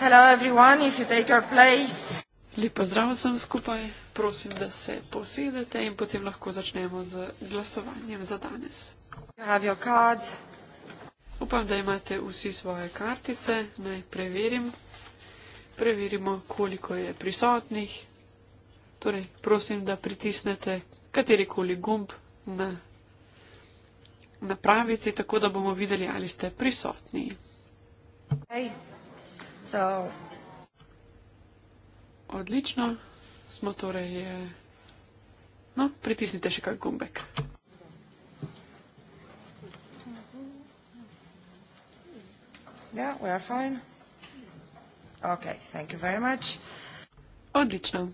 Hello everyone, if you take your place. Lepo zdrav sem skupaj, prosim, da se posedete in potem lahko začnemo z glasovanjem za danes. You have your card. Upam, da imate vsi svoje kartice, naj preverim. Preverimo, koliko je prisotnih. Torej, prosim, da pritisnete katerikoli gumb na napravici, tako da bomo videli, ali ste prisotni. Hey. So. Odlično, smo torej. Eh, no, pritisnite še kaj gumbek. Yeah, we are fine. Okay, thank you very much. Odlično.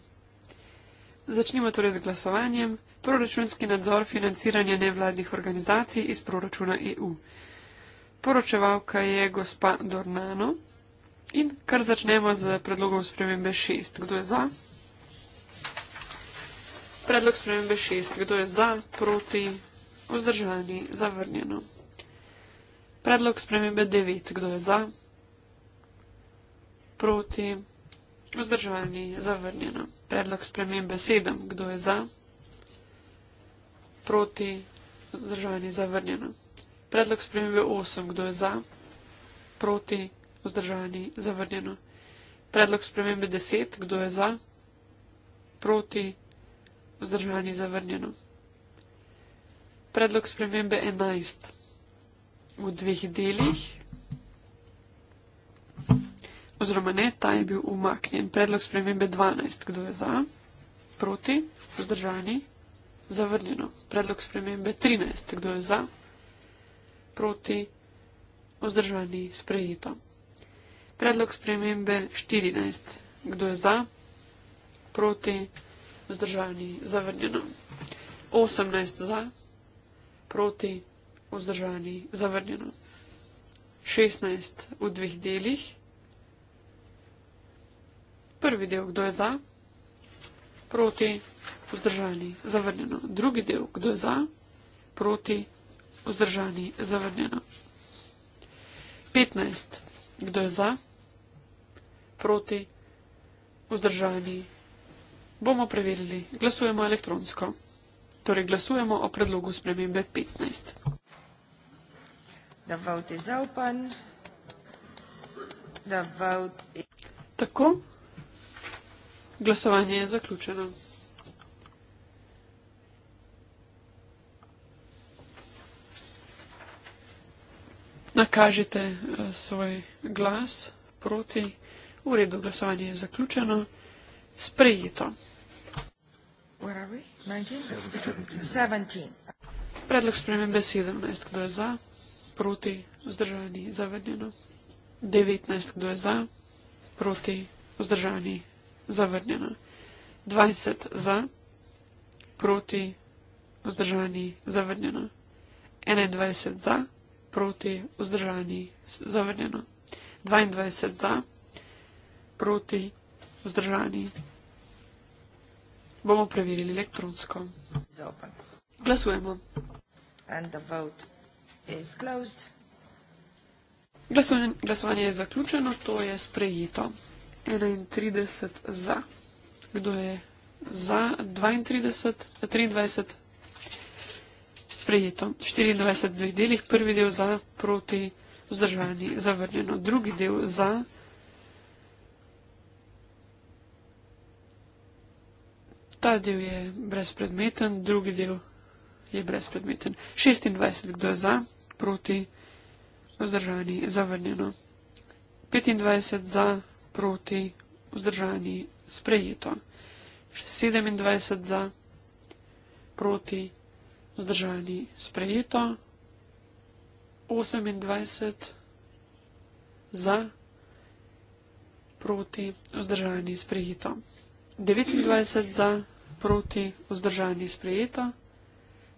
Začnimo torej z glasovanjem. Proračunski nadzor financiranja nevladnih organizacij iz proračuna EU. Poročevalka je gospa Dornano. In kar začnemo z predlogom spremembe 6. Kdo je za? Predlog spremembe 6. Kdo je za, proti, vzdržani, zavrnjeno? Predlog spremembe 9. Kdo je za, proti, vzdržani, zavrnjeno? Predlog spremembe 7. Kdo je za, proti, vzdržani, zavrnjeno? Predlog spremembe 8. Kdo je za, proti, vzdržani, zavrnjeno? vzdržani, zavrnjeno. Predlog spremembe 10, kdo je za, proti, vzdržani, zavrnjeno. Predlog spremembe 11 v dveh delih, oziroma ne, ta je bil umaknjen. Predlog spremembe 12, kdo je za, proti, vzdržani, zavrnjeno. Predlog spremembe 13, kdo je za, proti, vzdržani, sprejeto. Predlog spremembe 14. Kdo je za? Proti? Vzdržani? Zavrnjeno. 18. Za? Proti? Vzdržani? Zavrnjeno. 16. V dveh delih. Prvi del, kdo je za, proti, vzdržani, zavrnjeno. Drugi del, kdo je za, proti, vzdržani, zavrnjeno. 15. Kdo je za? proti, vzdržani. Bomo preverili. Glasujemo elektronsko. Torej glasujemo o predlogu spremembe 15. Da vaut je zaupan. Da vaut je... Tako. Glasovanje je zaključeno. Nakažite eh, svoj glas proti. V redu, glasovanje je zaključeno. Sprejeto. Predlog spremembe 17, kdo je za, proti, vzdržani, zavrnjeno. 19, kdo je za, proti, vzdržani, zavrnjeno. 20 za, proti, vzdržani, zavrnjeno. 21 za, proti, vzdržani, zavrnjeno. 22 za, proti, vzdržani, zavrnjeno proti vzdržani. Bomo preverili elektronsko. Zopan. Glasujemo. And the vote is closed. Glasovanje, glasovanje je zaključeno, to je sprejeto. 31 za. Kdo je za? 32, 23. Sprejeto. 24 dveh delih. Prvi del za, proti, vzdržani, zavrnjeno. Drugi del za. ta del je brezpredmeten, drugi del je brezpredmeten. 26, kdo je za, proti, vzdržani, zavrnjeno. 25 za, proti, vzdržani, sprejeto. 27 za, proti, vzdržani, sprejeto. 28 za, proti, vzdržani, sprejeto. 29 za, proti vzdržani sprejeta.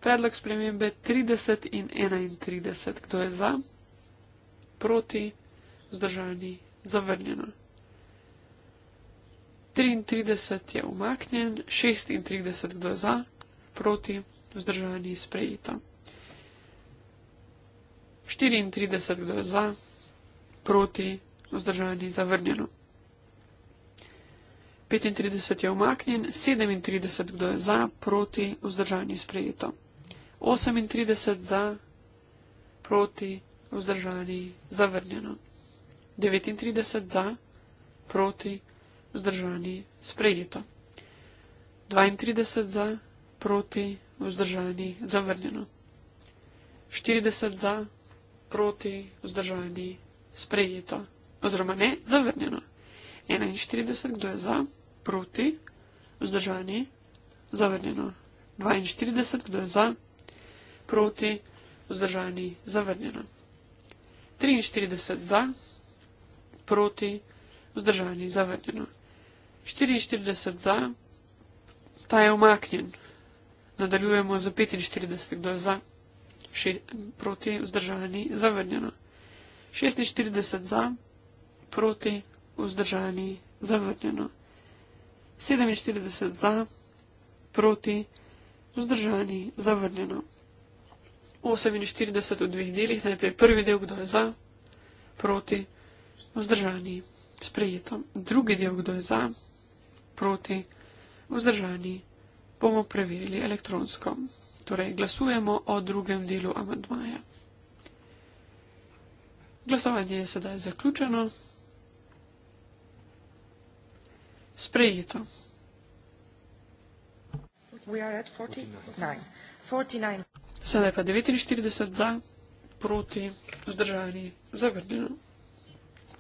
Predlog spremembe 30 in 31. Kdo je za? Proti vzdržani zavrnjeno. 33 je umaknjen, 36 kdo je za, proti vzdržani sprejeto. 34 kdo je za, proti vzdržani zavrnjeno. 35 je omaknjen, 37 kdo je za, proti, vzdržanje sprejeto. 38 za, proti, vzdržanje zavrnjeno. 39 za, proti, vzdržanje sprejeto. 32 za, proti, vzdržanje zavrnjeno. 40 za, proti, vzdržanje sprejeto. Oziroma ne, zavrnjeno. 41 kdo je za, proti, vzdržani, zavrnjeno. 42, kdo je za, proti, vzdržani, zavrnjeno. 43 za, proti, vzdržani, zavrnjeno. 44 za, ta je omaknjen. Nadaljujemo za 45, kdo je za, še, proti, vzdržani, zavrnjeno. 46 za, proti, vzdržani, zavrnjeno. 47 za, proti, vzdržani, zavrnjeno. 48 v dveh delih, najprej prvi del, kdo je za, proti, vzdržani, sprejeto. Drugi del, kdo je za, proti, vzdržani, bomo preverili elektronsko. Torej, glasujemo o drugem delu amantmaja. Glasovanje je sedaj zaključeno. sprejeto. Sedaj pa 49 za, proti, vzdržani, zavrnjeno.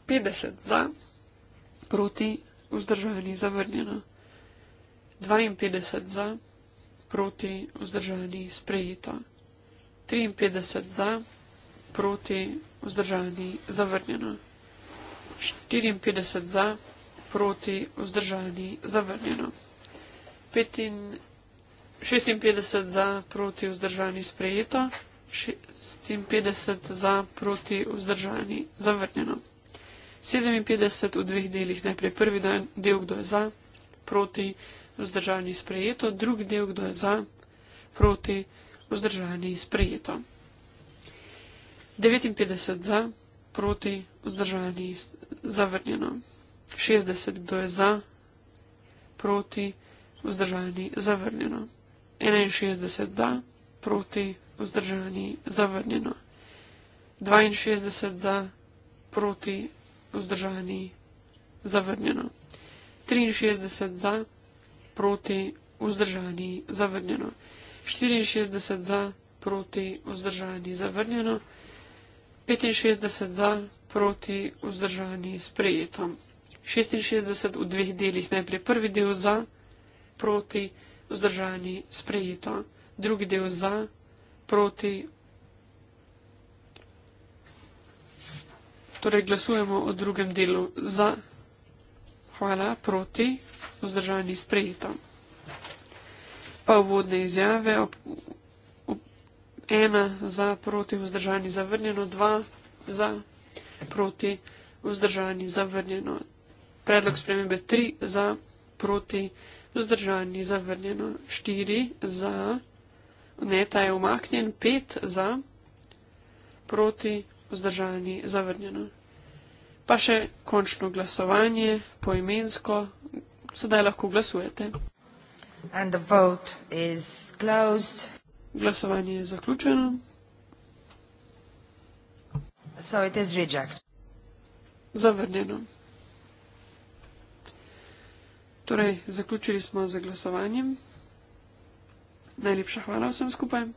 50 za, proti, vzdržani, zavrnjeno. 52 za, proti, vzdržani, sprejeto. 53 za, proti, vzdržani, zavrnjeno. 54 za, proti, vzdržani, zavrnjeno. 56 za proti, vzdržani, sprejeto, 56 za proti, vzdržani, zavrnjeno. 57 v dveh delih, najprej prvi del, kdo je za, proti, vzdržani, sprejeto, drugi del, kdo je za, proti, vzdržani, sprejeto. 59 za, proti, vzdržani, zavrnjeno. 60 kdo je za, proti, vzdržani, zavrnjeno. 61 za, proti, vzdržani, zavrnjeno. 62 za, proti, vzdržani, zavrnjeno. 63 za, proti, vzdržani, zavrnjeno. 64 za, proti, vzdržani, zavrnjeno. 65 za, proti, vzdržani, sprejeto. 66 v dveh delih. Najprej prvi del za, proti, vzdržani, sprejeto. Drugi del za, proti. Torej glasujemo o drugem delu za, hvala, proti, vzdržani, sprejeto. Pa uvodne izjave. Ob, ob, ena za, proti, vzdržani, zavrnjeno. Dva za, proti, vzdržani, zavrnjeno predlog spremembe 3 za, proti, vzdržani, zavrnjeno 4 za, ne, ta je omaknjen, 5 za, proti, vzdržani, zavrnjeno. Pa še končno glasovanje, poimensko, sedaj lahko glasujete. And the vote is closed. Glasovanje je zaključeno. So it is rejected. Zavrnjeno. Torej, zaključili smo z glasovanjem. Najlepša hvala vsem skupaj.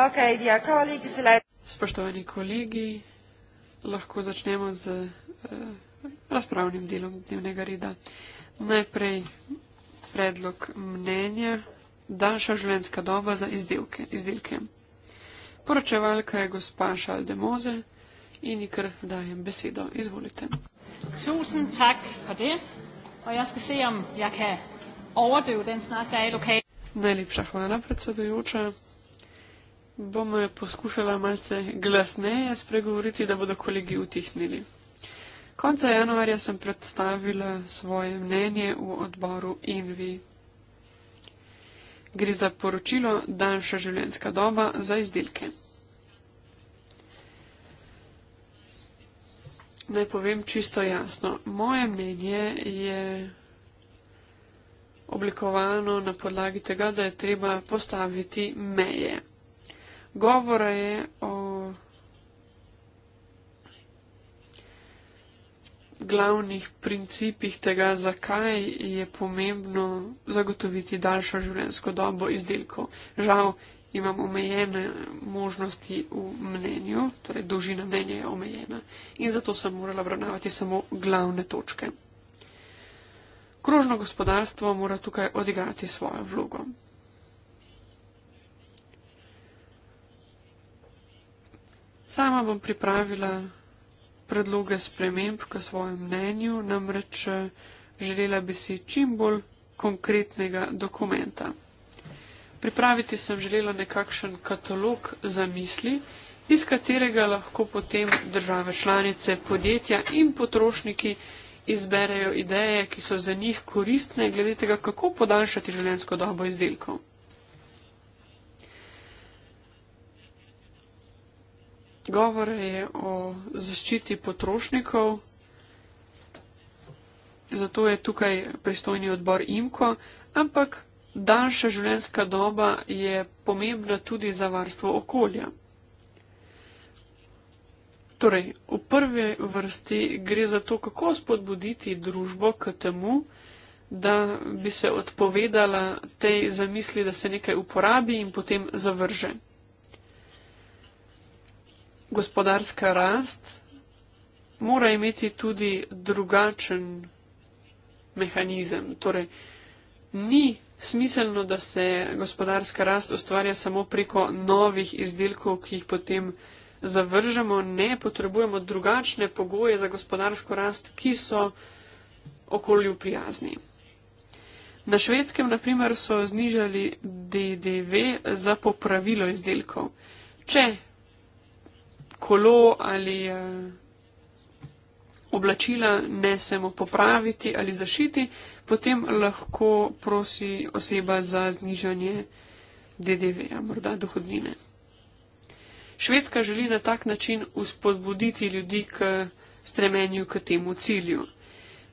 Okay, dear colleagues, let... Spoštovani kolegi, lahko začnemo z eh, razpravnim delom dnevnega reda. Najprej predlog mnenja, daljša življenjska doba za izdelke, izdelke. Poročevalka je gospa Šaldemoze in ji kar dajem besedo. Izvolite. Susan, tak, er Najlepša hvala, predsedujoča bom eh, poskušala malce glasneje spregovoriti, da bodo kolegi utihnili. Konca januarja sem predstavila svoje mnenje v odboru INVI. Gre za poročilo Daljša življenjska doba za izdelke. Naj povem čisto jasno. Moje mnenje je oblikovano na podlagi tega, da je treba postaviti meje govora je o glavnih principih tega, zakaj je pomembno zagotoviti daljšo življenjsko dobo izdelkov. Žal imam omejene možnosti v mnenju, torej dolžina mnenja je omejena in zato sem morala obravnavati samo glavne točke. Krožno gospodarstvo mora tukaj odigrati svojo vlogo. Sama bom pripravila predloge sprememb k svojem mnenju, namreč eh, želela bi si čim bolj konkretnega dokumenta. Pripraviti sem želela nekakšen katalog za misli, iz katerega lahko potem države članice, podjetja in potrošniki izberejo ideje, ki so za njih koristne glede tega, kako podaljšati življenjsko dobo izdelkov. govore je o zaščiti potrošnikov. Zato je tukaj pristojni odbor IMKO, ampak daljša življenjska doba je pomembna tudi za varstvo okolja. Torej, v prvi vrsti gre za to, kako spodbuditi družbo k temu, da bi se odpovedala tej zamisli, da se nekaj uporabi in potem zavrže gospodarska rast mora imeti tudi drugačen mehanizem. Torej, ni smiselno, da se gospodarska rast ustvarja samo preko novih izdelkov, ki jih potem zavržemo. Ne potrebujemo drugačne pogoje za gospodarsko rast, ki so okolju prijazni. Na švedskem, na primer, so znižali DDV za popravilo izdelkov. Če kolo ali eh, oblačila ne samo popraviti ali zašiti, potem lahko prosi oseba za znižanje DDV-ja, morda dohodnine. Švedska želi na tak način uspodbuditi ljudi k stremenju k temu cilju.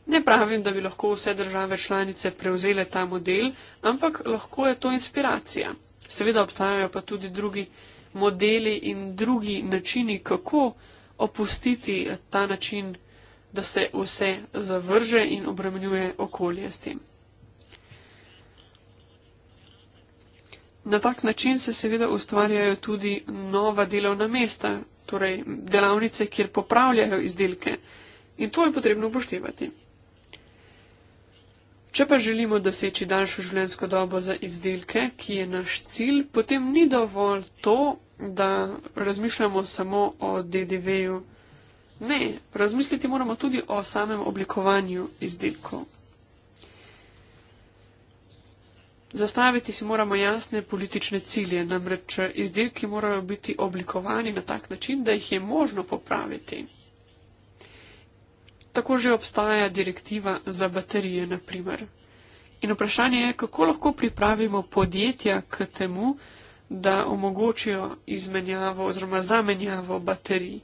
Ne pravim, da bi lahko vse države članice prevzele ta model, ampak lahko je to inspiracija. Seveda obstajajo pa tudi drugi modeli in drugi načini, kako opustiti ta način, da se vse zavrže in obremenjuje okolje s tem. Na tak način se seveda ustvarjajo tudi nova delovna mesta, torej delavnice, kjer popravljajo izdelke. In to je potrebno upoštevati. Če pa želimo doseči daljšo življenjsko dobo za izdelke, ki je naš cilj, potem ni dovolj to, da razmišljamo samo o DDV-ju. Ne, razmisliti moramo tudi o samem oblikovanju izdelkov. Zastaviti si moramo jasne politične cilje, namreč izdelki morajo biti oblikovani na tak način, da jih je možno popraviti tako že obstaja direktiva za baterije, naprimer. In vprašanje je, kako lahko pripravimo podjetja k temu, da omogočijo izmenjavo oziroma zamenjavo baterij.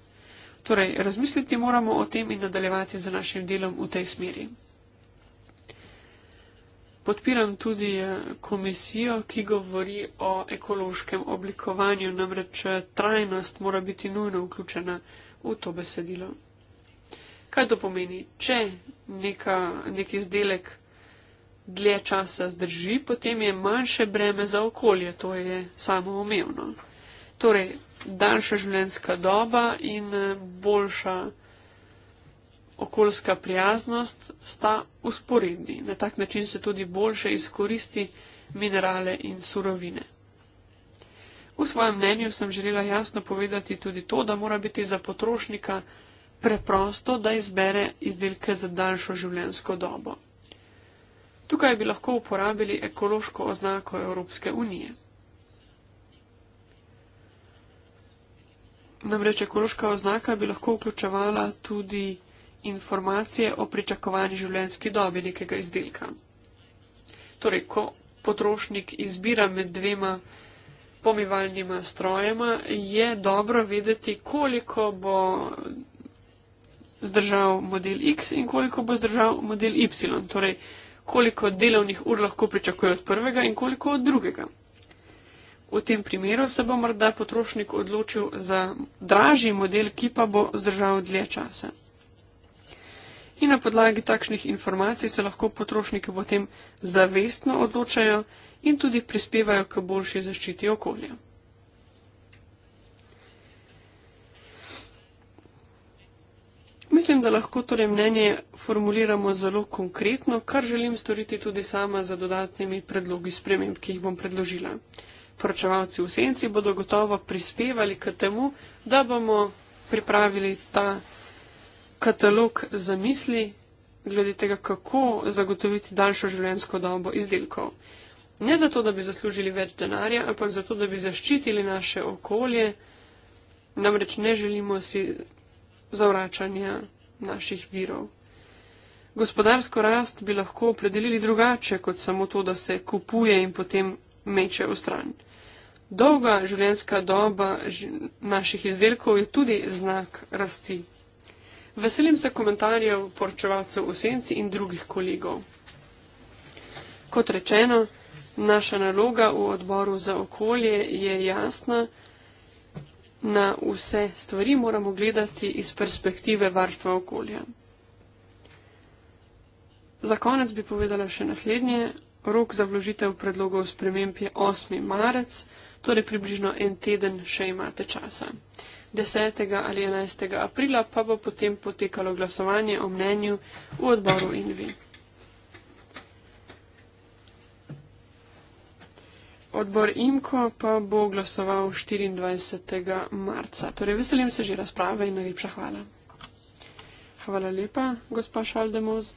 Torej, razmisliti moramo o tem in nadaljevati z našim delom v tej smeri. Podpiram tudi eh, komisijo, ki govori o ekološkem oblikovanju, namreč eh, trajnost mora biti nujno vključena v to besedilo. Kaj to pomeni? Če neka, nek izdelek dlje časa zdrži, potem je manjše breme za okolje, to je samo umevno. Torej, daljša življenjska doba in eh, boljša okoljska prijaznost sta usporedni. Na tak način se tudi boljše izkoristi minerale in surovine. V svojem mnenju sem želela jasno povedati tudi to, da mora biti za potrošnika preprosto, da izbere izdelke za daljšo življenjsko dobo. Tukaj bi lahko uporabili ekološko oznako Evropske unije. Namreč ekološka oznaka bi lahko vključevala tudi informacije o pričakovani življenjski dobi nekega izdelka. Torej, ko potrošnik izbira med dvema pomivalnima strojema, je dobro vedeti, koliko bo zdržal model X in koliko bo zdržal model Y. Torej, koliko delovnih ur lahko pričakuje od prvega in koliko od drugega. V tem primeru se bo morda potrošnik odločil za dražji model, ki pa bo zdržal dlje časa. In na podlagi takšnih informacij se lahko potrošniki potem zavestno odločajo in tudi prispevajo k boljši zaščiti okolja. Mislim, da lahko torej mnenje formuliramo zelo konkretno, kar želim storiti tudi sama za dodatnimi predlogi sprememb, ki jih bom predložila. Poročevalci v senci bodo gotovo prispevali k temu, da bomo pripravili ta katalog za misli, glede tega, kako zagotoviti daljšo življenjsko dobo izdelkov. Ne zato, da bi zaslužili več denarja, ampak zato, da bi zaščitili naše okolje. Namreč ne želimo si zavračanja naših virov. Gospodarsko rast bi lahko opredelili drugače, kot samo to, da se kupuje in potem meče v stran. Dolga življenjska doba naših izdelkov je tudi znak rasti. Veselim se komentarjev poročevalcev Osenci in drugih kolegov. Kot rečeno, naša naloga v odboru za okolje je jasna na vse stvari moramo gledati iz perspektive varstva okolja. Za konec bi povedala še naslednje. Rok za vložitev predlogov sprememb je 8. marec, torej približno en teden še imate časa. 10. ali 11. aprila pa bo potem potekalo glasovanje o mnenju v odboru Invi. Odbor IMKO pa bo glasoval 24. marca. Torej, veselim se že razprave in najlepša hvala. Hvala lepa, gospa Šaldemoz.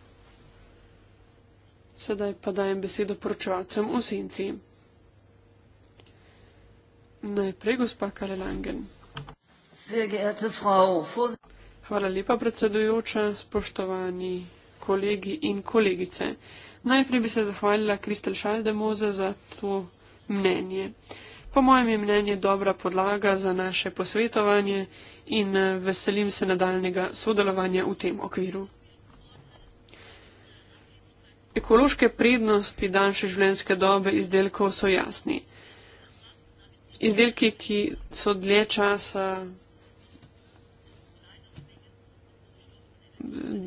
Sedaj pa dajem besedo poročevalcem v senci. Najprej gospa Kale Langen. Hvala lepa, predsedujoča, spoštovani kolegi in kolegice. Najprej bi se zahvalila Kristel Šaldemoze za to mnenje. Po mojem je mnenje dobra podlaga za naše posvetovanje in eh, veselim se nadaljnega sodelovanja v tem okviru. Ekološke prednosti danše življenjske dobe izdelkov so jasni. Izdelki, ki so dlje časa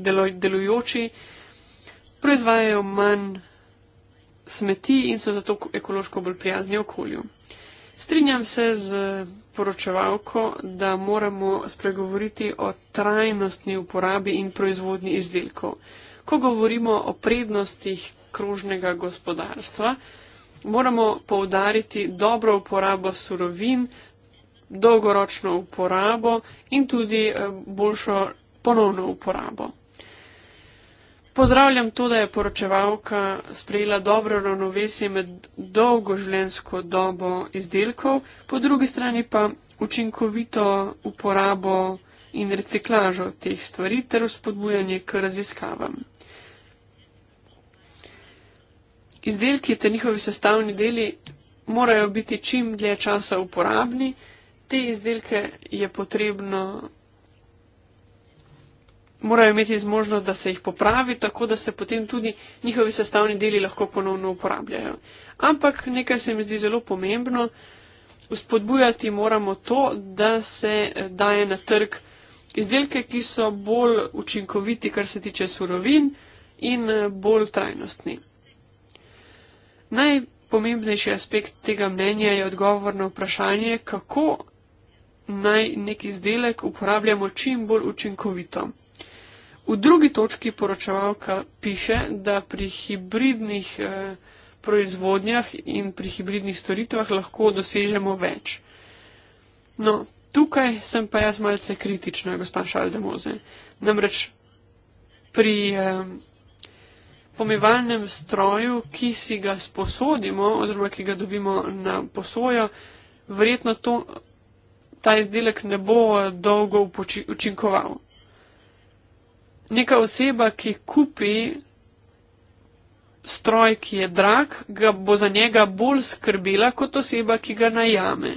delo, delujoči, proizvajajo manj smeti in so zato ekološko bolj prijazni okolju. Strinjam se z poročevalko, da moramo spregovoriti o trajnostni uporabi in proizvodni izdelkov. Ko govorimo o prednostih krožnega gospodarstva, moramo povdariti dobro uporabo surovin, dolgoročno uporabo in tudi eh, boljšo ponovno uporabo. Pozdravljam to, da je poročevalka sprejela dobro ravnovesje med dolgo življenjsko dobo izdelkov, po drugi strani pa učinkovito uporabo in reciklažo teh stvari ter spodbujanje k raziskavam. Izdelki ter njihovi sestavni deli morajo biti čim dlje časa uporabni, te izdelke je potrebno morajo imeti zmožnost, da se jih popravi, tako da se potem tudi njihovi sestavni deli lahko ponovno uporabljajo. Ampak nekaj se mi zdi zelo pomembno, uspodbujati moramo to, da se eh, daje na trg izdelke, ki so bolj učinkoviti, kar se tiče surovin in eh, bolj trajnostni. Najpomembnejši aspekt tega mnenja je odgovor na vprašanje, kako naj nek izdelek uporabljamo čim bolj učinkovito. V drugi točki poročevalka piše, da pri hibridnih eh, proizvodnjah in pri hibridnih storitvah lahko dosežemo več. No, tukaj sem pa jaz malce kritična, gospod Šaldemoze. Namreč pri eh, pomivalnem stroju, ki si ga sposodimo oziroma ki ga dobimo na posojo, verjetno to, ta izdelek ne bo eh, dolgo učinkoval neka oseba, ki kupi stroj, ki je drag, ga bo za njega bolj skrbila kot oseba, ki ga najame.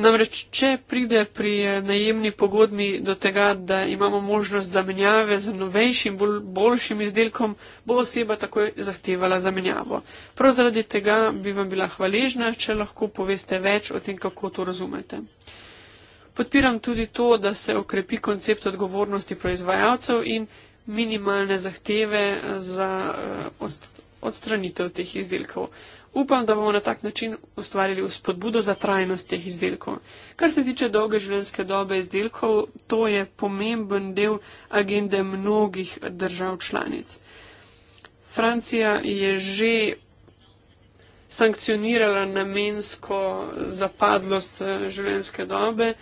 Namreč, če pride pri najemni pogodbi do tega, da imamo možnost zamenjave z novejšim, bolj, boljšim izdelkom, bo oseba takoj zahtevala zamenjavo. Prav zaradi tega bi vam bila hvaležna, če lahko poveste več o tem, kako to razumete. Podpiram tudi to, da se okrepi koncept odgovornosti proizvajalcev in minimalne zahteve za eh, odstranitev teh izdelkov. Upam, da bomo na tak način ustvarili spodbudo za trajnost teh izdelkov. Kar se tiče dolge življenjske dobe izdelkov, to je pomemben del agende mnogih držav članic. Francija je že sankcionirala namensko zapadlost eh, življenjske dobe.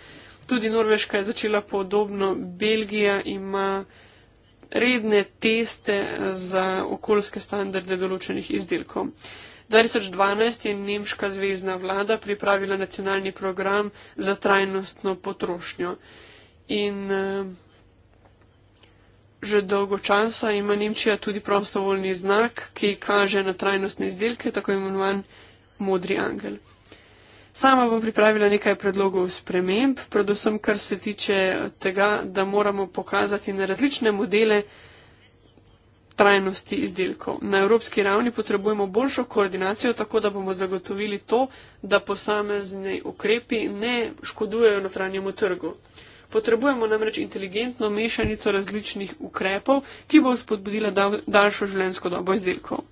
Tudi Norveška je začela podobno. Belgija ima redne teste za okoljske standarde določenih izdelkov. 2012 je nemška zvezdna vlada pripravila nacionalni program za trajnostno potrošnjo. In eh, že dolgo časa ima Nemčija tudi prostovoljni znak, ki kaže na trajnostne izdelke, tako imenovan modri angel. Sama bom pripravila nekaj predlogov sprememb, predvsem kar se tiče tega, da moramo pokazati na različne modele trajnosti izdelkov. Na evropski ravni potrebujemo boljšo koordinacijo, tako da bomo zagotovili to, da posamezni ukrepi ne škodujejo notranjemu trgu. Potrebujemo namreč inteligentno mešanico različnih ukrepov, ki bo spodbudila daljšo življenjsko dobo izdelkov.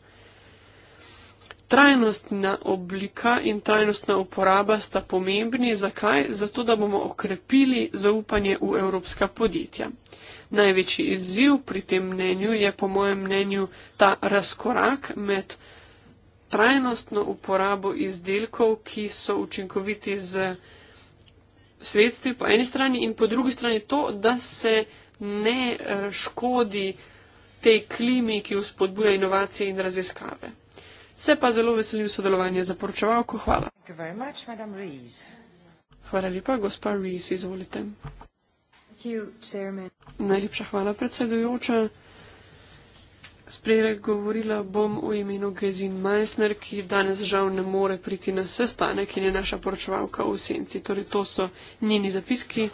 Trajnostna oblika in trajnostna uporaba sta pomembni. Zakaj? Zato, da bomo okrepili zaupanje v evropska podjetja. Največji izziv pri tem mnenju je, po mojem mnenju, ta razkorak med trajnostno uporabo izdelkov, ki so učinkoviti z sredstvi po eni strani in po drugi strani to, da se ne eh, škodi tej klimi, ki vzpodbuja inovacije in raziskave. Se pa zelo veselim sodelovanja za poročevalko. Hvala. Much, hvala lepa, gospa Rees, izvolite. You, Najlepša hvala, predsedujoča. Sprej govorila bom o imenu Gezin Meissner, ki danes žal ne more priti na sestanek in je naša poročevalka v senci. Torej to so njeni zapiski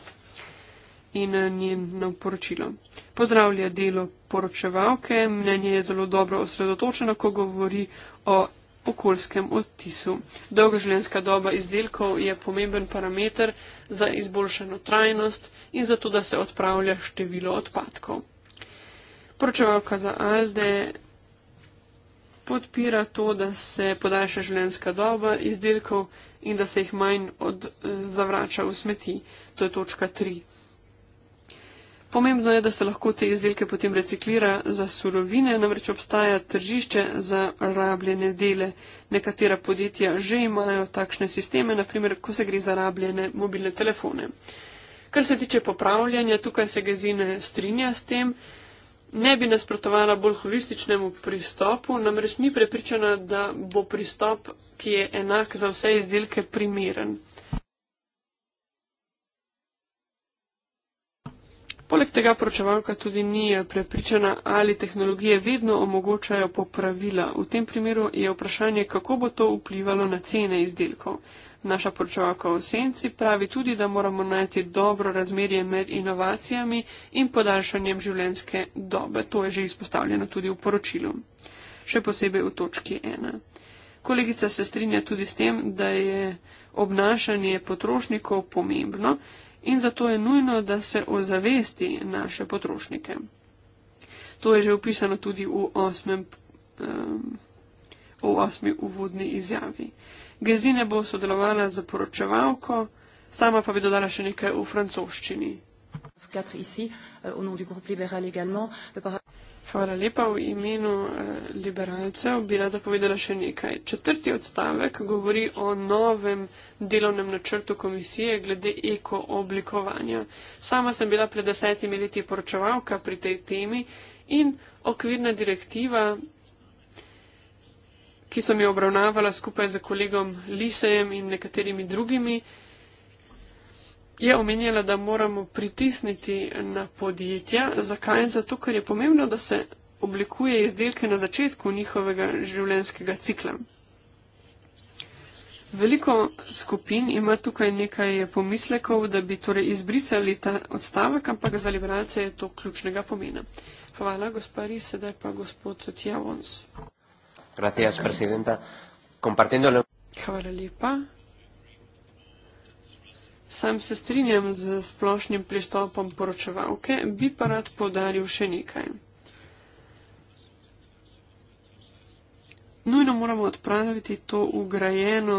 in eh, njeno poročilo. Pozdravlja delo poročevalke, mnenje je zelo dobro osredotočeno, ko govori o okoljskem odtisu. Dolga življenjska doba izdelkov je pomemben parameter za izboljšano trajnost in zato, da se odpravlja število odpadkov. Pročevalka za Alde podpira to, da se podaljša življenjska doba izdelkov in da se jih manj od, eh, zavrača v smeti. To je točka 3. Pomembno je, da se lahko te izdelke potem reciklira za surovine, namreč obstaja tržišče za rabljene dele. Nekatera podjetja že imajo takšne sisteme, naprimer, ko se gre za rabljene mobilne telefone. Kar se tiče popravljanja, tukaj se gezine strinja s tem. Ne bi nasprotovala bolj holističnemu pristopu, namreč ni prepričana, da bo pristop, ki je enak za vse izdelke, primeren. Poleg tega poročevalka tudi ni eh, prepričana, ali tehnologije vedno omogočajo popravila. V tem primeru je vprašanje, kako bo to vplivalo na cene izdelkov. Naša poročevalka v senci pravi tudi, da moramo najti dobro razmerje med inovacijami in podaljšanjem življenjske dobe. To je že izpostavljeno tudi v poročilu, še posebej v točki ena. Kolegica se strinja tudi s tem, da je obnašanje potrošnikov pomembno, in zato je nujno, da se ozavesti naše potrošnike. To je že opisano tudi v, osmem, um, v osmi uvodni izjavi. Gezine bo sodelovala z poročevalko, sama pa bi dodala še nekaj v francoščini. Hvala lepa. V imenu eh, liberalcev bi rada povedala še nekaj. Četrti odstavek govori o novem delovnem načrtu komisije glede ekooblikovanja. Sama sem bila pred desetimi leti poročevalka pri tej temi in okvirna direktiva, ki sem jo obravnavala skupaj z kolegom Lisejem in nekaterimi drugimi, je omenjala, da moramo pritisniti na podjetja. Zakaj? Zato, ker je pomembno, da se oblikuje izdelke na začetku njihovega življenjskega cikla. Veliko skupin ima tukaj nekaj pomislekov, da bi torej izbrisali ta odstavek, ampak za liberalce je to ključnega pomena. Hvala, gospod Ri, sedaj pa gospod Tjavons. Gracias, Hvala lepa. Sam se strinjam z splošnim pristopom poročevalke, bi pa rad podaril še nekaj. Nujno moramo odpraviti to ugrajeno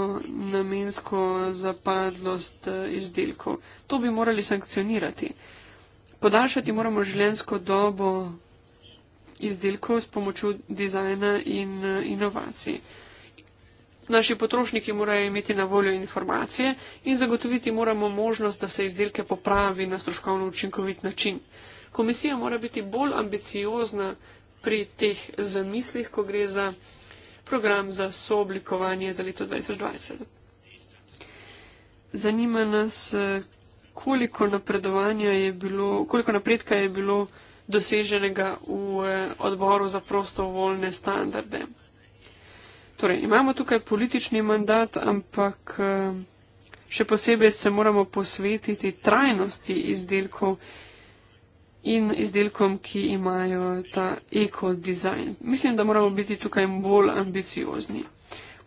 namensko zapadlost eh, izdelkov. To bi morali sankcionirati. Podaljšati moramo življenjsko dobo izdelkov s pomočjo dizajna in eh, inovacij. Naši potrošniki morajo imeti na voljo informacije in zagotoviti moramo možnost, da se izdelke popravi na stroškovno učinkovit način. Komisija mora biti bolj ambiciozna pri teh zamislih, ko gre za program za sooblikovanje za leto 2020. Zanima nas, koliko napredovanja je bilo, koliko napredka je bilo doseženega v eh, odboru za prostovoljne standarde. Torej, imamo tukaj politični mandat, ampak eh, še posebej se moramo posvetiti trajnosti izdelkov in izdelkom, ki imajo ta ekodizajn. Mislim, da moramo biti tukaj bolj ambiciozni.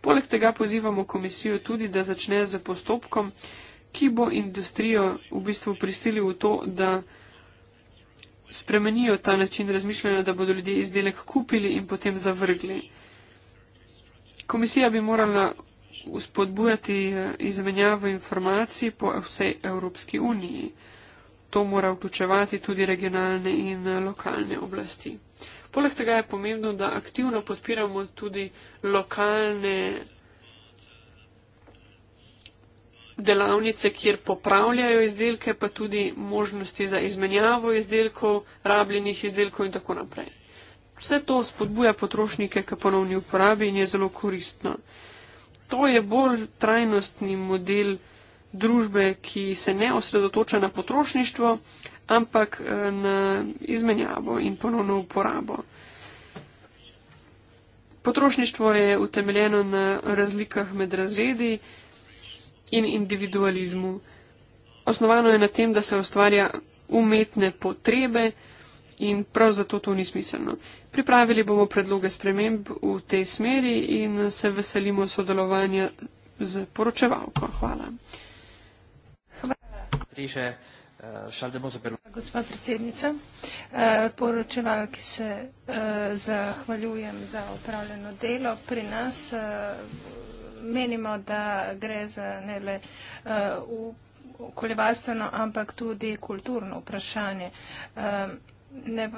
Poleg tega pozivamo komisijo tudi, da začne z postopkom, ki bo industrijo v bistvu pristili v to, da spremenijo ta način razmišljanja, da bodo ljudje izdelek kupili in potem zavrgli. Komisija bi morala uspodbujati eh, izmenjavo informacij po vsej Evropski uniji. To mora vključevati tudi regionalne in eh, lokalne oblasti. Poleg tega je pomembno, da aktivno podpiramo tudi lokalne delavnice, kjer popravljajo izdelke, pa tudi možnosti za izmenjavo izdelkov, rabljenih izdelkov in tako naprej. Vse to spodbuja potrošnike k ponovni uporabi in je zelo koristno. To je bolj trajnostni model družbe, ki se ne osredotoča na potrošništvo, ampak eh, na izmenjavo in ponovno uporabo. Potrošništvo je utemeljeno na razlikah med razredi in individualizmu. Osnovano je na tem, da se ustvarja umetne potrebe, in prav zato to ni smiselno. Pripravili bomo predloge sprememb v tej smeri in se veselimo sodelovanja z poročevalko. Hvala. Eh, Gospod predsednica, eh, poročevalki se eh, zahvaljujem za opravljeno delo. Pri nas menimo, da gre za ne le okoljevarstveno, ampak tudi kulturno vprašanje ne,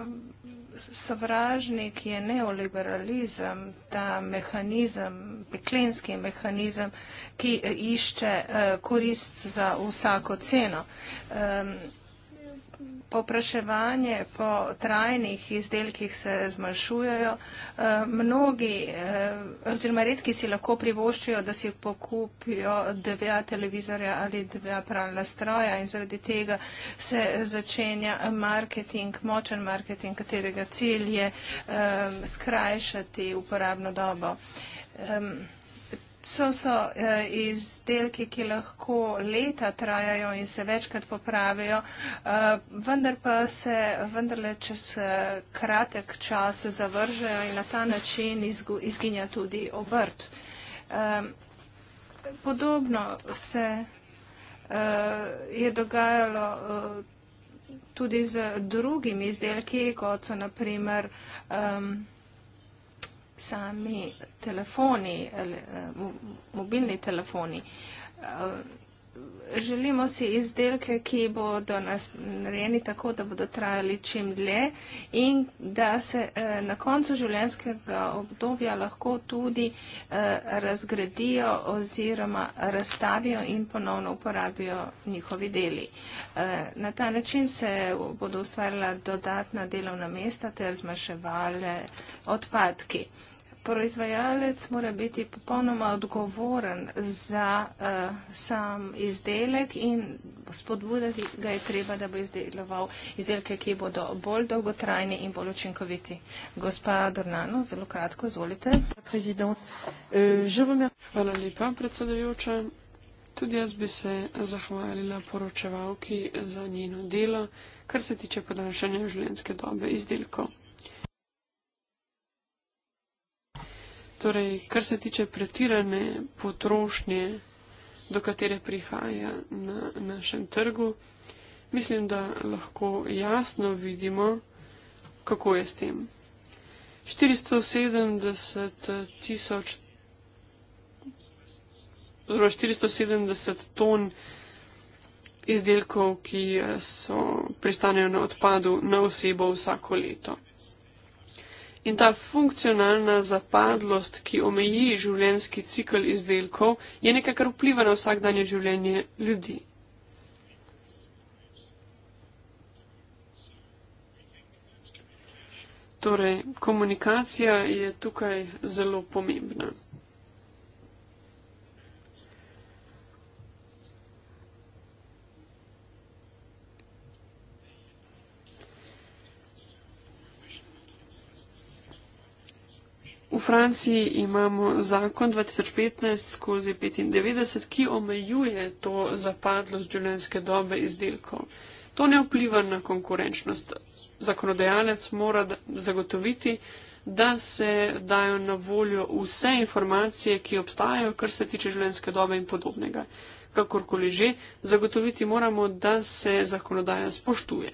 sovražnik je neoliberalizem, ta mehanizem, peklenski mehanizem, ki išče uh, korist za vsako ceno. Um, Popraševanje po trajnih izdelkih se zmanjšujejo. Eh, mnogi, eh, oziroma redki si lahko privoščijo, da si pokupijo dva televizorja ali dva pralna stroja in zaradi tega se začenja marketing, močen marketing, katerega cilj je eh, skrajšati uporabno dobo. So, so eh, izdelki, ki lahko leta trajajo in se večkrat popravijo, eh, vendar pa se vendarle čez eh, kratek čas zavržejo in na ta način izgu, izginja tudi obrt. Eh, podobno se eh, je dogajalo. Eh, tudi z drugimi izdelki, kot so naprimer um, sami telefoni, eh, mobilni telefoni. Eh, želimo si izdelke, ki bodo narejeni tako, da bodo trajali čim dlje in da se eh, na koncu življenjskega obdobja lahko tudi razgradijo oziroma razstavijo in ponovno uporabijo njihovi deli. Na ta način se bodo ustvarjala dodatna delovna mesta ter zmaševale odpadki proizvajalec mora biti popolnoma odgovoren za uh, sam izdelek in spodbudati ga je treba, da bo izdeloval izdelke, ki bodo bolj dolgotrajni in bolj učinkoviti. Gospa Dornano, zelo kratko, izvolite. Eh, Hvala lepa, predsedajoča. Tudi jaz bi se zahvalila poročevalki za njeno delo, kar se tiče podaljšanja življenjske dobe izdelkov. Torej, kar se tiče pretirane potrošnje, do katere prihaja na našem trgu, mislim, da lahko jasno vidimo, kako je s tem. 470 tisoč. Zelo 470 ton izdelkov, ki so pristanejo na odpadu na osebo vsako leto. In ta funkcionalna zapadlost, ki omeji življenjski cikl izdelkov, je nekaj, kar vpliva na vsakdanje življenje ljudi. Torej, komunikacija je tukaj zelo pomembna. V Franciji imamo zakon 2015-95, ki omejuje to zapadlost življenjske dobe izdelkov. To ne vpliva na konkurenčnost. Zakonodajalec mora zagotoviti, da se dajo na voljo vse informacije, ki obstajajo, kar se tiče življenjske dobe in podobnega. Kakorkoli že, zagotoviti moramo, da se zakonodaja spoštuje.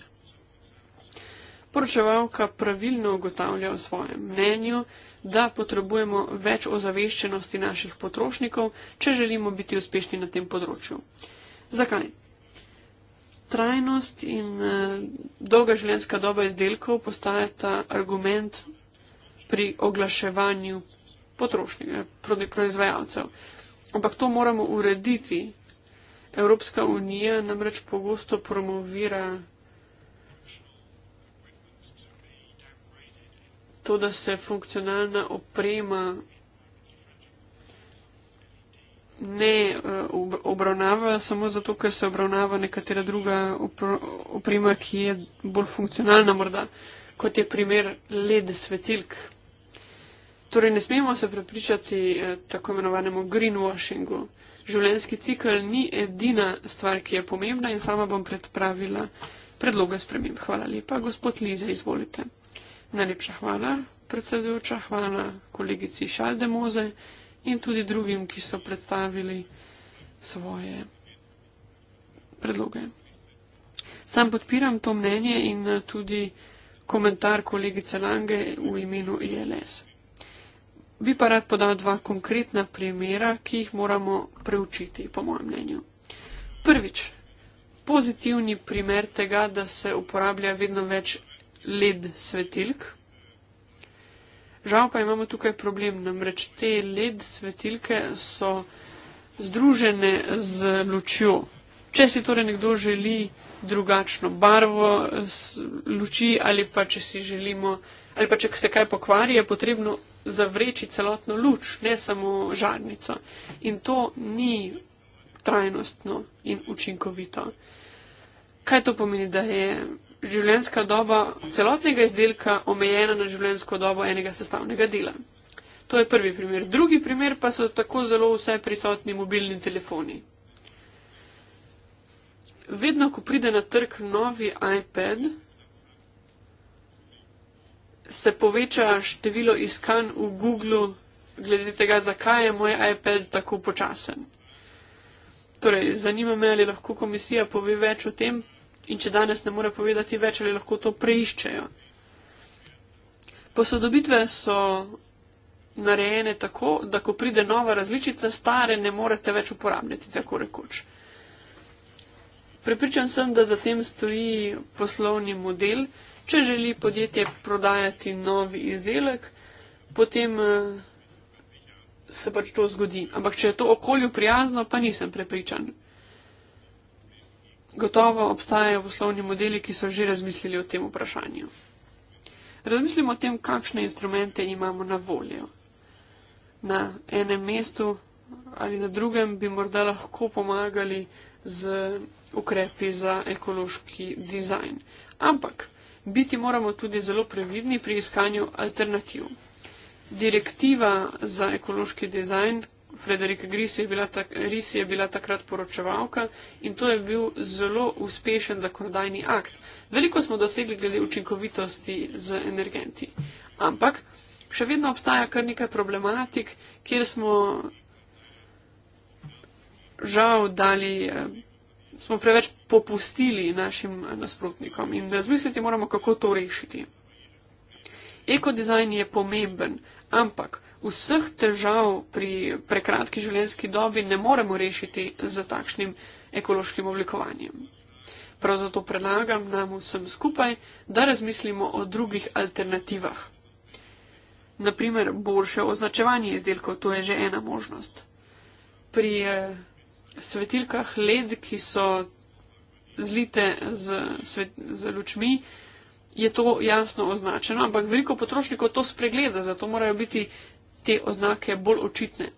Poročevalka pravilno ugotavlja v svojem mnenju, da potrebujemo več ozaveščenosti naših potrošnikov, če želimo biti uspešni na tem področju. Zakaj? Trajnost in uh, dolga življenjska doba izdelkov postajata argument pri oglaševanju eh, proizvajalcev. Ampak to moramo urediti. Evropska unija namreč pogosto promovira to, da se funkcionalna oprema ne eh, obravnava samo zato, ker se obravnava nekatera druga oprema, ki je bolj funkcionalna morda, kot je primer led svetilk. Torej, ne smemo se prepričati eh, tako imenovanemu greenwashingu. Življenjski cikl ni edina stvar, ki je pomembna in sama bom predpravila predloge sprememb. Hvala lepa, gospod Lize, izvolite. Najlepša hvala, predsedujoča, hvala kolegici Šaldemoze in tudi drugim, ki so predstavili svoje predloge. Sam podpiram to mnenje in eh, tudi komentar kolegice Lange v imenu ILS. E Bi pa rad podal dva konkretna primera, ki jih moramo preučiti, po mojem mnenju. Prvič, pozitivni primer tega, da se uporablja vedno več led svetilk. Žal pa imamo tukaj problem, namreč te led svetilke so združene z lučjo. Če si torej nekdo želi drugačno barvo luči ali pa če si želimo, ali pa če se kaj pokvari, je potrebno zavreči celotno luč, ne samo žarnico. In to ni trajnostno in učinkovito. Kaj to pomeni, da je življenjska doba celotnega izdelka omejena na življenjsko dobo enega sestavnega dela. To je prvi primer. Drugi primer pa so tako zelo vse prisotni mobilni telefoni. Vedno, ko pride na trg novi iPad, se poveča število iskanj v Google glede tega, zakaj je moj iPad tako počasen. Torej, zanima me, ali lahko komisija pove več o tem, in če danes ne more povedati več, ali lahko to preiščejo. Posodobitve so narejene tako, da ko pride nova različica, stare ne morete več uporabljati, tako rekoč. Prepričan sem, da za tem stoji poslovni model. Če želi podjetje prodajati novi izdelek, potem eh, se pač to zgodi. Ampak če je to okolju prijazno, pa nisem prepričan. Gotovo obstajajo poslovni modeli, ki so že razmislili o tem vprašanju. Razmislimo o tem, kakšne instrumente imamo na voljo. Na enem mestu ali na drugem bi morda lahko pomagali z ukrepi za ekološki dizajn. Ampak biti moramo tudi zelo previdni pri iskanju alternativ. Direktiva za ekološki dizajn, Frederika Gris je bila takrat poročevalka in to je bil zelo uspešen zakonodajni akt. Veliko smo dosegli glede učinkovitosti z energenti. Ampak še vedno obstaja kar nekaj problematik, kjer smo žal dali, eh, smo preveč popustili našim nasprotnikom in razmisliti moramo, kako to rešiti. Ekodizajn je pomemben, ampak vseh težav pri prekratki življenjski dobi ne moremo rešiti z takšnim ekološkim oblikovanjem. Prav zato predlagam nam vsem skupaj, da razmislimo o drugih alternativah. Naprimer, boljše označevanje izdelkov, to je že ena možnost. Pri eh, svetilkah led, ki so zlite z, svet, z lučmi, je to jasno označeno, ampak veliko potrošnikov to spregleda, zato morajo biti te oznake bolj očitne.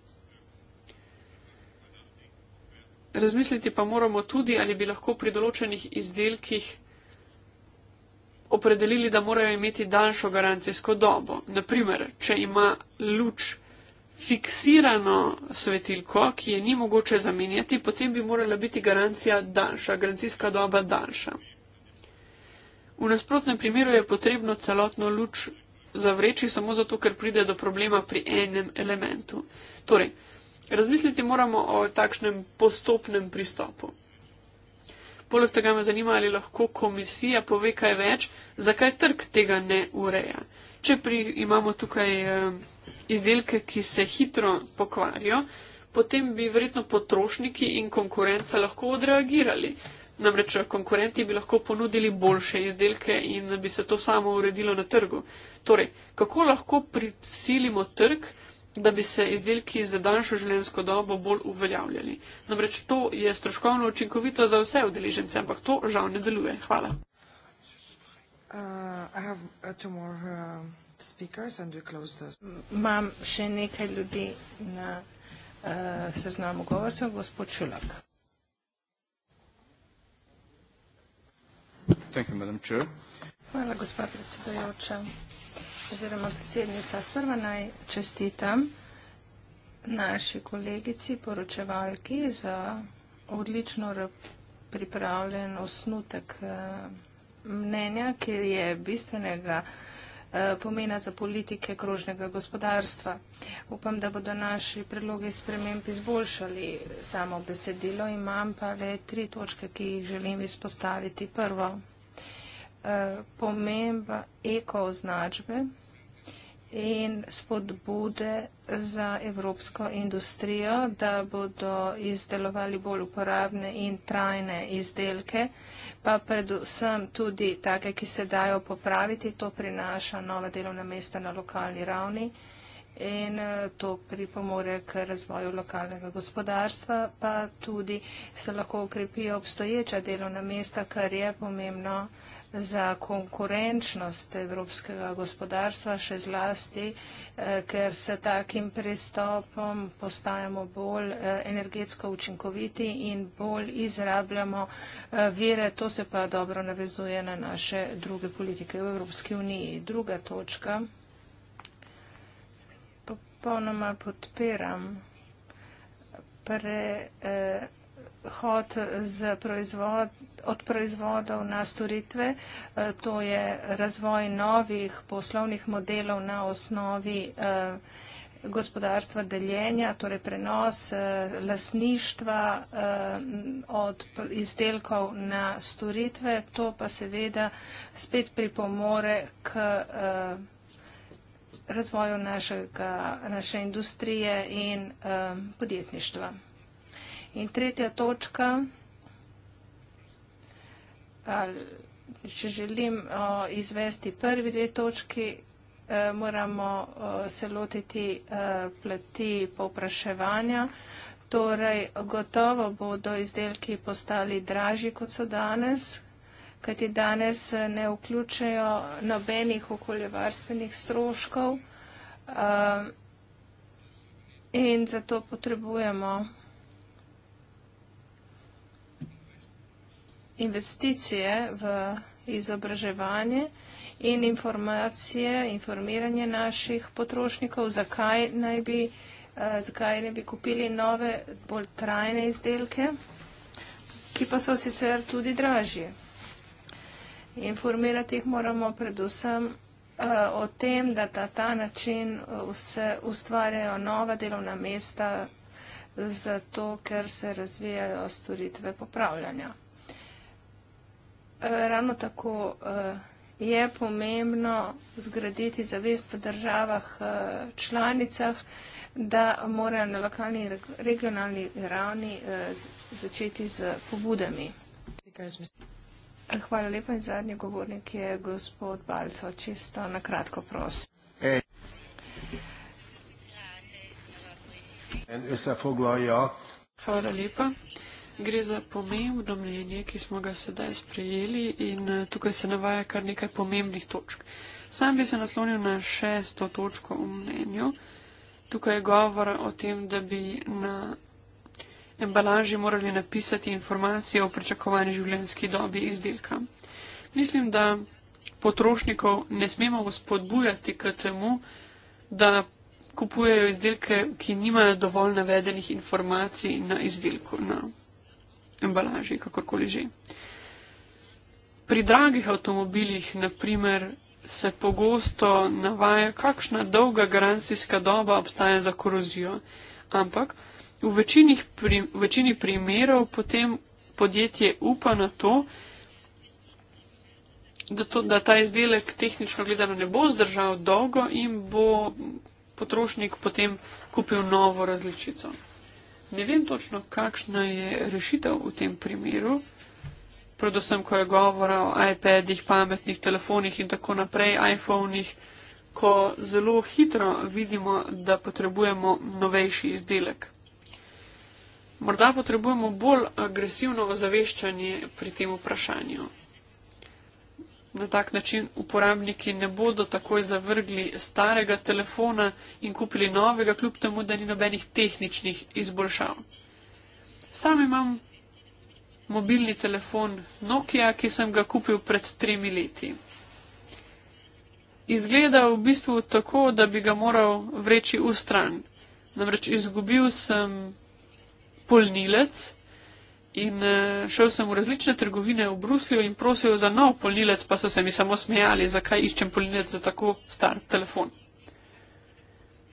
Razmisliti pa moramo tudi, ali bi lahko pri določenih izdelkih opredelili, da morajo imeti daljšo garancijsko dobo. Naprimer, če ima luč fiksirano svetilko, ki je ni mogoče zamenjati, potem bi morala biti garancija daljša, garancijska doba daljša. V nasprotnem primeru je potrebno celotno luč zavreči samo zato, ker pride do problema pri enem elementu. Torej, razmisliti moramo o takšnem postopnem pristopu. Poleg tega me zanima, ali lahko komisija pove kaj več, zakaj trg tega ne ureja. Če pri, imamo tukaj eh, izdelke, ki se hitro pokvarijo, potem bi verjetno potrošniki in konkurenca lahko odreagirali. Namreč konkurenti bi lahko ponudili boljše izdelke in bi se to samo uredilo na trgu. Torej, kako lahko prisilimo trg, da bi se izdelki za daljšo življenjsko dobo bolj uveljavljali? Namreč to je stroškovno učinkovito za vse udeležence, ampak to žal ne deluje. Hvala. Uh, uh, uh Imam še nekaj ljudi na uh, seznamu govorcev, gospod Šulak. Hvala, gospod predsedujoča oziroma predsednica, sprva naj čestitam naši kolegici, poročevalki, za odlično pripravljen osnutek eh, mnenja, ki je bistvenega eh, pomena za politike krožnega gospodarstva. Upam, da bodo naši predlogi sprememb izboljšali samo besedilo. Imam pa le tri točke, ki jih želim izpostaviti. Prvo, eh, pomemba ekoznačbe označbe in spodbude za evropsko industrijo, da bodo izdelovali bolj uporabne in trajne izdelke, pa predvsem tudi take, ki se dajo popraviti. To prinaša nova delovna mesta na lokalni ravni in eh, to pripomore k razvoju lokalnega gospodarstva, pa tudi se lahko ukrepijo obstoječa delovna mesta, kar je pomembno za konkurenčnost evropskega gospodarstva, še zlasti, eh, ker se takim pristopom postajamo bolj eh, energetsko učinkoviti in bolj izrabljamo eh, vire. To se pa dobro navezuje na naše druge politike v Evropski uniji. Druga točka. Popolnoma podpiram prehod eh, z proizvodom od proizvodov na storitve, e, to je razvoj novih poslovnih modelov na osnovi e, gospodarstva deljenja, torej prenos e, lasništva od izdelkov na storitve, to pa seveda spet pripomore k razvoju našega, naše industrije in podjetništva. In tretja točka če želim izvesti prvi dve točki, e, moramo se lotiti e, plati povpraševanja. Torej, gotovo bodo izdelki postali dražji, kot so danes, kajti danes ne vključajo nobenih okoljevarstvenih stroškov e, in zato potrebujemo investicije v izobraževanje in informacije, informiranje naših potrošnikov, zakaj naj bi, eh, zakaj ne bi kupili nove, bolj trajne izdelke, ki pa so sicer tudi dražji. Informirati jih moramo predvsem eh, o tem, da ta, ta način eh, vse ustvarjajo nova delovna mesta, zato ker se razvijajo storitve popravljanja. Eh, ravno tako eh, je pomembno zgraditi zavest v državah eh, članicah, da morajo na lokalni in regionalni ravni začeti z pobudami. Hvala lepa in zadnji govornik je gospod Balco. Čisto na kratko prosim. Hvala lepa. Gre za pomembno mnenje, ki smo ga sedaj sprejeli in eh, tukaj se navaja kar nekaj pomembnih točk. Sam bi se naslonil na šesto točko v mnenju. Tukaj je govor o tem, da bi na embalaži morali napisati informacije o pričakovani življenjski dobi izdelka. Mislim, da potrošnikov ne smemo spodbujati k temu, da kupujejo izdelke, ki nimajo dovolj navedenih informacij na izdelku. No embalaži, kakorkoli že. Pri dragih avtomobilih, naprimer, se pogosto navaja, kakšna dolga garancijska doba obstaja za korozijo, ampak v večini, v večini primerov potem podjetje upa na to, da, to, da ta izdelek tehnično gledano ne bo zdržal dolgo in bo potrošnik potem kupil novo različico. Ne vem točno, kakšna je rešitev v tem primeru, predvsem, ko je govora o iPadih, pametnih telefonih in tako naprej, iPhonih, ko zelo hitro vidimo, da potrebujemo novejši izdelek. Morda potrebujemo bolj agresivno ozaveščanje pri tem vprašanju. Na tak način uporabniki ne bodo takoj zavrgli starega telefona in kupili novega, kljub temu, da ni nobenih tehničnih izboljšav. Sam imam mobilni telefon Nokia, ki sem ga kupil pred tremi leti. Izgleda v bistvu tako, da bi ga moral vreči v stran. Namreč izgubil sem polnilec. In eh, šel sem v različne trgovine v Bruslju in prosil za nov polnilec, pa so se mi samo smejali, zakaj iščem polnilec za tako star telefon.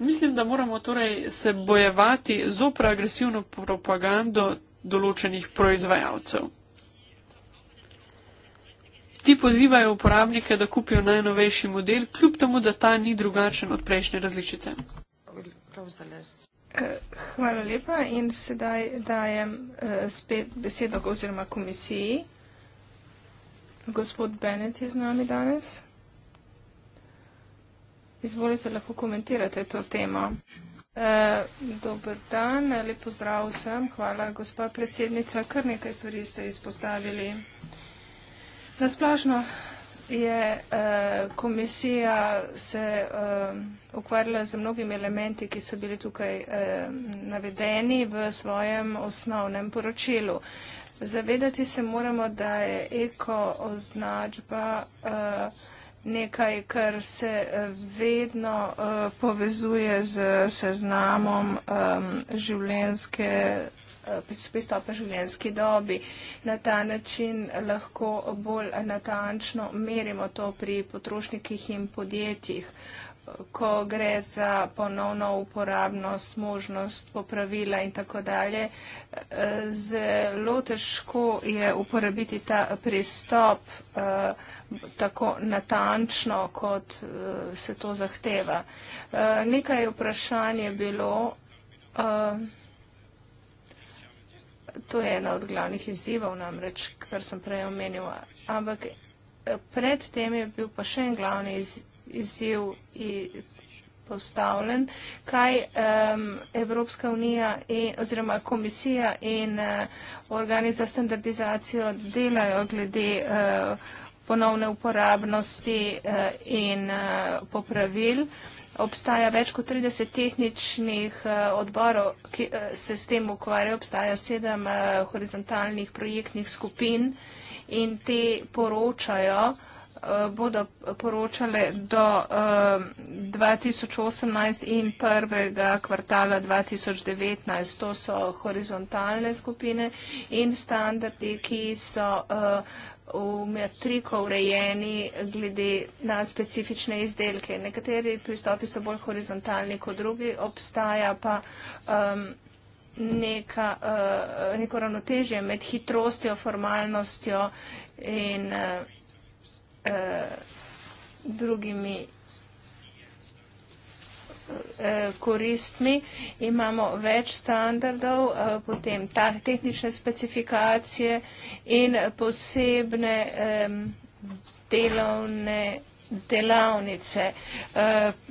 Mislim, da moramo torej se bojevati zopr agresivno propagando določenih proizvajalcev. Ti pozivajo uporabnike, da kupijo najnovejši model, kljub temu, da ta ni drugačen od prejšnje različice. Prav, prav Hvala lepa in sedaj dajem eh, spet besedo oziroma komisiji. Gospod Bennett je z nami danes. Izvolite, lahko komentirate to temo. E, dober dan, lep pozdrav vsem. Hvala, gospa predsednica. Kar nekaj stvari ste izpostavili. Nasplošno je eh, komisija se eh, ukvarjala z mnogimi elementi, ki so bili tukaj eh, navedeni v svojem osnovnem poročilu. Zavedati se moramo, da je eko označba nekaj, kar se vedno povezuje z seznamom življenske Eh, pristopa življenjski dobi. Na ta način lahko bolj natančno merimo to pri potrošnikih in podjetjih. Ko gre za ponovno uporabnost, možnost popravila in tako dalje, zelo težko je uporabiti ta pristop eh, tako natančno, kot eh, se to zahteva. Nekaj vprašanj je bilo to je ena od glavnih izzivov, namreč, kar sem prej omenil. Ampak eh, predtem je bil pa še en glavni iz, izziv postavljen, kaj um, Evropska unija in, oziroma komisija in uh, organi za standardizacijo delajo glede uh, ponovne uporabnosti uh, in uh, popravil. Uh, obstaja več kot 30 tehničnih eh, odborov, ki eh, se s tem ukvarjajo, obstaja sedem eh, horizontalnih projektnih skupin in te poročajo, bodo poročale do 2018 in prvega kvartala 2019. To so horizontalne skupine in standardi, ki so v metriko urejeni glede na specifične izdelke. Nekateri pristopi so bolj horizontalni kot drugi, obstaja pa um, neka, uh, neko ravnotežje med hitrostjo, formalnostjo in uh, uh, drugimi Eh, koristmi, imamo več standardov, eh, potem tehnične specifikacije in posebne delovne delavnice. Eh,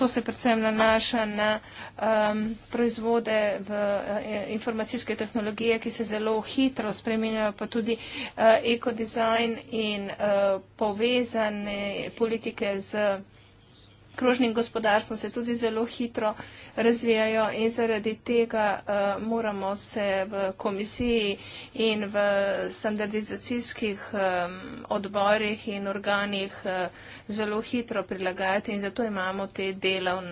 to se predvsem nanaša na proizvode v informacijske tehnologije, ki se zelo hitro spreminjajo, pa tudi ekodizajn in povezane politike z informacijami krožnim gospodarstvom se tudi zelo hitro razvijajo in zaradi tega uh, moramo se v komisiji in v standardizacijskih um, odborih in organih uh, zelo hitro prilagajati in zato imamo te delav,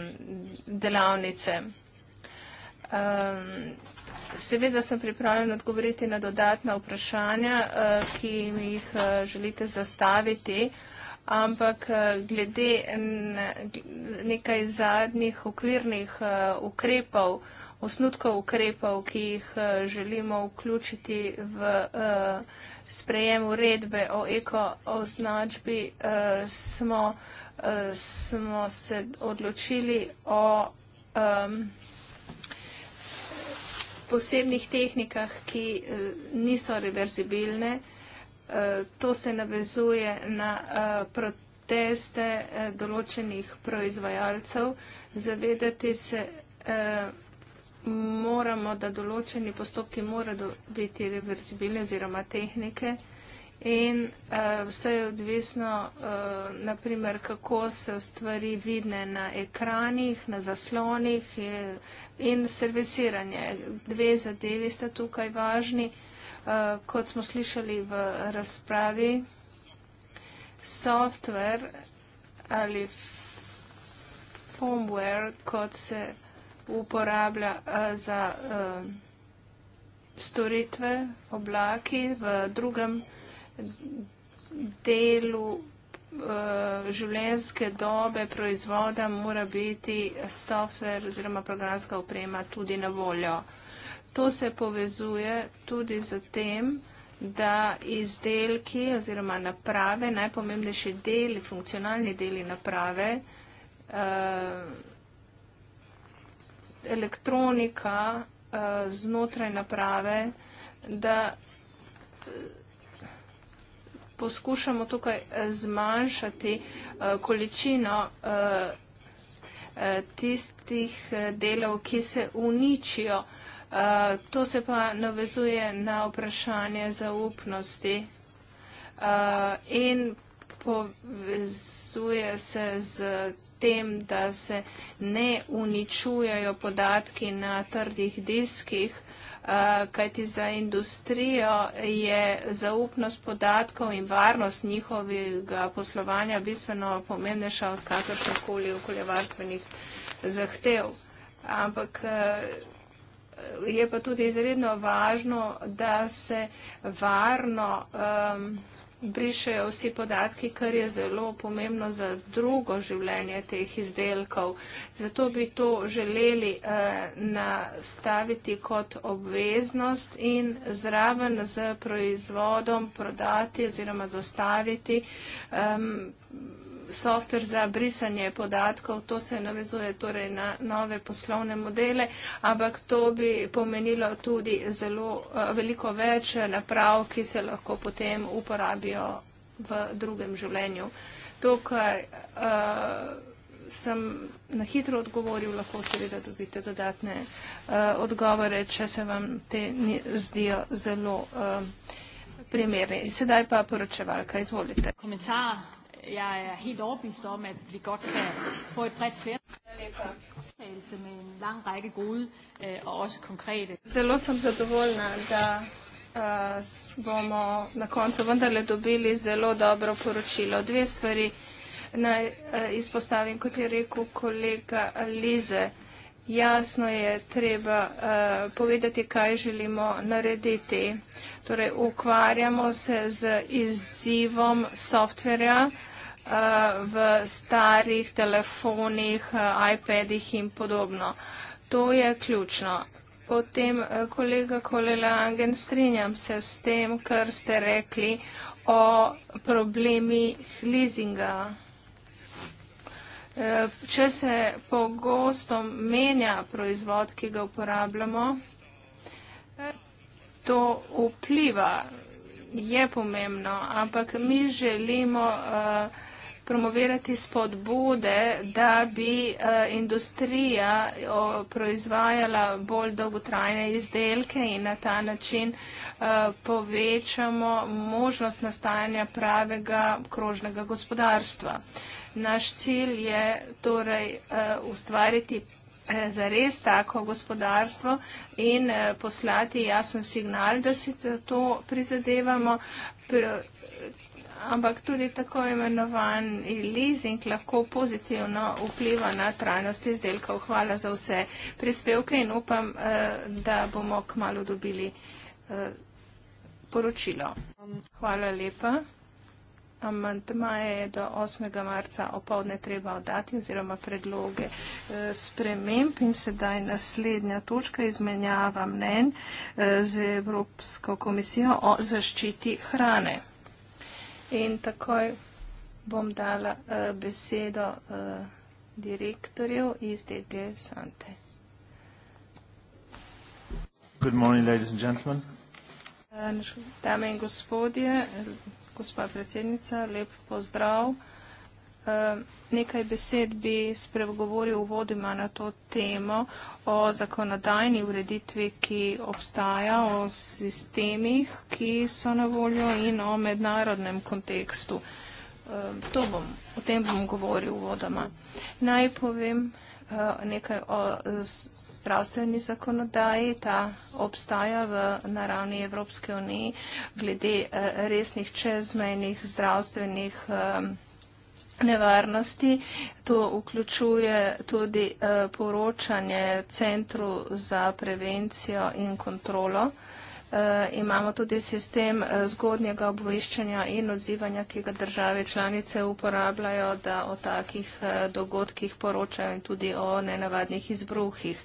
delavnice. Um, seveda sem pripravljen odgovoriti na dodatna vprašanja, uh, ki mi jih uh, želite zastaviti. Uh, ampak eh, glede nekaj zadnjih okvirnih eh, ukrepov, osnutkov ukrepov, ki jih eh, želimo vključiti v sprejem uredbe o ekooznačbi, smo, smo se odločili o posebnih tehnikah, ki niso reverzibilne, Eh, to se navezuje na eh, proteste eh, določenih proizvajalcev. Zavedati se moramo, da določeni postopki morajo biti reverzibilni oziroma tehnike. In uh, vse je odvisno, uh, naprimer, kako so stvari vidne na ekranih, na zaslonih in, in servisiranje. Dve zadevi sta tukaj važni. Uh, Eh, kot smo slišali v razpravi, software ali firmware, kot se uporablja eh, za eh, storitve, oblaki v drugem delu življenjske dobe proizvoda mora biti software oziroma programska oprema tudi na voljo. To se povezuje tudi z tem, da izdelki oziroma naprave, najpomembnejši deli, funkcionalni deli naprave, eh, elektronika eh, znotraj naprave, da eh, poskušamo tukaj zmanjšati količino tistih delov, ki se uničijo. To se pa navezuje na vprašanje zaupnosti in povezuje se z tem, da se ne uničujajo podatki na trdih diskih, kajti za industrijo je zaupnost podatkov in varnost njihovega poslovanja bistveno pomembnejša od kakršnokoli okoljevarstvenih zahtev. Ampak je pa tudi izredno važno, da se varno um, brišejo vsi podatki, kar je zelo pomembno za drugo življenje teh izdelkov. Zato bi to želeli uh, nastaviti kot obveznost in zraven z proizvodom prodati oziroma dostaviti um, softver za brisanje podatkov, to se navezuje torej na nove poslovne modele, ampak to bi pomenilo tudi zelo eh, veliko več naprav, ki se lahko potem uporabijo v drugem življenju. To, kar uh, sem na hitro odgovoril, lahko seveda dobite dodatne uh, odgovore, če se vam te zdijo zelo. Uh, Primeri. Sedaj pa poročevalka, izvolite. Komisar, jeg er helt overbevist om, at vi godt kan få et bredt flertal med en lang række gode øh, og også konkrete. Zelo sem zadovoljna, da uh, bomo na koncu vendarle dobili zelo dobro poročilo. Dve stvari naj uh, izpostavim, kot je rekel kolega Lize. Jasno je treba uh, povedati, kaj želimo narediti. Torej, ukvarjamo se z izzivom softverja. Eh, v starih telefonih, eh, iPadih in podobno. To je ključno. Potem, eh, kolega Kolelangen, strinjam se s tem, kar ste rekli o problemih leasinga. Če se pogosto menja proizvod, ki ga uporabljamo, to vpliva, je pomembno, ampak mi želimo uh, promovirati spodbude, da bi uh, industrija o, proizvajala bolj dolgotrajne izdelke in na ta način uh, povečamo možnost nastajanja pravega krožnega gospodarstva. Naš cilj je torej uh, ustvariti za res tako gospodarstvo in poslati jasen signal, da si to prizadevamo, ampak tudi tako imenovan leasing lahko pozitivno vpliva na trajnost izdelkov. Hvala za vse prispevke in upam, eh, da bomo kmalo dobili eh, poročilo. Hvala lepa. Amantmaje je do 8. marca opovdne treba oddati oziroma predloge eh, sprememb in sedaj naslednja točka izmenjava mnen z Evropsko komisijo o zaščiti hrane. In takoj bom dala uh, besedo uh, direktorju iz DG Sante. Good morning, ladies and gentlemen. Eh, dame in gospodje, gospa predsednica, lep pozdrav. Eh, nekaj besed bi spregovoril vodima na to temo o zakonodajni ureditvi, ki obstaja, o sistemih, ki so na voljo in o mednarodnem kontekstu. Eh, to bom, o tem bom govoril vodoma. Naj povem eh, nekaj o zdravstveni zakonodaji, ta obstaja v naravni Evropske unije glede resnih čezmejnih zdravstvenih nevarnosti. To vključuje tudi eh, poročanje Centru za prevencijo in kontrolo. Eh, imamo tudi sistem eh, zgodnjega obveščanja in odzivanja, ki ga države članice uporabljajo, da o takih dogodkih poročajo in tudi o nenavadnih izbruhih.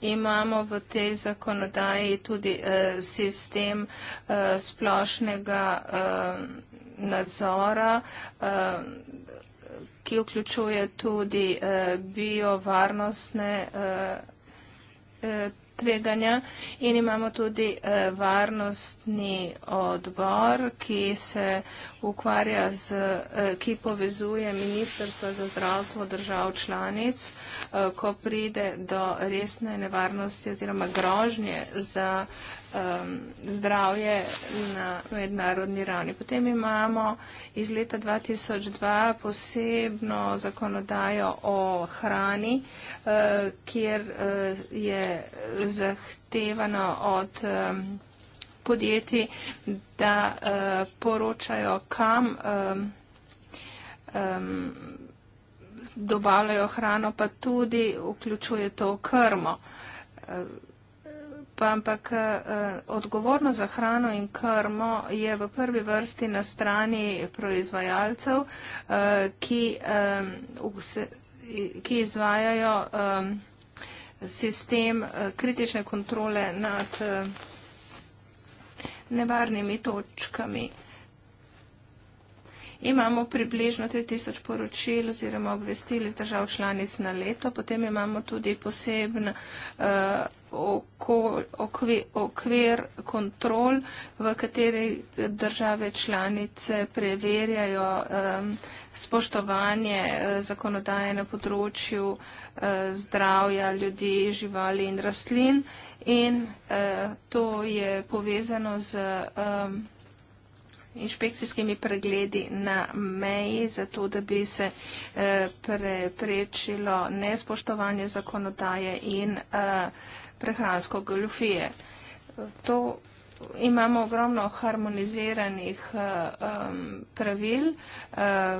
Imamo v tej zakonodaji tudi sistem splošnega nadzora ki vključuje tudi eh, biovarnostne eh, eh, tveganja in imamo tudi varnostni odbor, ki se ukvarja z, eh, ki povezuje Ministrstvo za zdravstvo držav članic, eh, ko pride do resne nevarnosti oziroma grožnje za zdravje na mednarodni ravni. Potem imamo iz leta 2002 posebno zakonodajo o hrani, eh, kjer je zahtevano od podjetij, da uh, poročajo, kam um, um, dobavljajo hrano, pa tudi vključuje to krmo. Uh, ampak eh, odgovorno za hrano in krmo je v prvi vrsti na strani proizvajalcev, eh, ki, eh, vse, ki izvajajo eh, sistem eh, kritične kontrole nad. Eh, nevarnimi točkami imamo približno 3000 poročil oziroma obvestil iz držav članic na leto, potem imamo tudi poseben uh, eh, oko, okvir, okvir kontrol, v kateri države članice preverjajo um, spoštovanje uh, zakonodaje na področju uh, zdravja ljudi, živali in rastlin. In uh, to je povezano z. Um, inšpekcijskimi pregledi na meji, zato da bi se eh, preprečilo nespoštovanje zakonodaje in eh, prehransko goljufije. To imamo ogromno harmoniziranih eh, pravil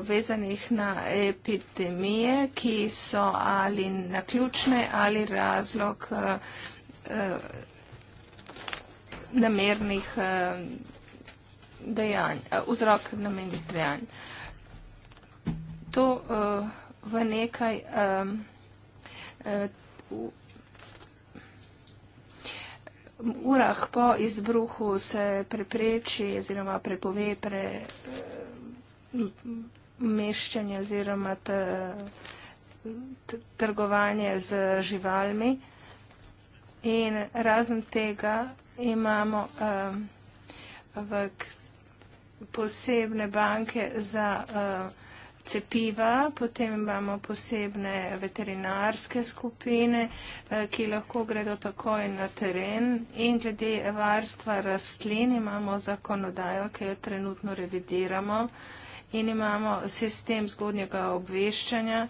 vezanih na epidemije, ki so ali naključne ali razlog namernih dejanj, eh, vzrok namenih dejanj. To uh, v nekaj. Um, uh, urah po izbruhu se prepreči oziroma prepove pre, uh, meščanje oziroma t, t, trgovanje z živalmi. In razen tega imamo um, v posebne banke za uh, cepiva, potem imamo posebne veterinarske skupine, uh, ki lahko gredo takoj na teren in glede varstva rastlin imamo zakonodajo, ki jo trenutno revidiramo in imamo sistem zgodnjega obveščanja,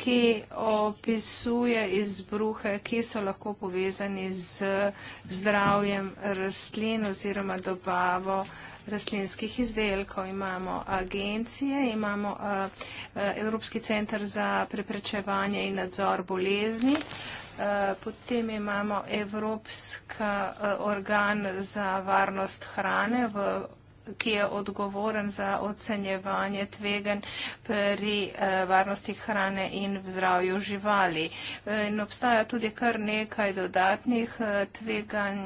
ki opisuje izbruhe, ki so lahko povezani z zdravjem rastlin oziroma dobavo uh, rastlinskih izdelkov. Imamo eh, agencije, imamo eh, eh, Evropski centr za preprečevanje in nadzor bolezni, potem imamo Evropska organ za varnost hrane v ki je odgovoren za ocenjevanje tvegen pri eh, varnosti hrane in zdravju živali. Eh, in obstaja tudi kar nekaj dodatnih eh, tveganj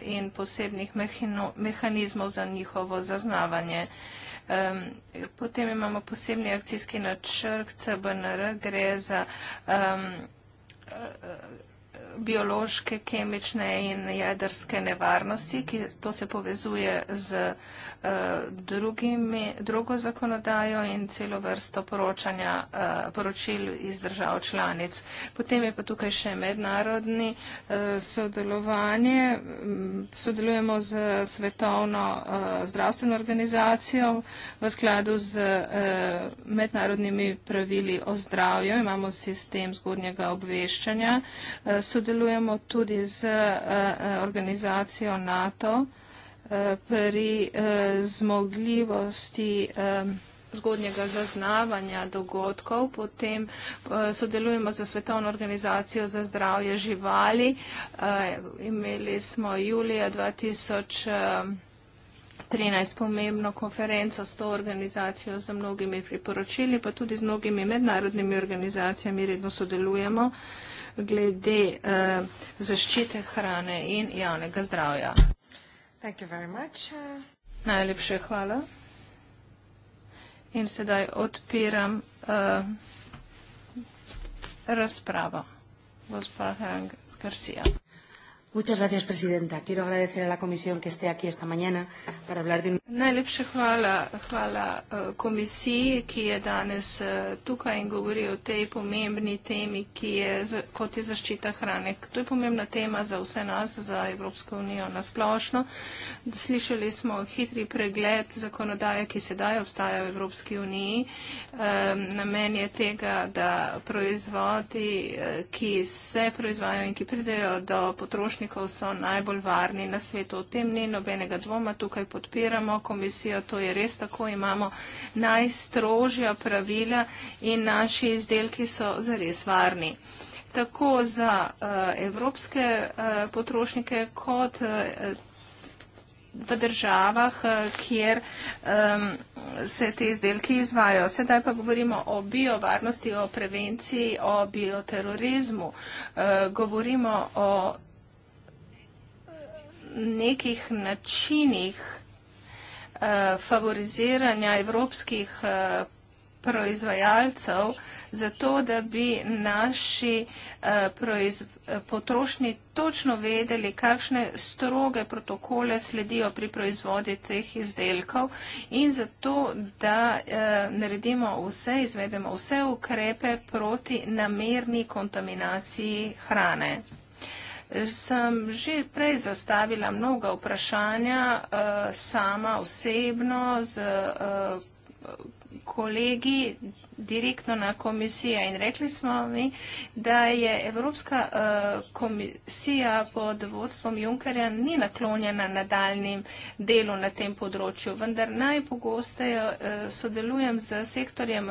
in posebnih mehanizmov za njihovo zaznavanje. Potem imamo posebni akcijski načrt CBNR, gre za um, biološke, kemične in jedrske nevarnosti, ki to se povezuje z Eh, drugimi, drugo zakonodajo in celo vrsto poročanja, eh, poročil iz držav članic. Potem je pa tukaj še mednarodni eh, sodelovanje. Mm, sodelujemo z Svetovno zdravstveno organizacijo v skladu z mednarodnimi pravili o zdravju. Imamo sistem zgodnjega obveščanja. Sodelujemo tudi z organizacijo NATO pri eh, zmogljivosti eh, zgodnjega zaznavanja dogodkov. Potem eh, sodelujemo za Svetovno organizacijo za zdravje živali. Imeli smo julija 2013 pomembno konferenco s to organizacijo za mnogimi priporočili, pa tudi z mnogimi mednarodnimi organizacijami redno sodelujemo glede zaščite hrane in javnega zdravja. Thank you very much. Uh, Najlepše hvala. In sedaj odpiram uh, razpravo. Gospa Hang Garcia. Muchas gracias, presidenta. Quiero agradecer a la comisión que esté aquí esta mañana para hablar de un... Najlepše hvala, hvala eh, komisiji, ki je danes eh, tukaj in govori o tej pomembni temi, ki je, kot je zaščita hrane. To je pomembna tema za vse nas, za Evropsko unijo nasplošno. Slišali smo hitri pregled zakonodaje, ki sedaj obstaja v Evropski uniji. Namen je tega, da proizvodi, eh, ki se proizvajajo in ki pridejo do potrošnje, potrošnikov so najbolj varni na svetu. O tem ni nobenega dvoma. Tukaj podpiramo komisijo. To je res tako. Imamo najstrožja pravila in naši izdelki so zares varni. Tako za uh, evropske uh, potrošnike kot. Uh, v državah, kjer um, se te izdelki izvajo. Sedaj pa govorimo o biovarnosti, o prevenciji, o bioterorizmu. Uh, govorimo o nekih načinih eh, favoriziranja evropskih eh, proizvajalcev, zato da bi naši eh, potrošni točno vedeli, kakšne stroge protokole sledijo pri proizvodi teh izdelkov in zato, da naredimo vse, izvedemo vse ukrepe proti namerni kontaminaciji hrane sem že prej zastavila mnoga vprašanja eh, sama osebno z eh, kolegi direktno na komisija in rekli smo mi, da je Evropska eh, komisija pod vodstvom Junkerja ni naklonjena nadaljnim delu na tem področju, vendar najpogosteje sodelujem z sektorjem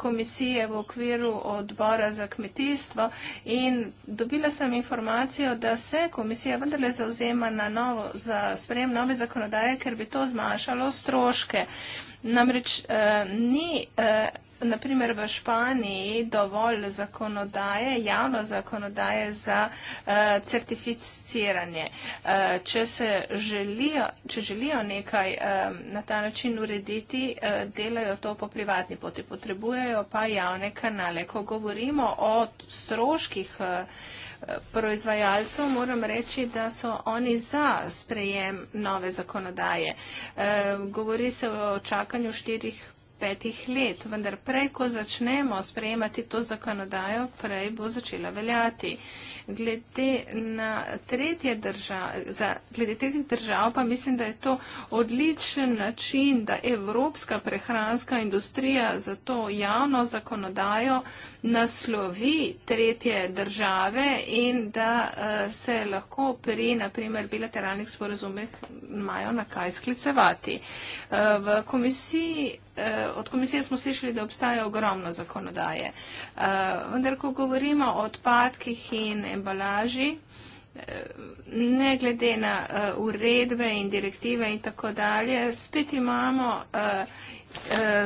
komisije v okviru odbora za kmetijstvo in dobila sem informacijo, da se komisija vendarle zauzema na novo, za sprejem nove zakonodaje, ker bi to zmanjšalo stroške. Namreč eh, ni eh, naprimer v Španiji dovolj zakonodaje, javno zakonodaje za uh, certificiranje. Uh, če se želijo, če želijo nekaj uh, na ta način urediti, uh, delajo to po privatni poti, potrebujejo pa javne kanale. Ko govorimo o stroških uh, proizvajalcev, moram reči, da so oni za sprejem nove zakonodaje. Uh, govori se o čakanju štirih petih let, vendar prej, ko začnemo sprejemati to zakonodajo, prej bo začela veljati. Glede na tretje države, za, glede tretjih držav pa mislim, da je to odličen način, da evropska prehranska industrija za to javno zakonodajo naslovi tretje države in da uh, se lahko pri, naprimer, bilateralnih sporozumeh imajo na kaj sklicevati. Eh, v komisiji, eh, od komisije smo slišali, da obstaja ogromno zakonodaje. Vendar, ko govorimo o odpadkih in embalaži, eh, ne glede na uh, uredbe in direktive in tako dalje, spet imamo uh,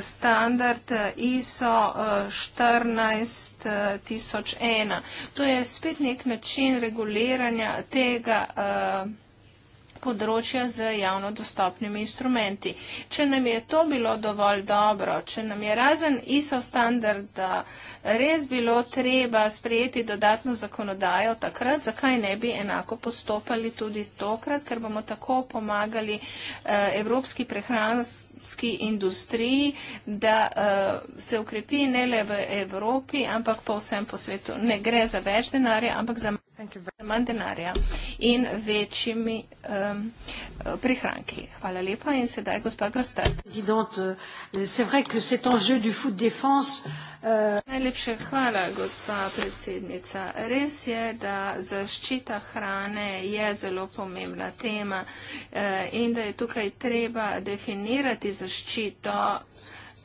standard ISO 14001. To je spet nek način reguliranja tega uh, področja z javno dostopnimi instrumenti. Če nam je to bilo dovolj dobro, če nam je razen ISO standarda res bilo treba sprejeti dodatno zakonodajo takrat, zakaj ne bi enako postopali tudi tokrat, ker bomo tako pomagali eh, Evropski prehranski filmski industriji, da uh, se ukrepi ne le v Evropi, ampak po vsem po svetu. Ne gre za več denarja, ampak za manj denarja in večjimi um, prihranki. Hvala lepa in sedaj gospod Grostat. Najlepše hvala, gospa predsednica. Res je, da zaščita hrane je zelo pomembna tema eh, in da je tukaj treba definirati zaščito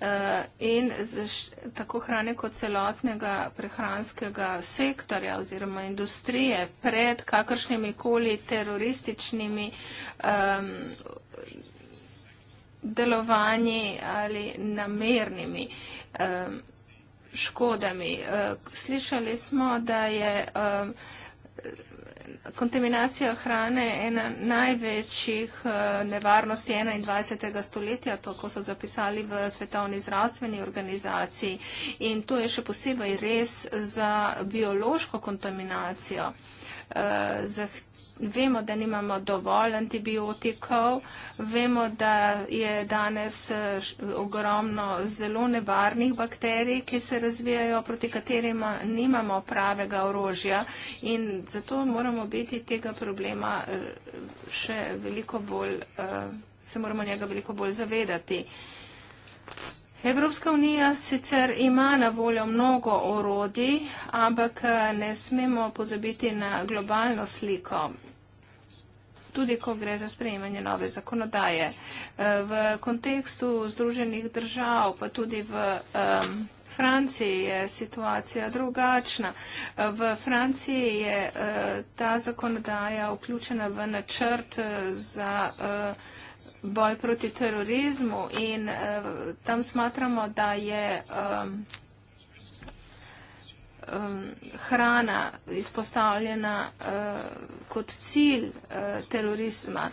eh, in zaš tako hrane kot celotnega prehranskega sektorja oziroma industrije pred kakršnimi koli terorističnimi um, delovanji ali namernimi. Um, škodami. Eh, slišali smo, da je eh, kontaminacija hrane ena največjih eh, nevarnosti 21. stoletja, to, ko so zapisali v Svetovni zdravstveni organizaciji. In to je še posebej res za biološko kontaminacijo. Eh, vemo, da nimamo dovolj antibiotikov, vemo, da je danes eh, ogromno zelo nevarnih bakterij, ki se razvijajo, proti katerim nimamo pravega orožja in zato moramo biti tega problema eh, še veliko bolj, se moramo njega veliko bolj zavedati. Evropska unija sicer ima na voljo mnogo orodij, ampak ne smemo pozabiti na globalno sliko. Tudi, ko gre za sprejemanje nove zakonodaje. V kontekstu Združenih držav, pa tudi v um, Franciji je situacija drugačna. V Franciji je uh, ta zakonodaja vključena v načrt eh, za. Uh, boj proti terorizmu in uh, tam smatramo, da je um, um, hrana izpostavljena uh, kot cilj uh, terorizma.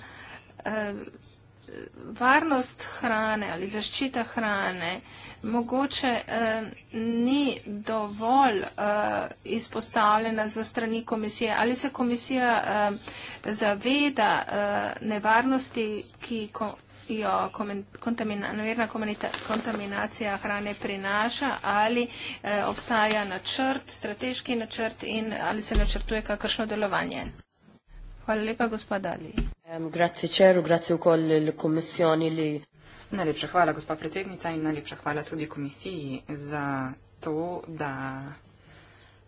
Uh, varnost hrane ali zaščita hrane uh, mogoče eh, ni dovolj eh, izpostavljena za strani komisije. Ali se komisija eh, zaveda nevarnosti, ki jo kontaminacija, kontaminacija hrane prinaša, ali obstaja načrt, strateški načrt in ali se načrtuje kakršno delovanje? Hvala lepa, gospod Ali. Grazie, Cero, grazie a tutti le commissioni. Li... Najlepša hvala, gospa predsednica, in najlepša hvala tudi komisiji za to, da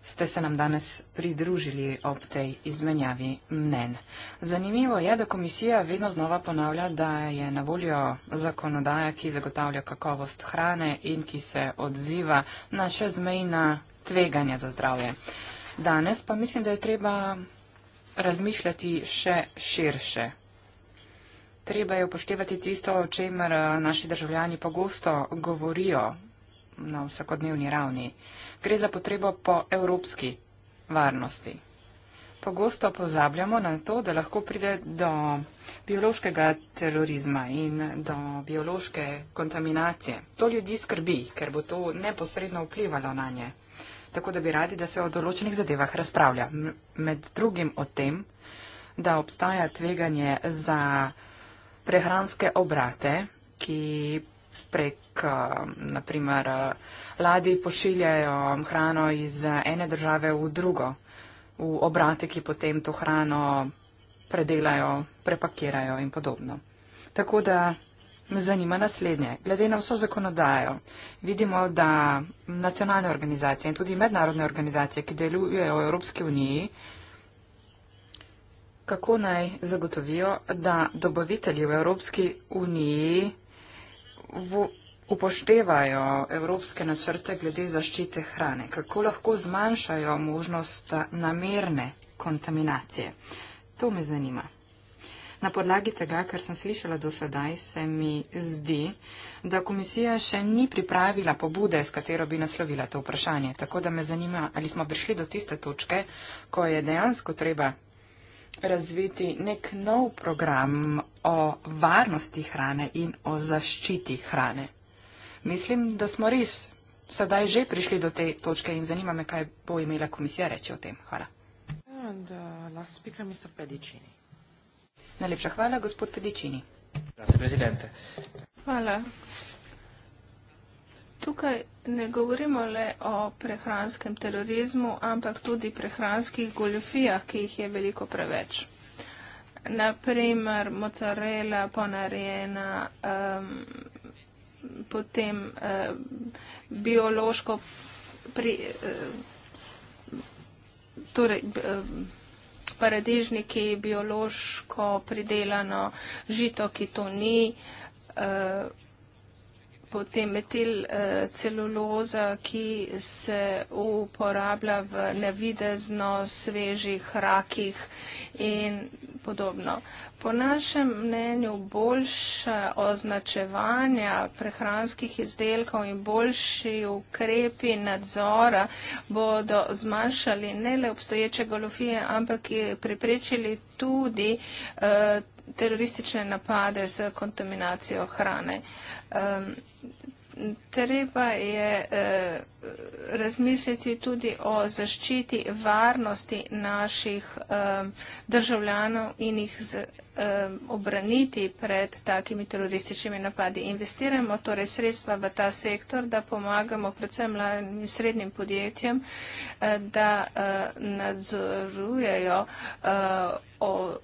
ste se nam danes pridružili ob tej izmenjavi mnen. Zanimivo je, da komisija vedno znova ponavlja, da je na voljo zakonodaja, ki zagotavlja kakovost hrane in ki se odziva na še zmejna tveganja za zdravje. Danes pa mislim, da je treba razmišljati še širše treba je upoštevati tisto, o čemer eh, naši državljani pogosto govorijo na vsakodnevni ravni. Gre za potrebo po evropski varnosti. Pogosto pozabljamo na to, da lahko pride do biološkega terorizma in do biološke kontaminacije. To ljudi skrbi, ker bo to neposredno vplivalo na nje. Tako da bi radi, da se o določenih zadevah razpravlja. Med drugim o tem, da obstaja tveganje za prehranske obrate, ki prek, eh, naprimer, eh, ladij pošiljajo hrano iz eh, ene države v drugo, v obrate, ki potem to hrano predelajo, prepakirajo in podobno. Tako da me zanima naslednje. Glede na vso zakonodajo, vidimo, da nacionalne organizacije in tudi mednarodne organizacije, ki delujejo v Evropski uniji, kako naj zagotovijo, da dobavitelji v Evropski uniji v, upoštevajo evropske načrte glede zaščite hrane, kako lahko zmanjšajo možnost namerne kontaminacije. To me zanima. Na podlagi tega, kar sem slišala do sedaj, se mi zdi, da komisija še ni pripravila pobude, s katero bi naslovila to vprašanje. Tako da me zanima, ali smo prišli do tiste točke, ko je dejansko treba razviti nek nov program o varnosti hrane in o zaščiti hrane. Mislim, da smo res sedaj že prišli do te točke in zanima me, kaj bo imela komisija reči o tem. Hvala. And, uh, last speaker, Mr. Pedicini. Najlepša hvala, gospod Pedicini. Hvala tukaj ne govorimo le o prehranskem terorizmu, ampak tudi prehranskih goljofijah, ki jih je veliko preveč. Naprimer, mozarela ponarejena, um, potem um, biološko pri, um, torej, um, paradižniki, biološko pridelano žito, ki to ni. Um, potem metilceluloza, ki se uporablja v navidezno svežih rakih in podobno. Po našem mnenju boljše označevanja prehranskih izdelkov in boljši ukrepi nadzora bodo zmanjšali ne le obstoječe golofije, ampak je preprečili tudi uh, teroristične napade z kontaminacijo hrane. Uh, Um, treba je uh, razmisliti tudi o zaščiti varnosti naših um, državljanov in jih z, um, obraniti pred takimi terorističnimi napadi. Investiramo torej sredstva v ta sektor, da pomagamo predvsem mladim in srednjim podjetjem, uh, da uh, nadzorujejo uh, o,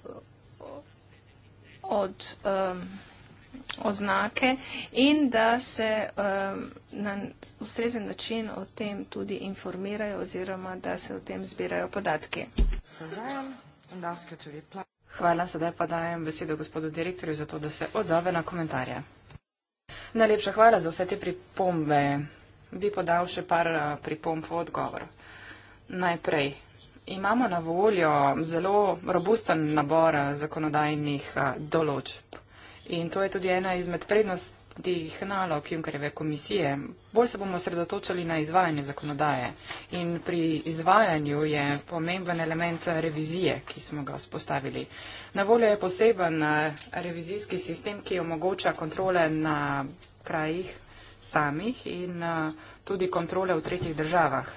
od. Um, oznake in da se um, na ustrezen način o tem tudi informirajo oziroma da se o tem zbirajo podatki. Hvala, sedaj pa dajem besedo gospodu direktorju za to, da se odzove na komentarje. Najlepša hvala za vse te pripombe. Bi podal še par eh, pripomb v odgovor. Najprej, imamo na voljo zelo robusten nabor eh, zakonodajnih eh, določb. In to je tudi ena izmed prednostih nalog Junkerjeve komisije. Bolj se bomo sredotočali na izvajanje zakonodaje. In pri izvajanju je pomemben element revizije, ki smo ga vzpostavili. Na voljo je poseben eh, revizijski sistem, ki omogoča kontrole na krajih samih in eh, tudi kontrole v tretjih državah.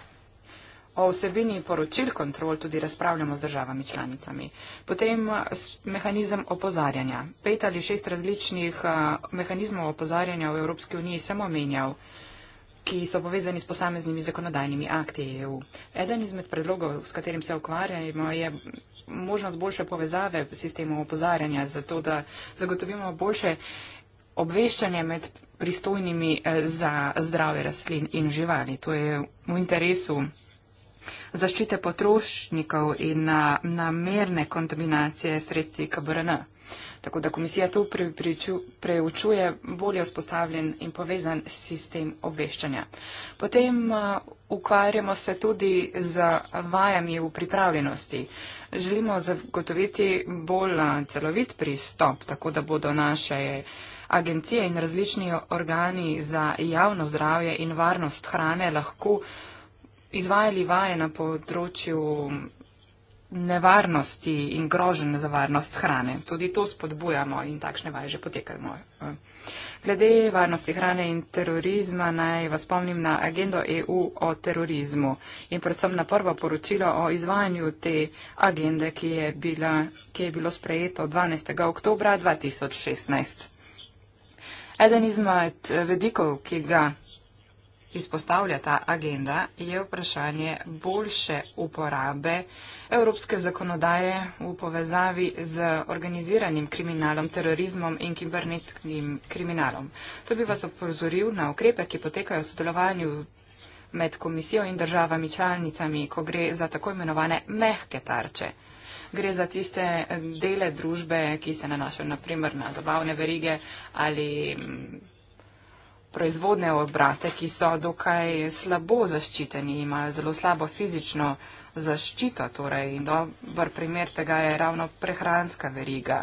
O vsebini poročil kontrol tudi razpravljamo z državami članicami. Potem eh, mehanizem opozarjanja. Pet ali šest različnih eh, mehanizmov opozarjanja v Evropski uniji sem omenjal, ki so povezani s posameznimi zakonodajnimi akti EU. Eden izmed predlogov, s katerim se ukvarjamo, je možnost boljše povezave sistemov opozarjanja, zato da zagotovimo boljše obveščanje med pristojnimi eh, za zdrave rastlin in živali. To je v interesu zaščite potrošnikov in na namerne kontaminacije sredstvi KBRN. Tako da komisija tu preučuje bolje vzpostavljen in povezan sistem obveščanja. Potem ukvarjamo se tudi z vajami v pripravljenosti. Želimo zagotoviti bolj celovit pristop, tako da bodo naše agencije in različni organi za javno zdravje in varnost hrane lahko izvajali vaje na področju nevarnosti in grožen za varnost hrane. Tudi to spodbujamo in takšne vaje že potekajmo. Glede varnosti hrane in terorizma naj vas spomnim na agendo EU o terorizmu in predvsem na prvo poročilo o izvajanju te agende, ki je, bila, ki je bilo sprejeto 12. oktobra 2016. Eden izmed vedikov, ki ga izpostavlja ta agenda, je vprašanje boljše uporabe evropske zakonodaje v povezavi z organiziranim kriminalom, terorizmom in kibernetskim kriminalom. To bi vas opozoril na ukrepe, ki potekajo v sodelovanju med komisijo in državami članicami, ko gre za tako imenovane mehke tarče. Gre za tiste dele družbe, ki se nanašajo naprimer na dobavne verige ali mm, proizvodne obrate, ki so dokaj slabo zaščiteni, imajo zelo slabo fizično zaščito. Torej, dober primer tega je ravno prehranska veriga.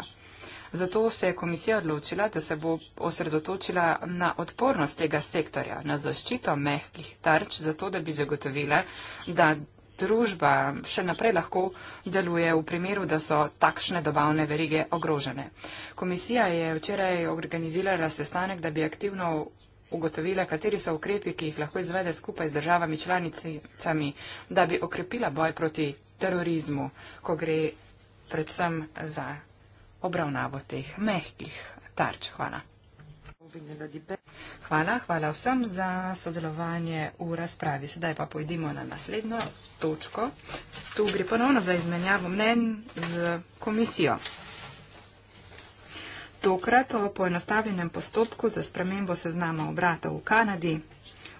Zato se je komisija odločila, da se bo osredotočila na odpornost tega sektorja, na zaščito mehkih tarč, zato da bi zagotovila, da družba še naprej lahko deluje v primeru, da so takšne dobavne verige ogrožene. Komisija je včeraj organizirala sestanek, da bi aktivno ugotovila, kateri so ukrepi, ki jih lahko izvede skupaj z državami članicami, da bi okrepila boj proti terorizmu, ko gre predvsem za obravnavo teh mehkih tarč. Hvala. Hvala, hvala vsem za sodelovanje v razpravi. Sedaj pa pojdimo na naslednjo točko. Tu gre ponovno za izmenjavo mnen z komisijo. Tokrat o poenostavljenem postopku za spremembo seznama obrata v Kanadi,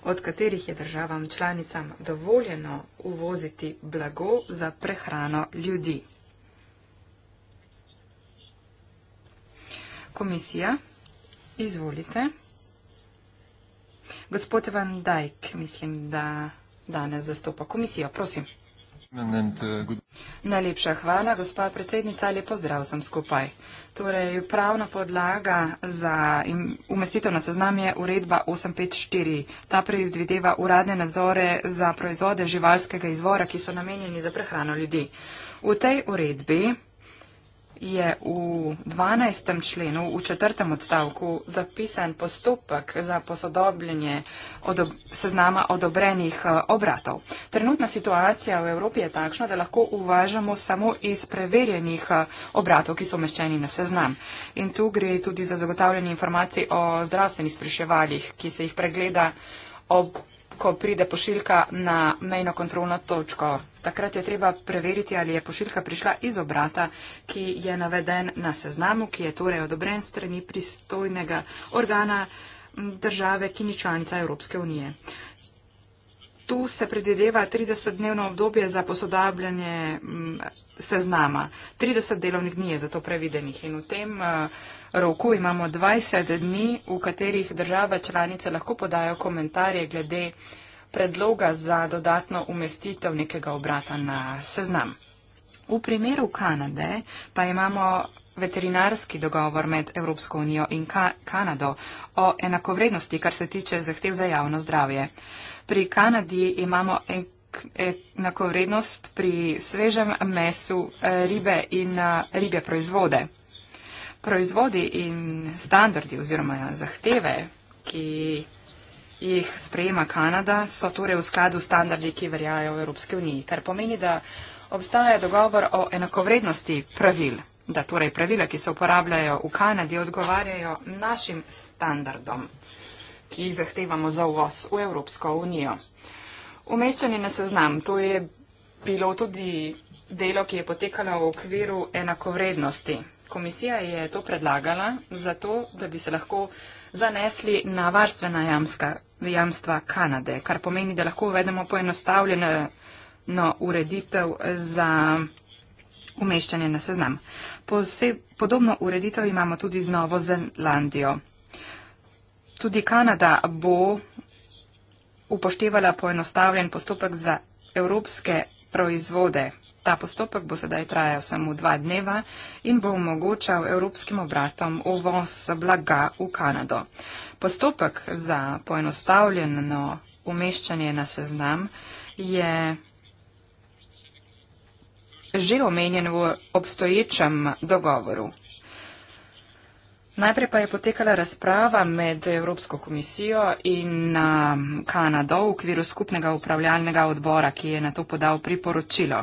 od katerih je državam članicam dovoljeno uvoziti blago za prehrano ljudi. Komisija, izvolite. Gospod Van Dijk, mislim, da danes zastopa komisijo. Prosim. Najlepša hvala, gospa predsednica, lep pozdrav sem skupaj. Torej, pravna podlaga za umestitev na seznam je uredba 854. Ta predvideva uradne nazore za proizvode živalskega izvora, ki so namenjeni za prehrano ljudi. V tej uredbi je v 12. členu, v 4. odstavku, zapisan postopek za posodobljanje odob seznama odobrenih eh, obratov. Trenutna situacija v Evropi je takšna, da lahko uvažamo samo iz preverjenih eh, obratov, ki so umeščeni na seznam. In tu gre tudi za zagotavljanje informacij o zdravstvenih spriševalih, ki se jih pregleda ob ko pride pošiljka na mejno kontrolno točko. Takrat je treba preveriti, ali je pošiljka prišla iz obrata, ki je naveden na seznamu, ki je torej odobren strani pristojnega organa države, ki ni članica Evropske unije. Tu se predvideva 30-dnevno obdobje za posodabljanje seznama. 30 delovnih dni je za to previdenih in v tem uh, roku imamo 20 dni, v katerih države članice lahko podajo komentarje glede predloga za dodatno umestitev nekega obrata na seznam. V primeru Kanade pa imamo veterinarski dogovor med Evropsko unijo in Ka Kanado o enakovrednosti, kar se tiče zahtev za javno zdravje. Pri Kanadi imamo enakovrednost pri svežem mesu eh, ribe in eh, ribje proizvode proizvodi in standardi oziroma zahteve, ki jih sprejema Kanada, so torej v skladu s standardi, ki verjajo v Evropski uniji, kar pomeni, da obstaja dogovor o enakovrednosti pravil, da torej pravila, ki se uporabljajo v Kanadi, odgovarjajo našim standardom, ki jih zahtevamo za uvoz v Evropsko unijo. Umeščanje na seznam, to je bilo tudi delo, ki je potekalo v okviru enakovrednosti Komisija je to predlagala zato, da bi se lahko zanesli na varstvena jamska, jamstva Kanade, kar pomeni, da lahko uvedemo poenostavljeno no, ureditev za umeščanje na seznam. Poseb, podobno ureditev imamo tudi z Novo Zelandijo. Tudi Kanada bo upoštevala poenostavljen postopek za evropske proizvode Ta postopek bo sedaj trajal samo dva dneva in bo omogočal evropskim obratom uvoz blaga v Kanado. Postopek za poenostavljeno umeščanje na seznam je že omenjen v obstoječem dogovoru. Najprej pa je potekala razprava med Evropsko komisijo in um, Kanado v okviru skupnega upravljalnega odbora, ki je na to podal priporočilo.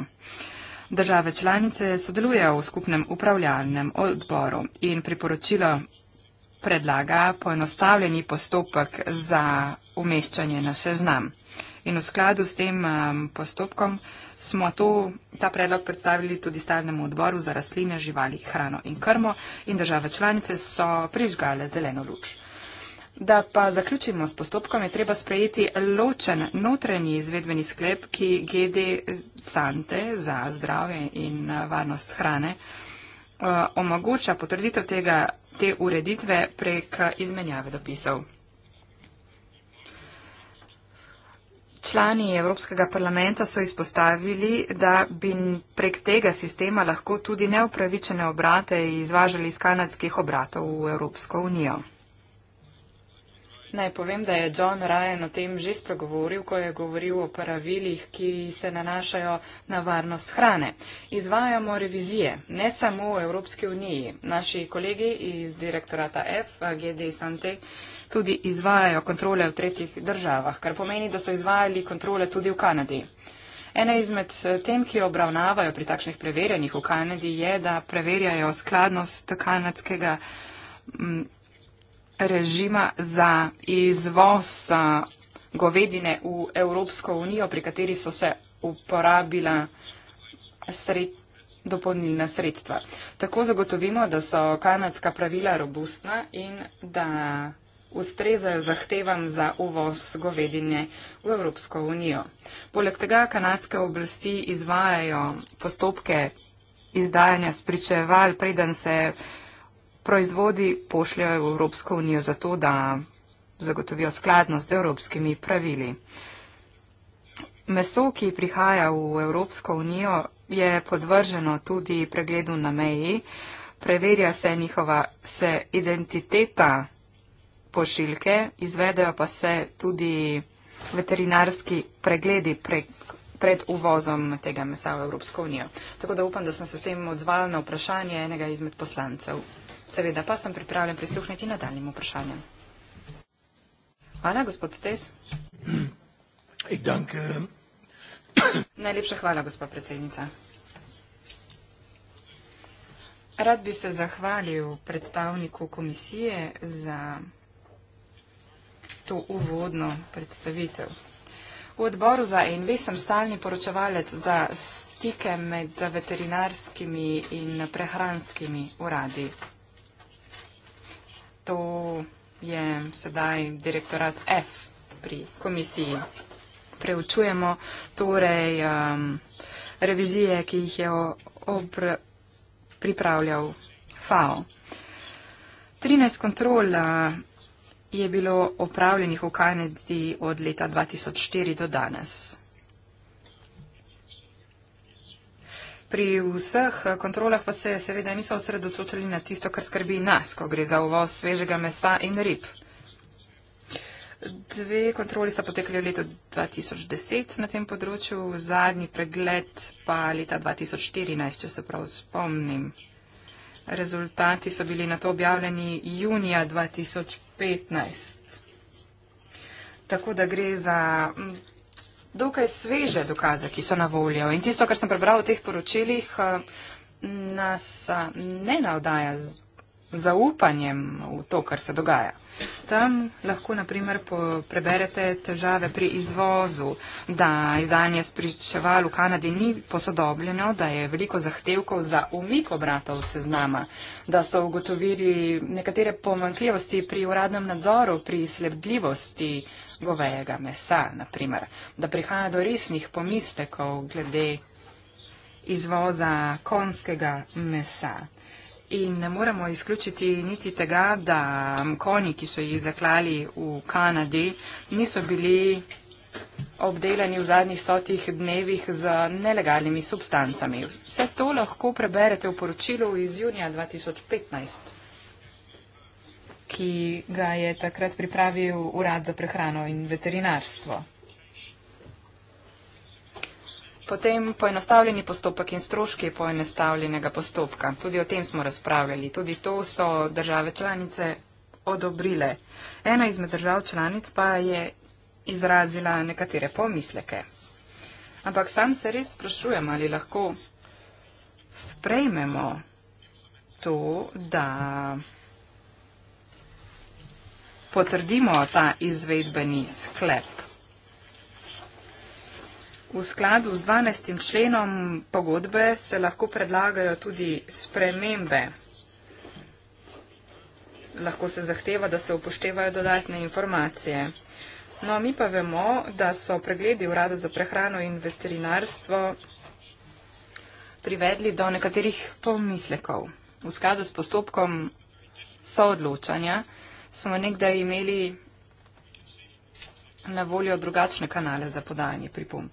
Države članice sodelujejo v skupnem upravljalnem odboru in priporočilo predlaga poenostavljeni postopek za umeščanje na seznam. In v skladu s tem um, postopkom smo to, ta predlog predstavili tudi stavnemu odboru za rastline, živali, hrano in krmo in države članice so prižgale zeleno luč. Da pa zaključimo s postopkom, je treba sprejeti ločen notranji izvedbeni sklep, ki GD Sante za zdravje in eh, varnost hrane eh, omogoča potrditev tega, te ureditve prek izmenjave dopisov. Člani Evropskega parlamenta so izpostavili, da bi prek tega sistema lahko tudi neupravičene obrate izvažali iz kanadskih obratov v Evropsko unijo. Naj povem, da je John Ryan o tem že spregovoril, ko je govoril o pravilih, ki se nanašajo na varnost hrane. Izvajamo revizije, ne samo v Evropski uniji. Naši kolegi iz direktorata F, GD Sante, tudi izvajajo kontrole v tretjih državah, kar pomeni, da so izvajali kontrole tudi v Kanadi. Ena izmed eh, tem, ki jo obravnavajo pri takšnih preverjanjih v Kanadi, je, da preverjajo skladnost kanadskega mm, režima za izvoz eh, govedine v Evropsko unijo, pri kateri so se uporabila sred, dopolnilna sredstva. Tako zagotovimo, da so kanadska pravila robustna in da ustrezajo zahtevam za uvoz govedine v Evropsko unijo. Poleg tega kanadske oblasti izvajajo postopke izdajanja spričeval, preden se proizvodi pošljajo v Evropsko unijo, zato da zagotovijo skladnost z evropskimi pravili. Meso, ki prihaja v Evropsko unijo, je podvrženo tudi pregledu na meji, preverja se njihova se identiteta pošiljke, izvedejo pa se tudi veterinarski pregledi pre, pred uvozom tega mesa v Evropsko unijo. Tako da upam, da sem se s tem odzval na vprašanje enega izmed poslancev. Seveda pa sem pripravljen prisluhniti nadaljnim vprašanjem. Hvala, gospod Stes. Danke. Eh, Najlepša hvala, gospa predsednica. Rad bi se zahvalil predstavniku komisije za to uvodno predstavitev. V odboru za ENV sem stalni poročevalec za stike med veterinarskimi in prehranskimi uradi. To je sedaj direktorat F pri komisiji. Preučujemo torej um, revizije, ki jih je obr pripravljal FAO. 13 kontrol uh, je bilo opravljenih v Kanadi od leta 2004 do danes? Pri vseh kontrolah pa se seveda niso osredotočili na tisto, kar skrbi nas, ko gre za uvoz svežega mesa in rib. Dve kontroli sta potekali v letu 2010 na tem področju, zadnji pregled pa leta 2014, če se prav spomnim. Rezultati so bili na to objavljeni junija 2015. Tako da gre za mm, dokaj sveže dokaze, ki so na voljo. In tisto, kar sem prebral v teh poročilih, eh, nas eh, ne navdaja z zaupanjem v to, kar se dogaja. Tam lahko, na primer, preberete težave pri izvozu, da izdanje spričeval v Kanadi ni posodobljeno, da je veliko zahtevkov za umik obratov seznama, da so ugotovili nekatere pomankljivosti pri uradnem nadzoru, pri sledljivosti govejega mesa, na primer, da prihaja do resnih pomislekov glede izvoza konskega mesa. In ne moremo izključiti niti tega, da koni, ki so jih zaklali v Kanadi, niso bili obdelani v zadnjih stotih dnevih z nelegalnimi substancami. Vse to lahko preberete v poročilu iz junija 2015, ki ga je takrat pripravil Urad za prehrano in veterinarstvo potem poenostavljeni postopek in stroški poenostavljenega postopka. Tudi o tem smo razpravljali. Tudi to so države članice odobrile. Ena izmed držav članic pa je izrazila nekatere pomisleke. Ampak sam se res sprašujem, ali lahko sprejmemo to, da potrdimo ta izvedbeni sklep. V skladu z 12. členom pogodbe se lahko predlagajo tudi spremembe. Lahko se zahteva, da se upoštevajo dodatne informacije. No, mi pa vemo, da so pregledi Urada za prehrano in veterinarstvo privedli do nekaterih pomislekov. V skladu s postopkom soodločanja smo nekdaj imeli na voljo drugačne kanale za podanje pripomb.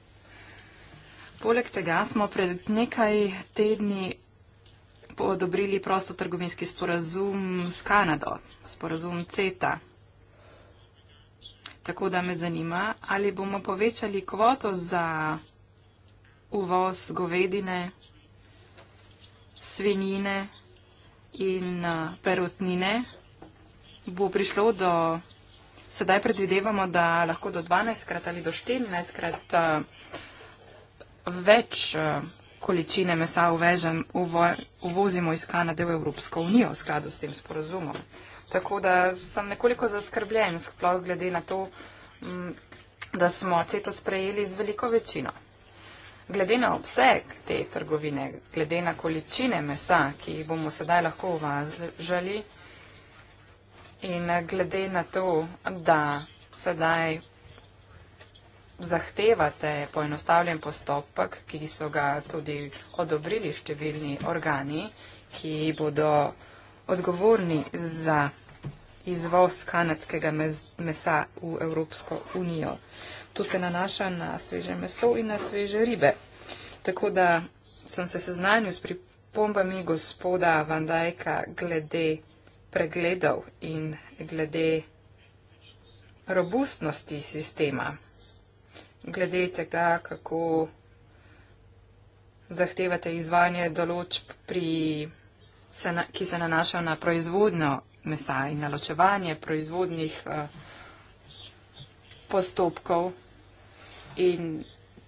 Poleg tega smo pred nekaj tedni odobrili prostotrgovinski sporazum s Kanado, sporazum CETA. Tako da me zanima, ali bomo povečali kvoto za uvoz govedine, svinjine in eh, perutnine. Bo prišlo do, sedaj predvidevamo, da lahko do 12 krat ali do 14 krat več uh, količine mesa uvežen, uvo, uvozimo iz Kanade v Evropsko unijo v skladu s tem sporozumom. Tako da sem nekoliko zaskrbljen, sploh glede na to, m, mm, da smo CETO sprejeli z veliko večino. Glede na obseg te trgovine, glede na količine mesa, ki jih bomo sedaj lahko uvažali in glede na to, da sedaj zahtevate poenostavljen postopek, ki so ga tudi odobrili številni organi, ki bodo odgovorni za izvoz kanadskega mesa v Evropsko unijo. To se nanaša na sveže meso in na sveže ribe. Tako da sem se seznanil s pripombami gospoda Vandajka glede pregledov in glede robustnosti sistema glede tega, kako zahtevate izvajanje določb, pri, se na, ki se nanašajo na proizvodno mesa in naločevanje proizvodnih eh, postopkov in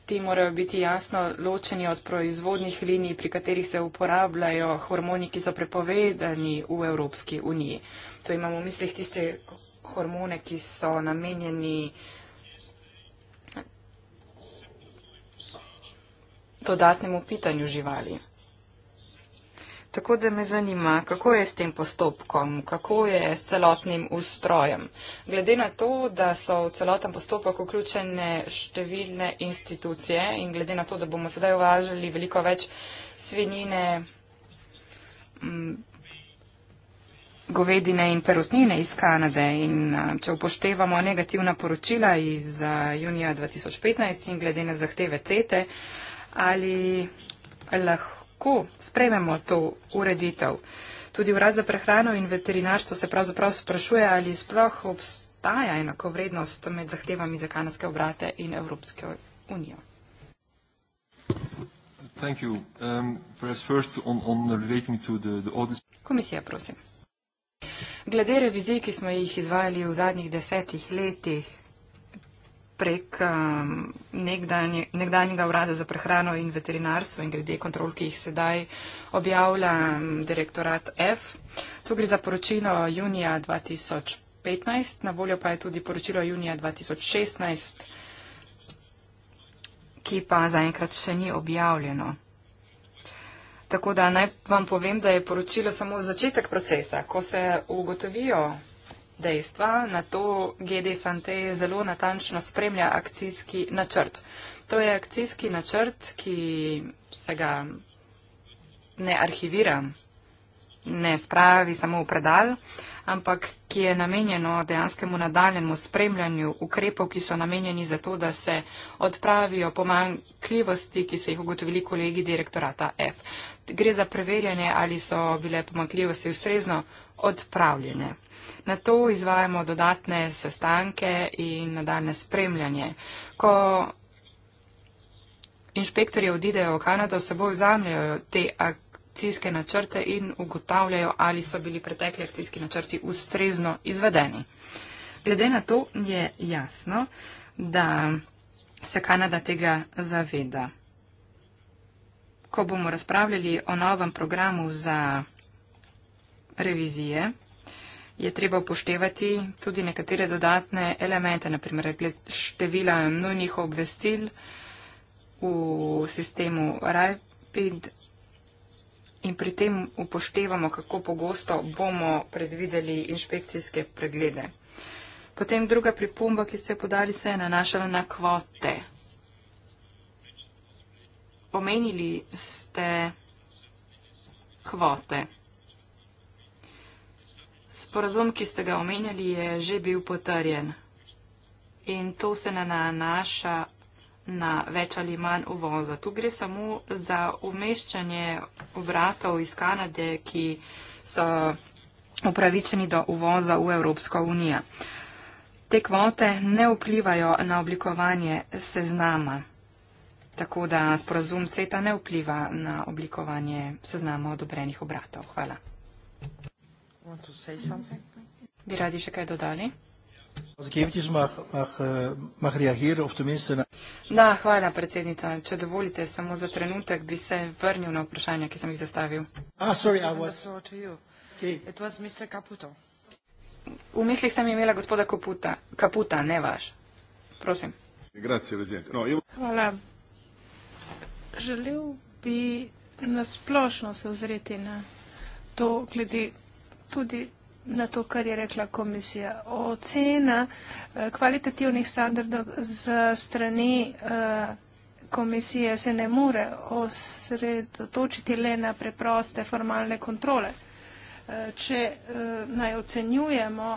ti morajo biti jasno ločeni od proizvodnih linij, pri katerih se uporabljajo hormoni, ki so prepovedani v Evropski uniji. To imamo v mislih tiste hormone, ki so namenjeni uh, dodatnemu pitanju živali. Tako da me zanima, kako je s tem postopkom, kako je s celotnim ustrojem. Glede na to, da so v celoten postopek vključene številne institucije in glede na to, da bomo sedaj uvažali veliko več svinjine, mm, govedine in perutnine iz Kanade in če upoštevamo negativna poročila iz junija 2015 in glede na zahteve CETE, ali lahko sprememo to ureditev. Tudi Urad za prehrano in veterinarstvo se pravzaprav sprašuje, ali sploh obstaja enakovrednost med zahtevami za kanadske obrate in Evropsko unijo. Um, Komisija, prosim. Glede revizij, ki smo jih izvajali v zadnjih desetih letih, prek um, nekdanje, nekdanjega urada za prehrano in veterinarstvo in glede kontrol, ki jih sedaj objavlja um, direktorat F. Tu gre za poročilo junija 2015, na voljo pa je tudi poročilo junija 2016, ki pa zaenkrat še ni objavljeno. Tako da naj vam povem, da je poročilo samo začetek procesa, ko se ugotovijo dejstva, na to GD Sante zelo natančno spremlja akcijski načrt. To je akcijski načrt, ki se ga ne arhivira, ne spravi samo v predal, ampak ki je namenjeno dejanskemu nadaljenemu spremljanju ukrepov, ki so namenjeni za to, da se odpravijo pomankljivosti, ki so jih ugotovili kolegi direktorata F. Gre za preverjanje, ali so bile pomankljivosti ustrezno odpravljene. Na to izvajamo dodatne sestanke in nadaljne spremljanje. Ko inšpektorje odidejo v Kanado, seboj vzamljajo te akcijske načrte in ugotavljajo, ali so bili pretekli akcijski načrti ustrezno izvedeni. Glede na to je jasno, da se Kanada tega zaveda. Ko bomo razpravljali o novem programu za revizije, je treba upoštevati tudi nekatere dodatne elemente, naprimer števila nujnih obvestil v sistemu RIPID in pri tem upoštevamo, kako pogosto bomo predvideli inšpekcijske preglede. Potem druga pripomba, ki ste jo podali, se je nanašala na kvote. Omenili ste kvote. Sporazum, ki ste ga omenjali, je že bil potrjen. In to se ne nanaša na več ali manj uvoza. Tu gre samo za umeščanje obratov iz Kanade, ki so upravičeni do uvoza v Evropsko unijo. Te kvote ne vplivajo na oblikovanje seznama. Tako da sporazum SETA ne vpliva na oblikovanje seznama odobrenih obratov. Hvala. Bi radi še kaj dodali? Skeptično mah, eh, mah, mah reagira, v tem mislim. Da, hvala, predsednica. Če dovolite, samo za trenutek bi se vrnil na vprašanja, ki sem jih zastavil. Ah, sorry, was... okay. V mislih sem imela gospoda Kaputa, Kaputa ne vaš. Prosim. No, jo... Hvala. Želel bi nasplošno se ozreti na to, glede tudi na to, kar je rekla komisija. Ocena eh, kvalitativnih standardov z strani eh, komisije se ne more osredotočiti le na preproste formalne kontrole. Eh, če naj ocenjujemo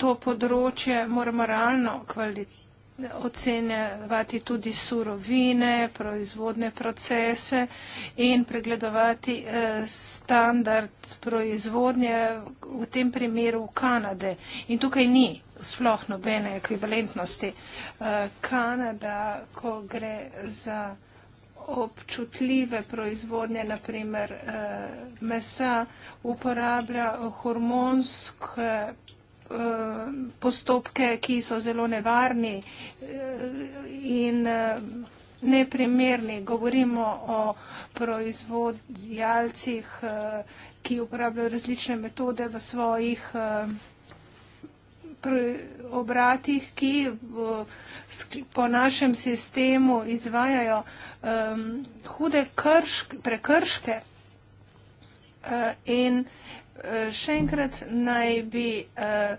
to področje, moramo realno kvalitativno ocenjevati tudi surovine, proizvodne procese in pregledovati eh, standard proizvodnje v tem primeru v Kanade. In tukaj ni sploh nobene ekvivalentnosti. Eh, Kanada, ko gre za občutljive proizvodnje, naprimer eh, mesa, uporablja hormonske Eh, postopke, ki so zelo nevarni eh, in eh, neprimerni. Govorimo o proizvodjalcih, ki uporabljajo različne metode v svojih obratih, ki po našem sistemu izvajajo hude krš, prekrške in Eh, še enkrat naj bi uh,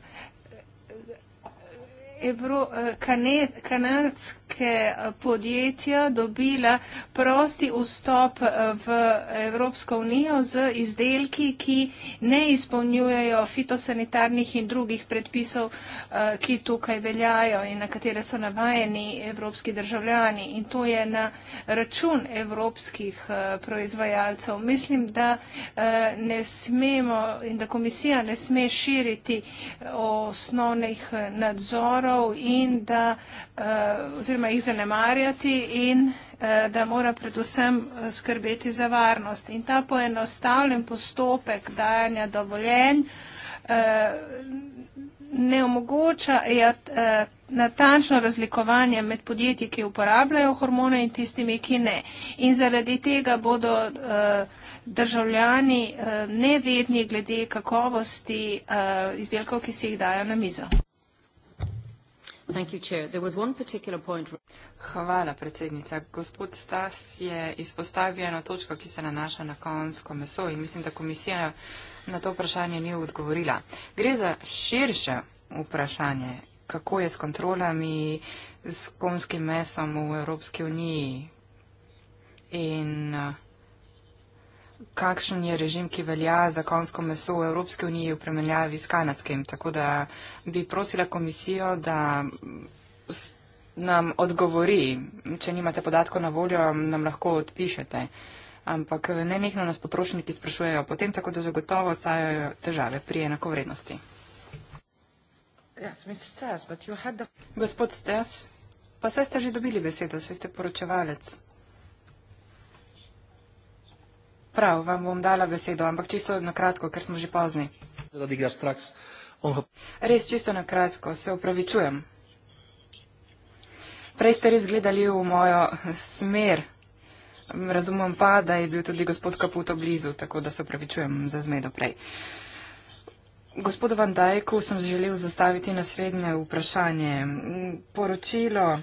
Ebro, uh, eh, kanet, kanadsk, slovenske eh, podjetja dobila prosti vstop eh, v Evropsko unijo z izdelki, ki ne izpolnjujejo fitosanitarnih in drugih predpisov, eh, ki tukaj veljajo in na katere so navajeni evropski državljani. In to je na račun evropskih proizvajalcev. Mislim, da ne smemo in da komisija ne sme širiti osnovnih nadzorov in da, oziroma, firme jih zanemarjati in eh, da mora predvsem eh, skrbeti za varnost. In ta poenostavljen postopek dajanja dovoljenj eh, ne omogoča ja, natančno razlikovanje med podjetji, ki uporabljajo hormone in tistimi, ki ne. In zaradi tega bodo državljani nevedni glede kakovosti izdelkov, ki si jih dajo na mizo. Hvala, predsednica. Gospod Stas je izpostavil eno točko, ki se nanaša na konsko meso in mislim, da komisija na to vprašanje ni odgovorila. Gre za širše vprašanje, kako je s kontrolami, s konskim mesom v Evropski uniji in uh, kakšen je režim, ki velja za konsko meso v Evropski uniji v premenjavi s kanadskim. Tako da bi prosila komisijo, da nam odgovori, če nimate podatkov na voljo, nam lahko odpišete. Ampak ne nekno nas potrošniki sprašujejo potem, tako da zagotovo ostajajo težave pri enakovrednosti. Yes, Stas, the... Gospod Stas, pa saj ste že dobili besedo, saj ste poročevalec. Prav, vam bom dala besedo, ampak čisto na kratko, ker smo že pozni. Res čisto na kratko, se upravičujem. Prej ste res gledali v mojo smer. Razumem pa, da je bil tudi gospod Kaputo blizu, tako da se upravičujem za zmedo prej. Gospodu Van Dajku sem želel zastaviti naslednje vprašanje. Poročilo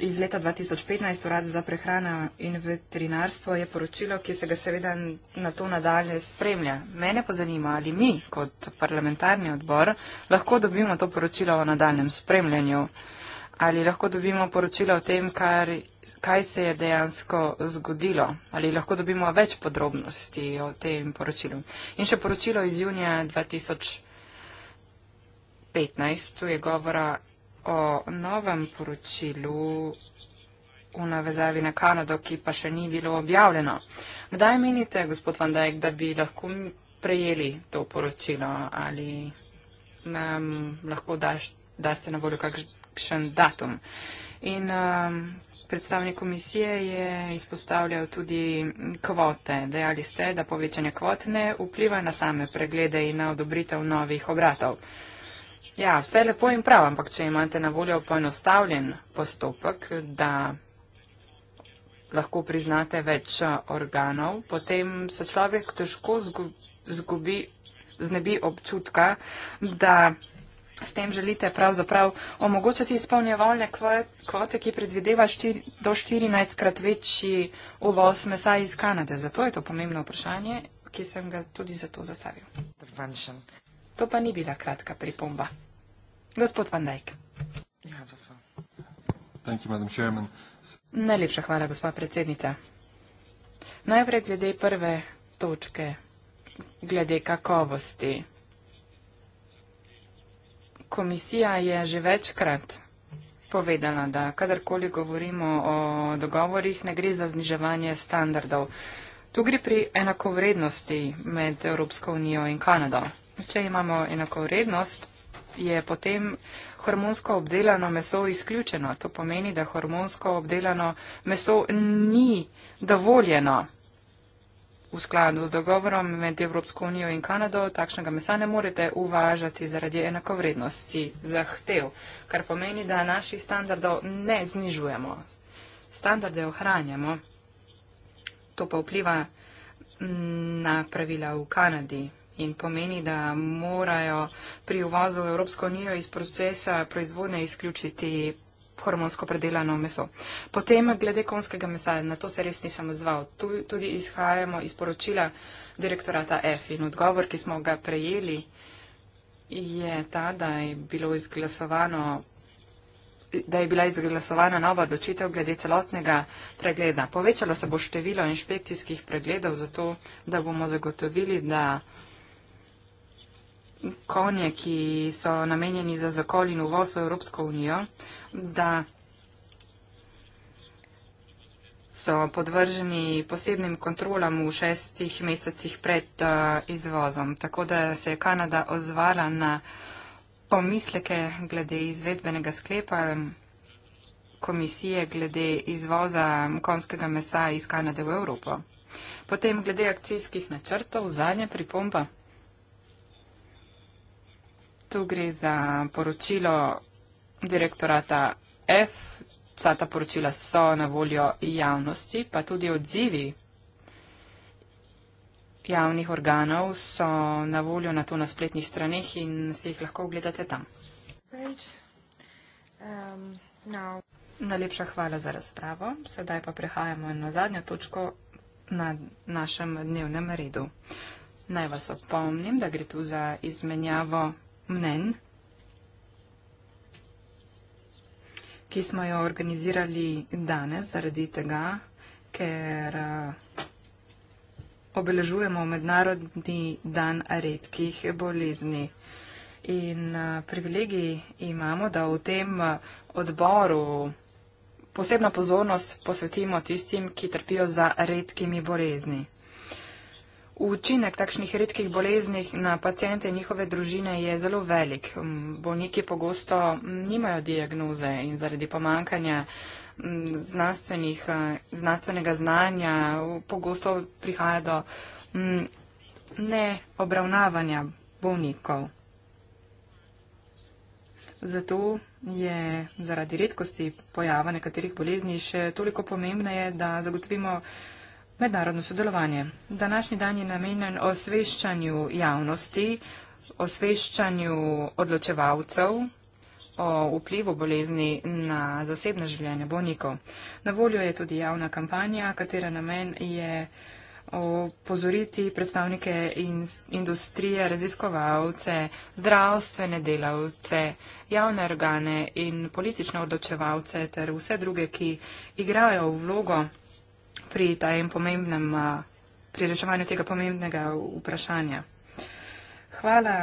Iz leta 2015 Urad za prehrano in veterinarstvo je poročilo, ki se ga seveda na to nadalje spremlja. Mene pa zanima, ali mi kot parlamentarni odbor lahko dobimo to poročilo o nadaljem spremljanju, ali lahko dobimo poročilo o tem, kar, kaj se je dejansko zgodilo, ali lahko dobimo več podrobnosti o tem poročilu. In še poročilo iz junija 2015, tu je govora o novem poročilu v navezavi na Kanado, ki pa še ni bilo objavljeno. Kdaj menite, gospod Van Dijk, da bi lahko prejeli to poročilo ali nam lahko daš, daste na voljo kakšen datum? In um, predstavnik komisije je izpostavljal tudi kvote. Dejali ste, da povečanje kvot ne vpliva na same preglede in na odobritev novih obratov. Ja, vse lepo in prav, ampak če imate na voljo poenostavljen postopek, da lahko priznate več eh, organov, potem se človek težko zgubi, znebi občutka, da s tem želite pravzaprav omogočiti izpolnjevalne kvote, ki predvideva štir, do 14 krat večji uvoz mesa iz Kanade. Zato je to pomembno vprašanje, ki sem ga tudi zato zastavil. To pa ni bila kratka pripomba. Gospod Van Dijk. Ja, Najlepša hvala, gospod predsednica. Najprej glede prve točke, glede kakovosti. Komisija je že večkrat povedala, da kadarkoli govorimo o dogovorih, ne gre za zniževanje standardov. Tu gre pri enakovrednosti med Evropsko unijo in Kanado. Če imamo enakovrednost, je potem hormonsko obdelano meso izključeno. To pomeni, da hormonsko obdelano meso ni dovoljeno. V skladu z dogovorom med Evropsko unijo in Kanado takšnega mesa ne morete uvažati zaradi enakovrednosti zahtev, kar pomeni, da naših standardov ne znižujemo. Standarde ohranjamo. To pa vpliva na pravila v Kanadi, in pomeni, da morajo pri uvozu v Evropsko unijo iz procesa proizvodne izključiti hormonsko predelano meso. Potem glede konskega mesa, na to se res nisem odzval. Tu tudi izhajamo iz poročila direktorata F in odgovor, ki smo ga prejeli, je ta, da je bilo izglasovano da je bila izglasovana nova odločitev glede celotnega pregleda. Povečalo se bo število inšpekcijskih pregledov zato, da bomo zagotovili, da konje, ki so namenjeni za zakol in uvoz v Evropsko unijo, da so podvrženi posebnim kontrolam v šestih mesecih pred uh, izvozom. Tako da se je Kanada ozvala na pomisleke glede izvedbenega sklepa komisije glede izvoza konskega mesa iz Kanade v Evropo. Potem glede akcijskih načrtov, zadnja pripomba. Tu gre za poročilo direktorata F. Vsa ta poročila so na voljo javnosti, pa tudi odzivi javnih organov so na voljo na to na spletnih straneh in si jih lahko ogledate tam. Um, Najlepša hvala za razpravo. Sedaj pa prehajamo na zadnjo točko na našem dnevnem redu. Naj vas opomnim, da gre tu za izmenjavo mnenj, ki smo jo organizirali danes zaradi tega, ker eh, obeležujemo Mednarodni dan redkih bolezni. In eh, privilegij imamo, da v tem eh, odboru posebno pozornost posvetimo tistim, ki trpijo za redkimi bolezni. Učinek takšnih redkih bolezni na pacijente in njihove družine je zelo velik. Mm, bolniki pogosto mm, nimajo diagnoze in zaradi pomankanja mm, eh, znanstvenega znanja pogosto prihaja do neobravnavanja bolnikov. Zato je zaradi redkosti pojava nekaterih bolezni še toliko pomembneje, da zagotovimo Mednarodno sodelovanje. Današnji dan je namenjen osveščanju javnosti, osveščanju odločevalcev o vplivu bolezni na zasebno življenje bolnikov. Na voljo je tudi javna kampanja, katera namen je opozoriti predstavnike in industrije, raziskovalce, zdravstvene delavce, javne organe in politične odločevalce ter vse druge, ki igrajo vlogo pri tem pomembnem, pri reševanju tega pomembnega vprašanja. Hvala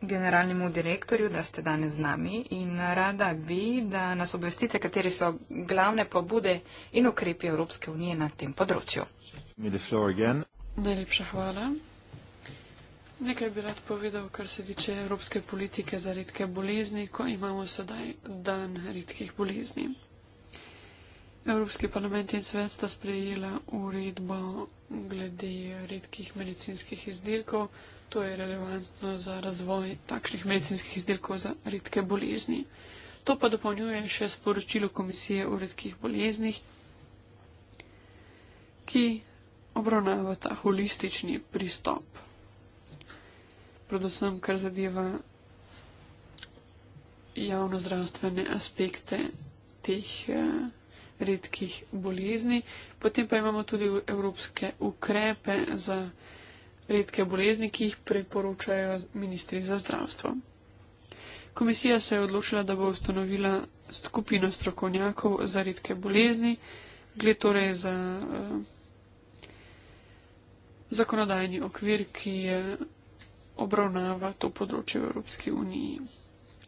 generalnemu direktorju, da ste danes z nami in rada bi, da nas obvestite, kateri so glavne pobude in ukrepi Evropske unije na tem področju. Najlepša hvala. Nekaj bi rad povedal, kar se tiče Evropske politike za redke bolezni, ko imamo sedaj dan redkih bolezni. Evropski parlament in svet sta sprejela uredbo glede redkih medicinskih izdelkov. To je relevantno za razvoj takšnih medicinskih izdelkov za redke bolezni. To pa dopolnjuje še sporočilo Komisije o redkih boleznih, ki obravnava ta holistični pristop. Predvsem, kar zadeva javno zdravstvene aspekte teh. Eh, redkih bolezni. Potem pa imamo tudi evropske ukrepe za redke bolezni, ki jih priporočajo ministri za zdravstvo. Komisija se je odločila, da bo ustanovila skupino strokovnjakov za redke bolezni, gled torej za uh, zakonodajni okvir, ki obravnava to področje v Evropski uniji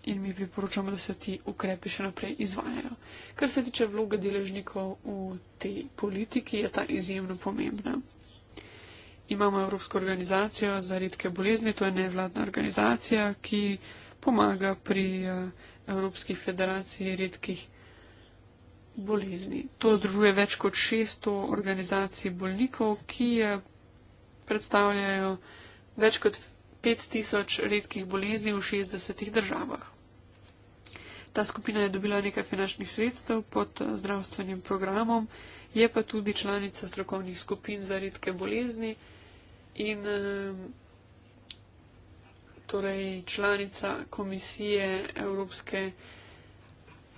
in mi priporočamo, da se ti ukrepi še naprej izvajajo. Kar se tiče vloge deležnikov v tej politiki, je ta izjemno pomembna. Imamo Evropsko organizacijo za redke bolezni, to je nevladna organizacija, ki pomaga pri eh, Evropski federaciji redkih bolezni. To združuje več kot 600 organizacij bolnikov, ki eh, predstavljajo več kot 5000 redkih bolezni v 60 državah. Ta skupina je dobila nekaj finančnih sredstev pod zdravstvenim programom, je pa tudi članica strokovnih skupin za redke bolezni in eh, torej članica komisije Evropske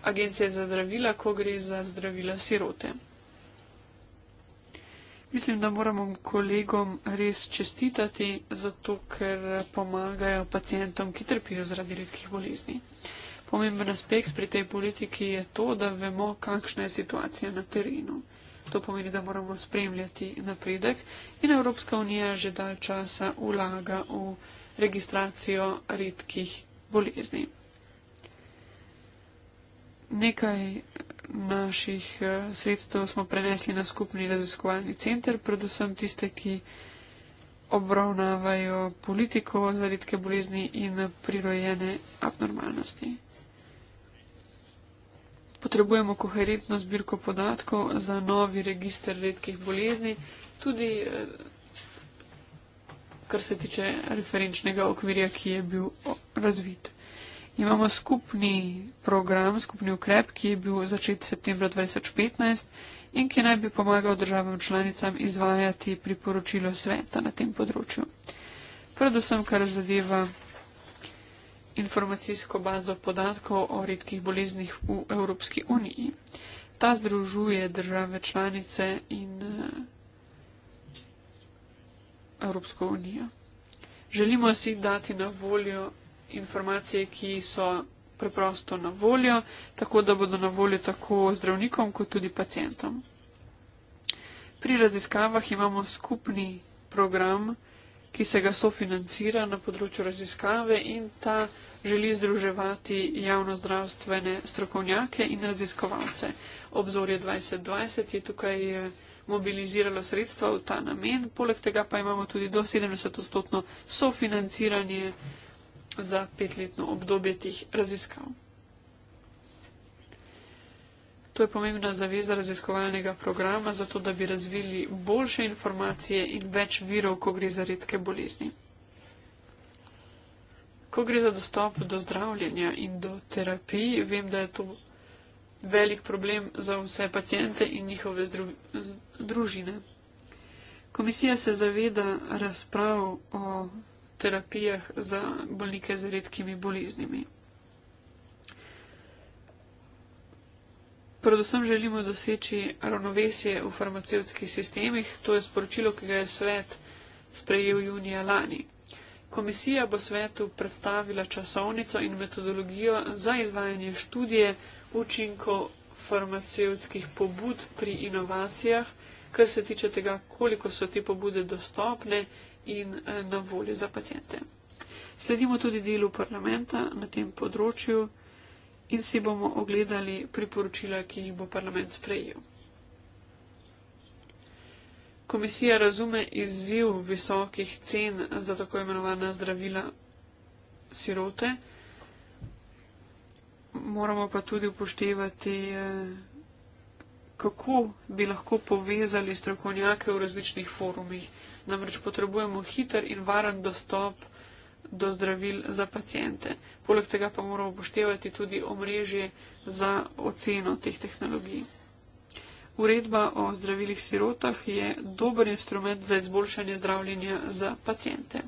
agencije za zdravila, ko gre za zdravila sirote. Mislim, da moramo kolegom res čestitati, zato ker pomagajo pacijentom, ki trpijo zaradi redkih bolezni. Pomemben aspekt pri tej politiki je to, da vemo, kakšna je situacija na terenu. To pomeni, da moramo spremljati napredek in Evropska unija že dalj časa ulaga v registracijo redkih bolezni. Nekaj naših eh, sredstev smo prenesli na skupni raziskovalni center, predvsem tiste, ki obravnavajo politiko za redke bolezni in prirojene abnormalnosti. Potrebujemo koherentno zbirko podatkov za novi registr redkih bolezni, tudi eh, kar se tiče referenčnega okvirja, ki je bil razvit imamo skupni program, skupni ukrep, ki je bil začet septembra 2015 in ki naj bi pomagal državam članicam izvajati priporočilo sveta na tem področju. Predvsem, kar zadeva informacijsko bazo podatkov o redkih boleznih v Evropski uniji. Ta združuje države članice in eh, Evropsko unijo. Želimo si dati na voljo informacije, ki so preprosto na voljo, tako da bodo na voljo tako zdravnikom, kot tudi pacijentom. Pri raziskavah imamo skupni program, ki se ga sofinancira na področju raziskave in ta želi združevati javno zdravstvene strokovnjake in raziskovalce. Obzorje 2020 je tukaj eh, mobiliziralo sredstva v ta namen, poleg tega pa imamo tudi do 70-stotno sofinanciranje za petletno obdobje teh raziskav. To je pomembna zaveza raziskovalnega programa, zato da bi razvili boljše informacije in več virov, ko gre za redke bolezni. Ko gre za dostop do zdravljenja in do terapij, vem, da je to velik problem za vse pacijente in njihove zdru družine. Komisija se zaveda razprav o terapijah za bolnike z redkimi boleznimi. Predvsem želimo doseči ravnovesje v farmacevskih sistemih, to je sporočilo, ki ga je svet sprejel junija lani. Komisija bo svetu predstavila časovnico in metodologijo za izvajanje študije učinkov farmacevskih pobud pri inovacijah, kar se tiče tega, koliko so te pobude dostopne in eh, na voljo za pacijente. Sledimo tudi delu parlamenta na tem področju in si bomo ogledali priporočila, ki jih bo parlament sprejel. Komisija razume izziv visokih cen za tako imenovana zdravila sirote. Moramo pa tudi upoštevati. Eh, kako bi lahko povezali strokovnjake v različnih forumih. Namreč potrebujemo hiter in varen dostop do zdravil za pacijente. Poleg tega pa moramo upoštevati tudi omrežje za oceno teh tehnologij. Uredba o zdravilih v sirotah je dober instrument za izboljšanje zdravljenja za pacijente.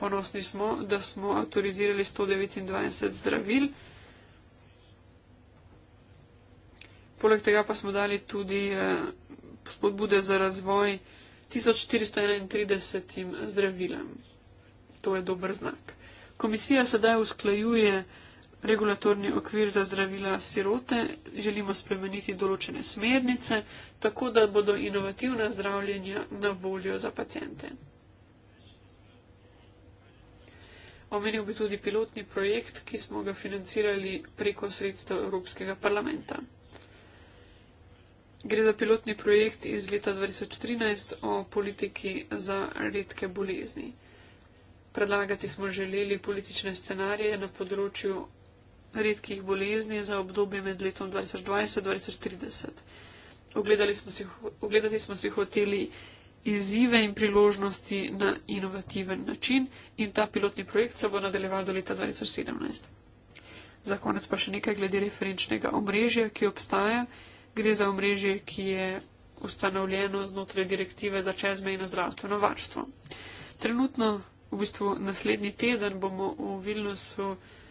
Ponosni smo, da smo avtorizirali 129 zdravil. Poleg tega pa smo dali tudi eh, spodbude za razvoj 1431 zdravilem. To je dober znak. Komisija sedaj usklajuje regulatorni okvir za zdravila sirote. Želimo spremeniti določene smernice, tako da bodo inovativna zdravljenja na voljo za pacijente. Omenil bi tudi pilotni projekt, ki smo ga financirali preko sredstev Evropskega parlamenta. Gre za pilotni projekt iz leta 2013 o politiki za redke bolezni. Predlagati smo želeli politične scenarije na področju redkih bolezni za obdobje med letom 2020-2030. Ogledali smo si, ogledati smo si hoteli izzive in priložnosti na inovativen način in ta pilotni projekt se bo nadaljeval do leta 2017. Za konec pa še nekaj glede referenčnega omrežja, ki obstaja gre za omrežje, ki je ustanovljeno znotraj direktive za čezmejno zdravstveno varstvo. Trenutno, v bistvu naslednji teden, bomo v Vilnusu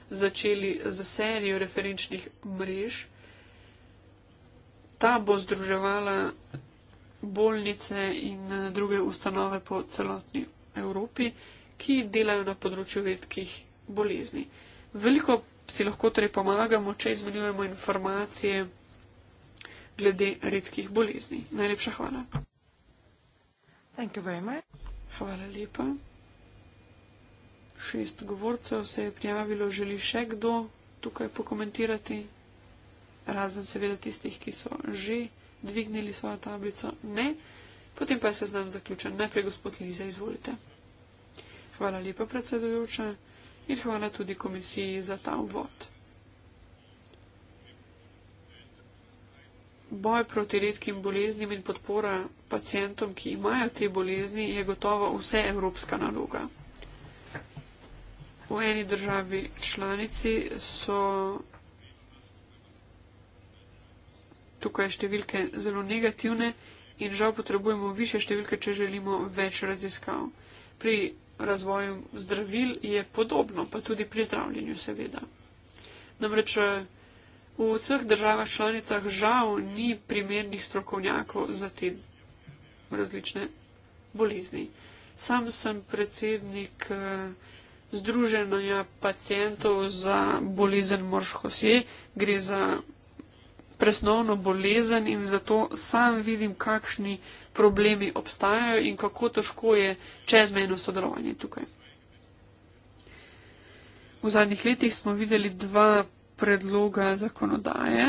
začeli z serijo referenčnih mrež. Ta bo združevala bolnice in eh, druge ustanove po celotni Evropi, ki delajo na področju redkih bolezni. Veliko si lahko torej pomagamo, če izmenjujemo informacije, glede redkih bolezni. Najlepša hvala. Hvala lepa. Šest govorcev se je prijavilo. Želi še kdo tukaj pokomentirati? Razen seveda tistih, ki so že dvignili svojo tablico. Ne. Potem pa je seznam zaključen. Najprej gospod Liza, izvolite. Hvala lepa, predsedujoča. In hvala tudi komisiji za ta uvod. Boj proti redkim boleznim in podpora pacijentom, ki imajo te bolezni, je gotovo vse evropska naloga. V eni državi članici so tukaj številke zelo negativne in žal potrebujemo više številke, če želimo več raziskav. Pri razvoju zdravil je podobno, pa tudi pri zdravljenju seveda. Namreč v vseh državah članicah žal ni primernih strokovnjakov za te različne bolezni. Sam sem predsednik eh, Združenja pacijentov za bolezen Morškose, gre za presnovno bolezen in zato sam vidim, kakšni problemi obstajajo in kako težko je čezmejno sodelovanje tukaj. V zadnjih letih smo videli dva predloga zakonodaje.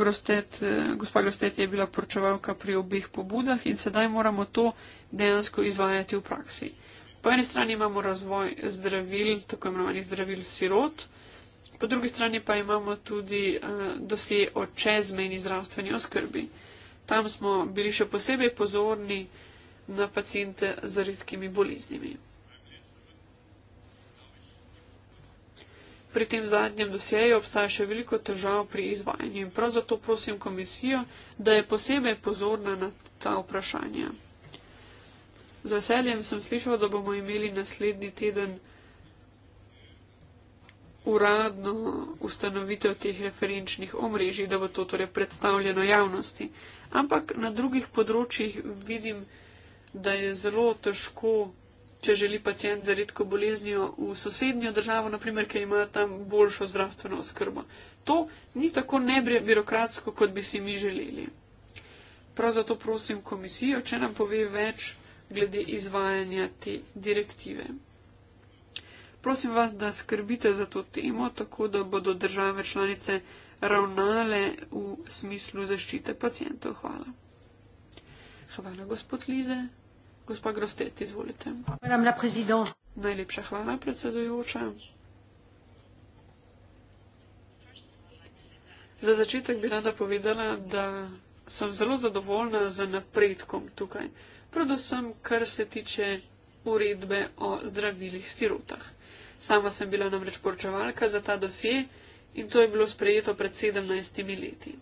Grostet, eh, gospa Grostet je bila poročevalka pri obeh pobudah in sedaj moramo to dejansko izvajati v praksi. Po eni strani imamo razvoj zdravil, tako imenovanih zdravil sirot, po drugi strani pa imamo tudi uh, dosje o čezmejni zdravstveni oskrbi. Tam smo bili še posebej pozorni na pacijente z redkimi boleznimi. Pri tem zadnjem dosjeju obstaja še veliko težav pri izvajanju in prav zato prosim komisijo, da je posebej pozorna na ta vprašanja. Z veseljem sem slišal, da bomo imeli naslednji teden uradno ustanovitev teh referenčnih omrežij, da bo to torej predstavljeno javnosti. Ampak na drugih področjih vidim, da je zelo težko če želi pacijent z redko boleznijo v sosednjo državo, naprimer, ki ima tam boljšo zdravstveno oskrbo. To ni tako nebirokratsko, kot bi si mi želeli. Prav zato prosim komisijo, če nam pove več glede izvajanja te direktive. Prosim vas, da skrbite za to temo, tako da bodo države članice ravnale v smislu zaščite pacijentov. Hvala. Hvala, gospod Lize. Gospa Grostet, izvolite. Najlepša hvala, predsedujoča. Za začetek bi rada povedala, da sem zelo zadovoljna z napredkom tukaj, predvsem kar se tiče uredbe o zdravilih sirotah. Sama sem bila namreč porčevalka za ta dosje in to je bilo sprejeto pred 17 leti.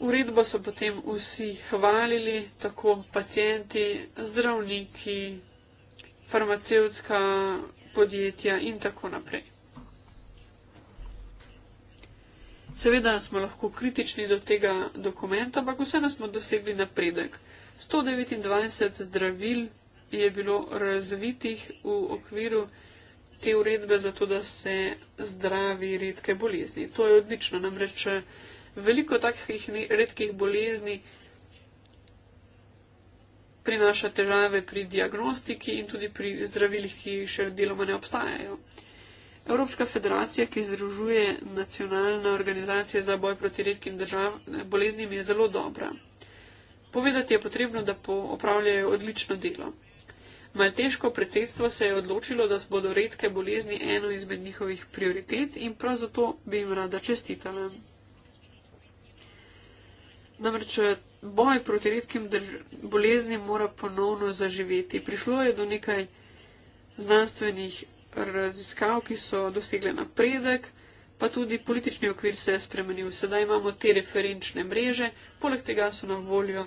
Uredbo so potem vsi hvalili, tako pacijenti, zdravniki, farmacevtska podjetja in tako naprej. Seveda smo lahko kritični do tega dokumenta, ampak vseeno smo dosegli napredek. 129 zdravil je bilo razvitih v okviru te uredbe, zato da se zdravi redke bolezni. To je odlično, namreč veliko takih redkih bolezni prinaša težave pri diagnostiki in tudi pri zdravilih, ki še deloma ne obstajajo. Evropska federacija, ki združuje nacionalne organizacije za boj proti redkim držav, eh, boleznim, je zelo dobra. Povedati je potrebno, da opravljajo odlično delo. Malteško predsedstvo se je odločilo, da bodo redke bolezni eno izmed njihovih prioritet in prav zato bi jim rada čestitala. Namreč eh, boj proti redkim boleznim mora ponovno zaživeti. Prišlo je do nekaj znanstvenih raziskav, ki so dosegle napredek, pa tudi politični okvir se je spremenil. Sedaj imamo te referenčne mreže, poleg tega so na voljo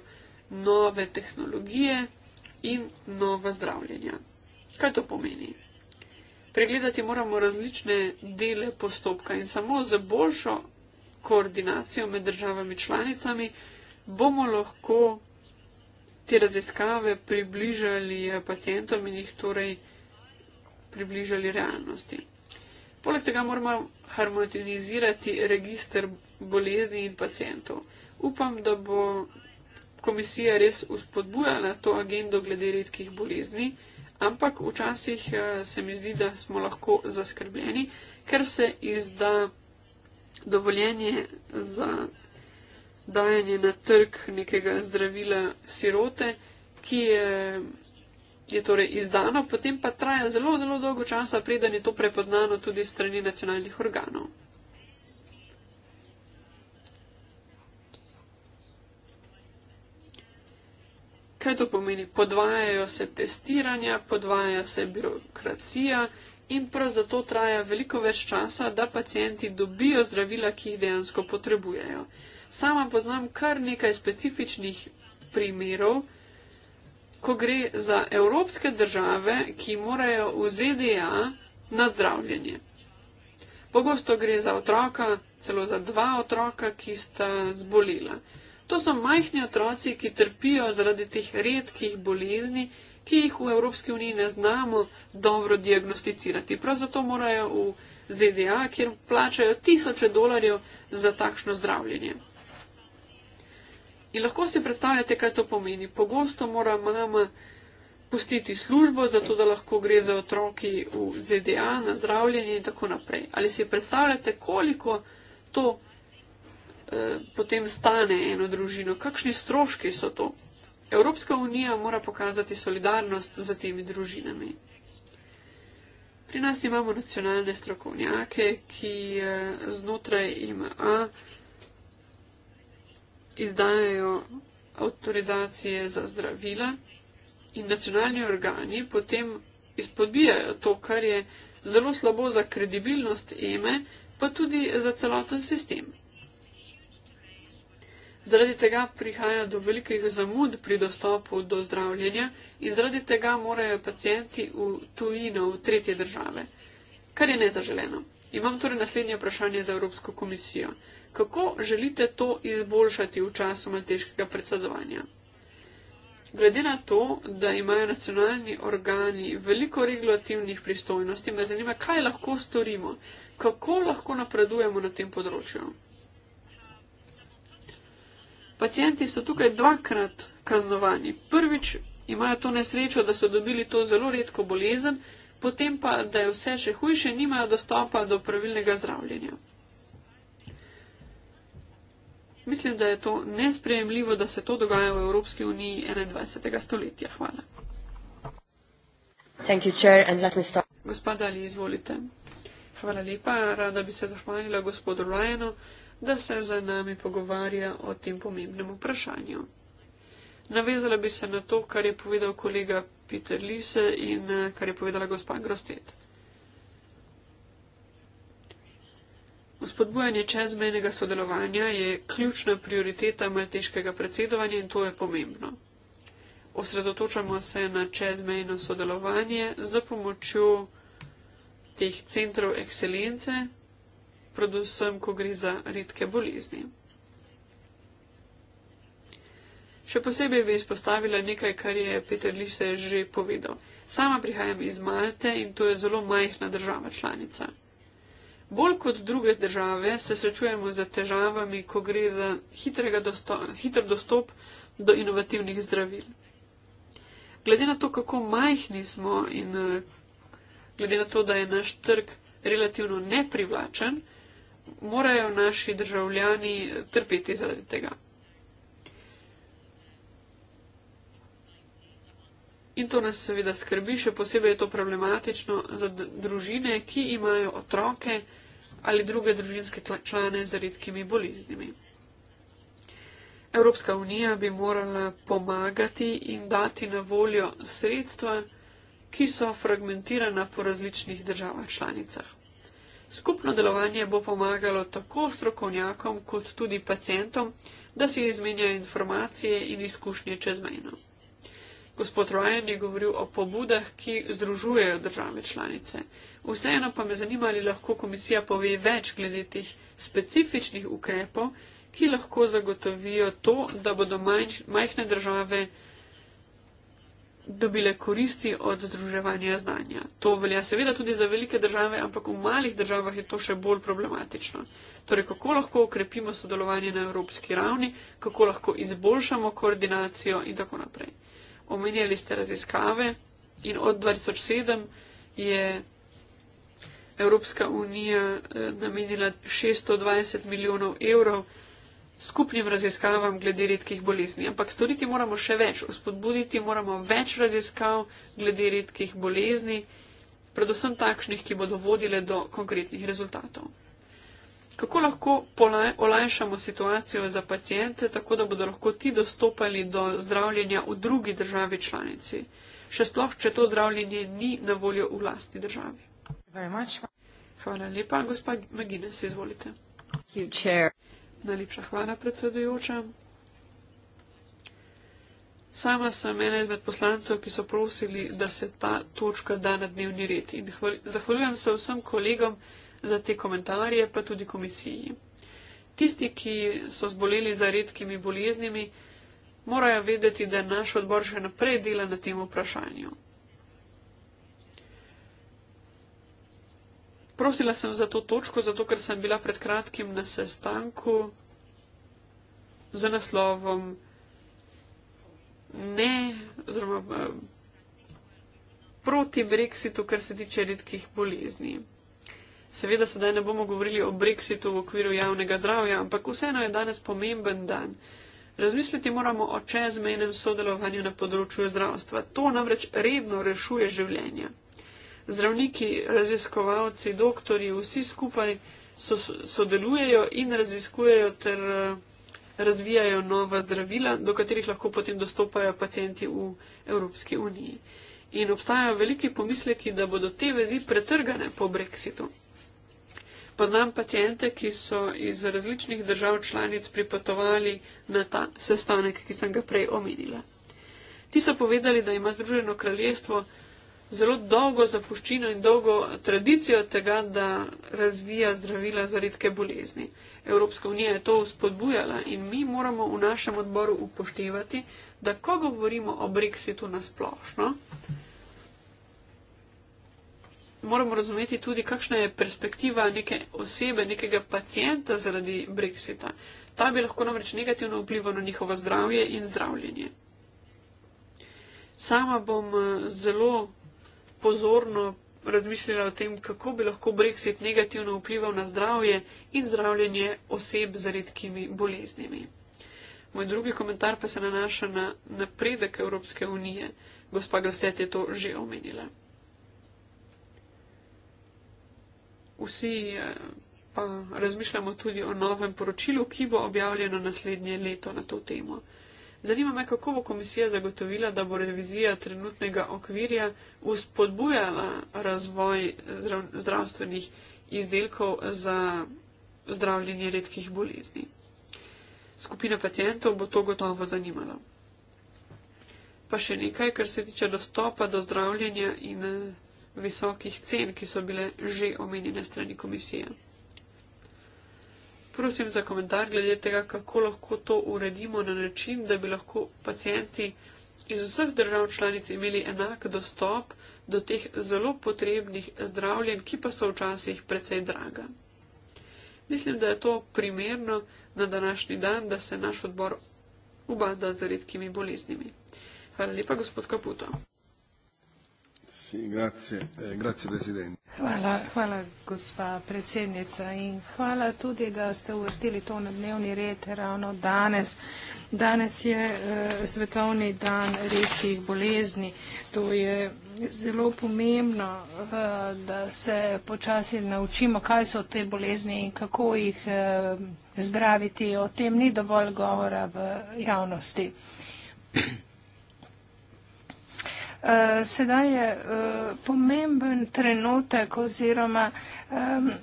nove tehnologije in nova zdravljenja. Kaj to pomeni? Pregledati moramo različne dele postopka in samo za boljšo koordinacijo med državami članicami, bomo lahko te raziskave približali eh, pacijentom in jih torej približali realnosti. Poleg tega moramo harmonizirati registr bolezni in pacijentov. Upam, da bo komisija res uspodbujala to agendo glede redkih bolezni, ampak včasih eh, se mi zdi, da smo lahko zaskrbljeni, ker se izda dovoljenje za dajanje na trg nekega zdravila sirote, ki je, je torej izdano, potem pa traja zelo, zelo dolgo časa, preden je to prepoznano tudi strani nacionalnih organov. Kaj to pomeni? Podvajajo se testiranja, podvaja se birokracija, in prav zato traja veliko več časa, da pacijenti dobijo zdravila, ki jih dejansko potrebujejo. Sama poznam kar nekaj specifičnih primerov, ko gre za evropske države, ki morajo v ZDA na zdravljenje. Pogosto gre za otroka, celo za dva otroka, ki sta zbolila. To so majhni otroci, ki trpijo zaradi teh redkih bolezni, ki jih v Evropski uniji ne znamo dobro diagnosticirati. Prav zato morajo v ZDA, kjer plačajo tisoče dolarjev za takšno zdravljenje. In lahko si predstavljate, kaj to pomeni. Pogosto mora mama pustiti službo, zato da lahko gre za otroki v ZDA na zdravljenje in tako naprej. Ali si predstavljate, koliko to eh, potem stane eno družino, kakšni stroški so to? Evropska unija mora pokazati solidarnost za temi družinami. Pri nas imamo nacionalne strokovnjake, ki eh, znotraj IMA izdajajo avtorizacije za zdravila in nacionalni organi potem izpodbijajo to, kar je zelo slabo za kredibilnost IME, e, pa tudi za celoten sistem. Zaradi tega prihaja do velikih zamud pri dostopu do zdravljenja in zaradi tega morajo pacijenti v tujino, v tretje države, kar je nezaželeno. Imam torej naslednje vprašanje za Evropsko komisijo. Kako želite to izboljšati v času malteškega predsedovanja? Glede na to, da imajo nacionalni organi veliko regulativnih pristojnosti, me zanima, kaj lahko storimo, kako lahko napredujemo na tem področju. Pacijenti so tukaj dvakrat kaznovani. Prvič imajo to nesrečo, da so dobili to zelo redko bolezen, potem pa, da je vse še hujše, nimajo dostopa do pravilnega zdravljenja. Mislim, da je to nesprejemljivo, da se to dogaja v Evropski uniji 21. stoletja. Hvala. Gospod Ali, izvolite. Hvala lepa. Rada bi se zahvalila gospodu Ryanu da se z nami pogovarja o tem pomembnem vprašanju. Navezala bi se na to, kar je povedal kolega Peter Lise in eh, kar je povedala gospa Grostet. Vzpodbujanje čezmejnega sodelovanja je ključna prioriteta malteškega predsedovanja in to je pomembno. Osredotočamo se na čezmejno sodelovanje z pomočjo teh centrov ekscelence, predvsem, ko gre za redke bolezni. Še posebej bi izpostavila nekaj, kar je Peter Lise že povedal. Sama prihajam iz Malte in to je zelo majhna država članica. Bolj kot druge države se srečujemo z težavami, ko gre za dostop, hiter dostop do inovativnih zdravil. Glede na to, kako majhni smo in eh, glede na to, da je naš trg relativno neprivlačen, morajo naši državljani trpeti zaradi tega. In to nas seveda skrbi, še posebej je to problematično za družine, ki imajo otroke ali druge družinske člane z redkimi boleznimi. Evropska unija bi morala pomagati in dati na voljo sredstva, ki so fragmentirana po različnih državah članicah. Skupno delovanje bo pomagalo tako strokovnjakom kot tudi pacijentom, da si izmenjajo informacije in izkušnje čezmejno. Gospod Rojan je govoril o pobudah, ki združujejo države članice. Vseeno pa me zanima, ali lahko komisija pove več glede teh specifičnih ukrepov, ki lahko zagotovijo to, da bodo majhne države dobile koristi od združevanja znanja. To velja seveda tudi za velike države, ampak v malih državah je to še bolj problematično. Torej, kako lahko okrepimo sodelovanje na evropski ravni, kako lahko izboljšamo koordinacijo in tako naprej. Omenjali ste raziskave in od 2007 je Evropska unija eh, namenila 620 milijonov evrov skupnim raziskavam glede redkih bolezni. Ampak storiti moramo še več, uspodbuditi moramo več raziskav glede redkih bolezni, predvsem takšnih, ki bodo vodile do konkretnih rezultatov. Kako lahko olajšamo situacijo za pacijente, tako da bodo lahko ti dostopali do zdravljenja v drugi državi članici, še sploh, če to zdravljenje ni na voljo v lastni državi? Hvala lepa, gospod Magines, izvolite. Hvala lepa. Najlepša hvala, predsedujoča. Sama sem ena izmed poslancev, ki so prosili, da se ta točka da na dnevni red. In hval, zahvaljujem se vsem kolegom za te komentarje, pa tudi komisiji. Tisti, ki so zboleli za redkimi boleznimi, morajo vedeti, da naš odbor še naprej dela na tem vprašanju. Prosila sem za to točko, zato ker sem bila pred kratkim na sestanku z naslovom ne, oziroma eh, proti Brexitu, kar se tiče redkih bolezni. Seveda sedaj ne bomo govorili o Brexitu v okviru javnega zdravja, ampak vseeno je danes pomemben dan. Razmisliti moramo o čezmejnem sodelovanju na področju zdravstva. To namreč redno rešuje življenja zdravniki, raziskovalci, doktori, vsi skupaj so, sodelujejo in raziskujejo ter eh, razvijajo nova zdravila, do katerih lahko potem dostopajo pacijenti v Evropski uniji. In obstajajo veliki pomisleki, da bodo te vezi pretrgane po brexitu. Poznam pacijente, ki so iz različnih držav članic pripotovali na ta sestanek, ki sem ga prej omenila. Ti so povedali, da ima Združeno kraljestvo zelo dolgo zapuščino in dolgo tradicijo tega, da razvija zdravila za redke bolezni. Evropska unija je to spodbujala in mi moramo v našem odboru upoštevati, da ko govorimo o brexitu nasplošno, moramo razumeti tudi, kakšna je perspektiva neke osebe, nekega pacijenta zaradi brexita. Ta bi lahko namreč negativno vplival na njihovo zdravje in zdravljenje. Sama bom eh, zelo pozorno razmislila o tem, kako bi lahko Brexit negativno vplival na zdravje in zdravljenje oseb z redkimi boleznimi. Moj drugi komentar pa se nanaša na napredek Evropske unije. Gospa Grostet je to že omenila. Vsi eh, pa razmišljamo tudi o novem poročilu, ki bo objavljeno naslednje leto na to temo. Zanima me, kako bo komisija zagotovila, da bo revizija trenutnega okvirja uspodbujala razvoj zdravstvenih izdelkov za zdravljenje redkih bolezni. Skupina pacijentov bo to gotovo zanimalo. Pa še nekaj, kar se tiče dostopa do zdravljenja in eh, visokih cen, ki so bile že omenjene strani komisije prosim za komentar glede tega, kako lahko to uredimo na način, da bi lahko pacijenti iz vseh držav članic imeli enak dostop do teh zelo potrebnih zdravljen, ki pa so včasih precej draga. Mislim, da je to primerno na današnji dan, da se naš odbor ubada z redkimi boleznimi. Hvala lepa, gospod Kaputo grazie, eh, grazie Presidente. Hvala, hvala gospa predsednica in hvala tudi, da ste uvrstili to na dnevni red ravno danes. Danes je eh, svetovni dan redkih bolezni. To je zelo pomembno, eh, da se počasi naučimo, kaj so te bolezni in kako jih eh, zdraviti. O tem ni dovolj govora v javnosti. Eh, sedaj je eh, pomemben trenutek oziroma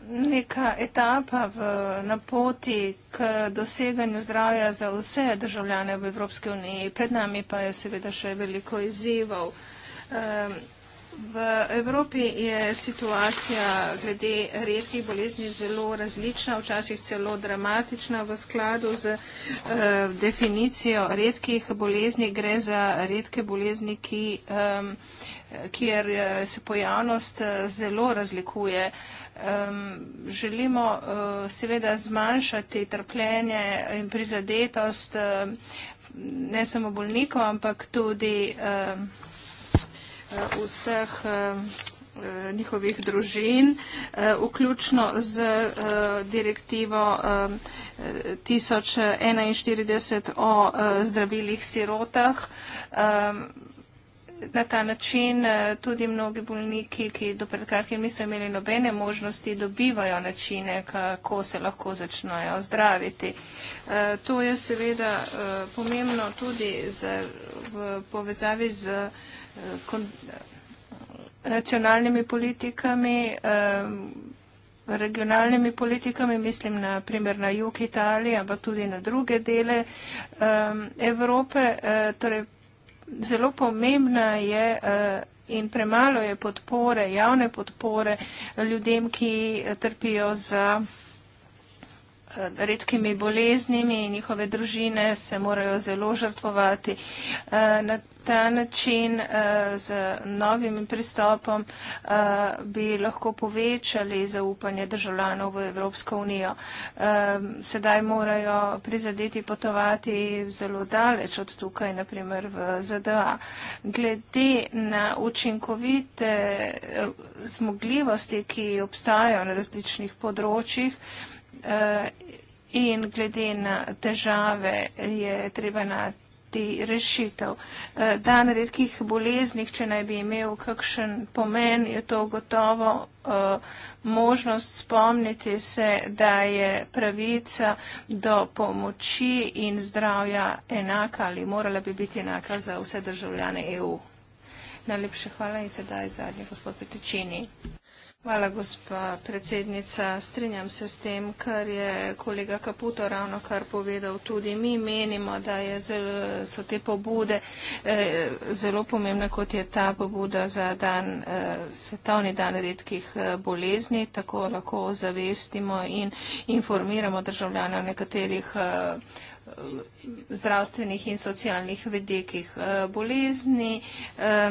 neka etapa v, na poti k doseganju zdravja za vse državljane v Evropski uniji. Pred nami pa je seveda še veliko izzivov. V Evropi je situacija glede redkih bolezni zelo različna, včasih celo dramatična v skladu z eh, definicijo redkih bolezni. Gre za redke bolezni, ki, eh, kjer se pojavnost eh, zelo razlikuje. Eh, želimo eh, seveda zmanjšati trpljenje in prizadetost eh, ne samo bolnikov, ampak tudi. Eh, Eh, vseh eh, njihovih družin, eh, vključno z direktivo 1041 o zdravilih sirotah. Na ta način tudi mnogi bolniki, ki do predkratke niso imeli nobene možnosti, dobivajo načine, kako se lahko začnejo zdraviti. To je seveda pomembno tudi za, v povezavi z uh, kon, racionalnimi politikami, regionalnimi politikami, mislim na primer na jug Italije, ampak tudi na druge dele Evrope. E, torej, zelo pomembna je e, in premalo je podpore, javne podpore ljudem, ki trpijo za e, redkimi boleznimi in njihove družine se morajo zelo žrtvovati. Na ta način eh, z novim pristopom eh, bi lahko povečali zaupanje državljanov v Evropsko unijo. Eh, sedaj morajo prizadeti potovati zelo daleč od tukaj, naprimer v ZDA. Glede na učinkovite zmogljivosti, ki obstajajo na različnih področjih, In glede na težave je treba na najti rešitev. Eh, dan redkih boleznih, če naj bi imel kakšen pomen, je to gotovo eh, možnost spomniti se, da je pravica do pomoči in zdravja enaka ali morala bi biti enaka za vse državljane EU. Najlepše hvala in sedaj zadnji gospod Petečini. Hvala, gospa predsednica. Strinjam se s tem, kar je kolega Kaputo ravno kar povedal. Tudi mi menimo, da zelo, so te pobude eh, zelo pomembne, kot je ta pobuda za dan, eh, svetovni dan redkih eh, bolezni. Tako lahko zavestimo in informiramo državljane o nekaterih. Eh, zdravstvenih in socialnih vedekih eh, bolezni. Eh,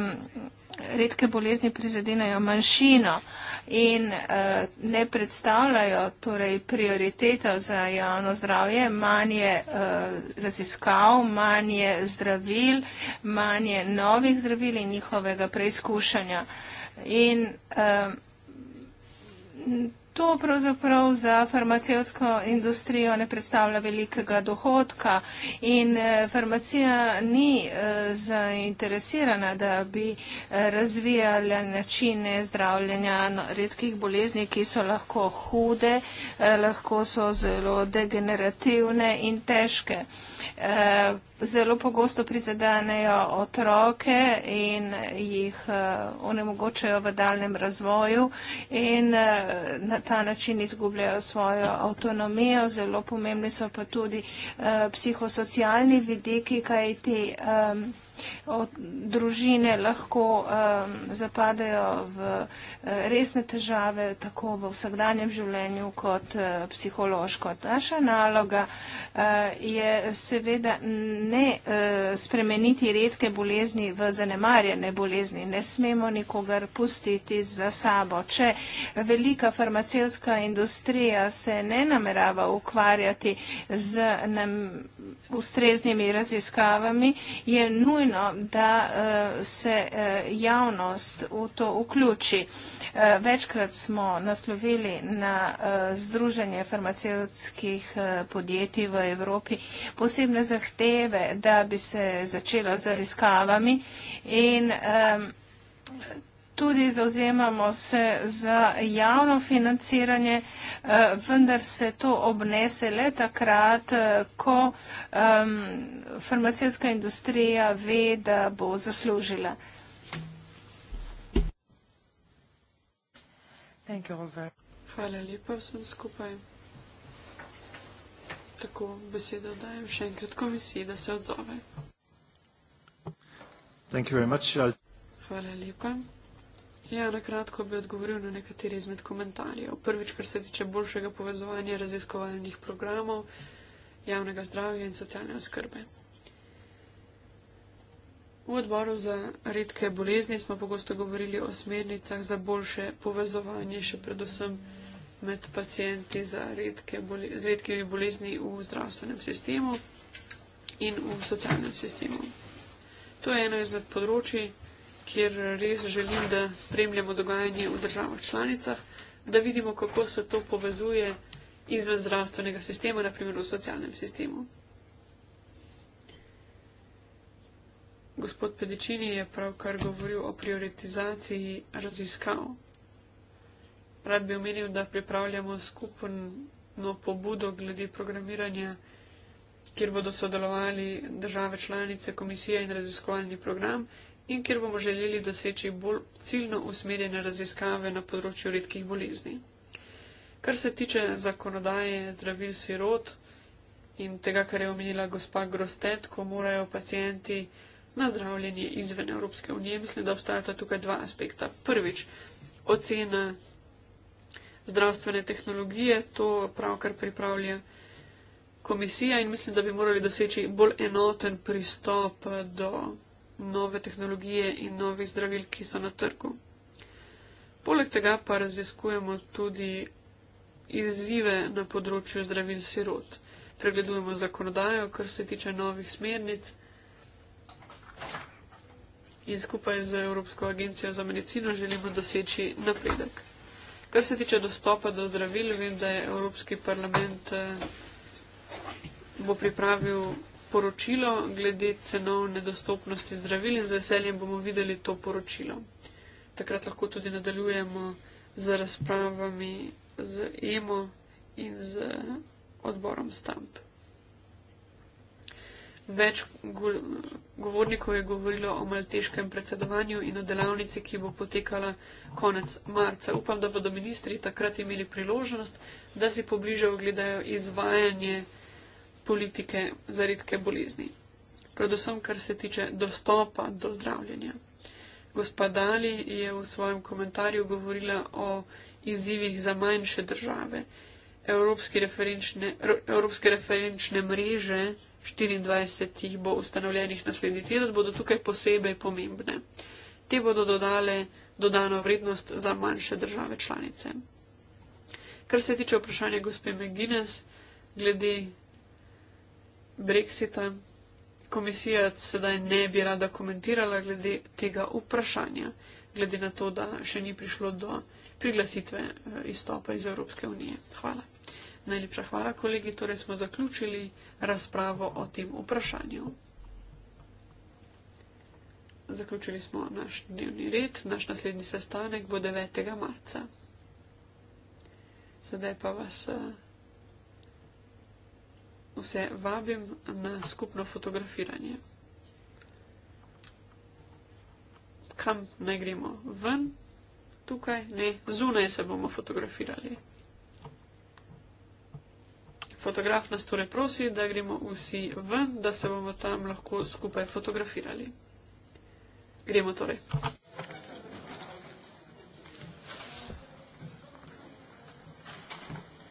redke bolezni prizadenajo manjšino in uh, ne predstavljajo torej prioriteta za javno zdravje, manj je uh, eh, raziskav, manj je zdravil, manj je novih zdravil in njihovega preizkušanja. In uh, to pravzaprav za farmacijsko industrijo ne predstavlja velikega dohodka in eh, farmacija ni eh, zainteresirana, da bi eh, razvijala načine zdravljenja redkih bolezni, ki so lahko hude, lahko so zelo degenerativne in težke. Eh, zelo pogosto prizadenejo otroke in jih eh, onemogočajo v daljem razvoju in eh, na ta način izgubljajo svojo avtonomijo. Zelo pomembni so pa tudi psihosocialni vidiki, kajti. Um, družine lahko um, zapadajo v uh, resne težave, tako v vsakdanjem življenju kot uh, psihološko. Naša naloga uh, je seveda ne uh, spremeniti redke bolezni v zanemarjene bolezni. Ne smemo nikogar pustiti za sabo. Če velika farmacevska industrija se ne namerava ukvarjati z nam ustreznimi raziskavami, je nujno, da eh, se eh, javnost v to vključi. Eh, večkrat smo naslovili na Združenje farmacevskih podjetij v Evropi posebne zahteve, da bi se začelo z raziskavami in tudi zauzemamo se za javno financiranje, eh, vendar se to obnese le takrat, eh, ko um, farmacijska industrija ve, da bo zaslužila. Hvala lepa vsem skupaj. Tako besedo dajem še enkrat komisiji, da se odzove. Thank you very much. I'll... Hvala lepa. Ja, na kratko bi odgovoril na nekatere izmed komentarjev. Prvič, kar se tiče boljšega povezovanja raziskovalnih programov javnega zdravja in socialne oskrbe. V odboru za redke bolezni smo pogosto govorili o smernicah za boljše povezovanje, še predvsem med pacijenti z redkimi bolezni v zdravstvenem sistemu in v socialnem sistemu. To je eno izmed področji, kjer res želim, da spremljamo dogajanje v državah članicah, da vidimo, kako se to povezuje izven zdravstvenega sistema, naprimer v socialnem sistemu. Gospod Pedečini je pravkar govoril o prioritizaciji raziskav. Rad bi omenil, da pripravljamo skupno pobudo glede programiranja, kjer bodo sodelovali države članice, komisija in raziskovalni program, in kjer bomo želeli doseči bolj ciljno usmerjene raziskave na področju redkih bolezni. Kar se tiče zakonodaje zdravil sirot in tega, kar je omenila gospa Grostet, ko morajo pacijenti na zdravljenje izven Evropske unije, mislim, da obstajata tukaj dva aspekta. Prvič, ocena zdravstvene tehnologije, to pravkar pripravlja komisija in mislim, da bi morali doseči bolj enoten pristop do nove tehnologije in novih zdravil, ki so na trgu. Poleg tega pa raziskujemo tudi izzive na področju zdravil sirot. Pregledujemo zakonodajo, kar se tiče novih smernic in skupaj z Evropsko agencijo za medicino želimo doseči napredek. Kar se tiče dostopa do zdravil, vem, da je Evropski parlament eh, bo pripravil poročilo glede cenovne dostopnosti zdravil in z veseljem bomo videli to poročilo. Takrat lahko tudi nadaljujemo z razpravami z EMO in z odborom STAMP. Več govornikov je govorilo o malteškem predsedovanju in o delavnici, ki bo potekala konec marca. Upam, da bodo ministri takrat imeli priložnost, da si pobliže ogledajo izvajanje politike za redke bolezni, predvsem kar se tiče dostopa do zdravljenja. Gospodali je v svojem komentarju govorila o izzivih za manjše države. Referenčne, evropske referenčne mreže 24 jih bo ustanovljenih naslednji teden, bodo tukaj posebej pomembne. Te bodo dodale dodano vrednost za manjše države članice. Kar se tiče vprašanja gospe McGuinness glede Brexita. Komisija sedaj ne bi rada komentirala glede tega vprašanja, glede na to, da še ni prišlo do priglasitve eh, izstopa iz Evropske unije. Hvala. Najlepša hvala, kolegi. Torej smo zaključili razpravo o tem vprašanju. Zaključili smo naš dnevni red. Naš naslednji sestanek bo 9. marca. Sedaj pa vas. Uh, vse vabim na skupno fotografiranje. Kam naj gremo? Ven? Tukaj? Ne, zunaj se bomo fotografirali. Fotograf nas torej prosi, da gremo vsi ven, da se bomo tam lahko skupaj fotografirali. Gremo torej.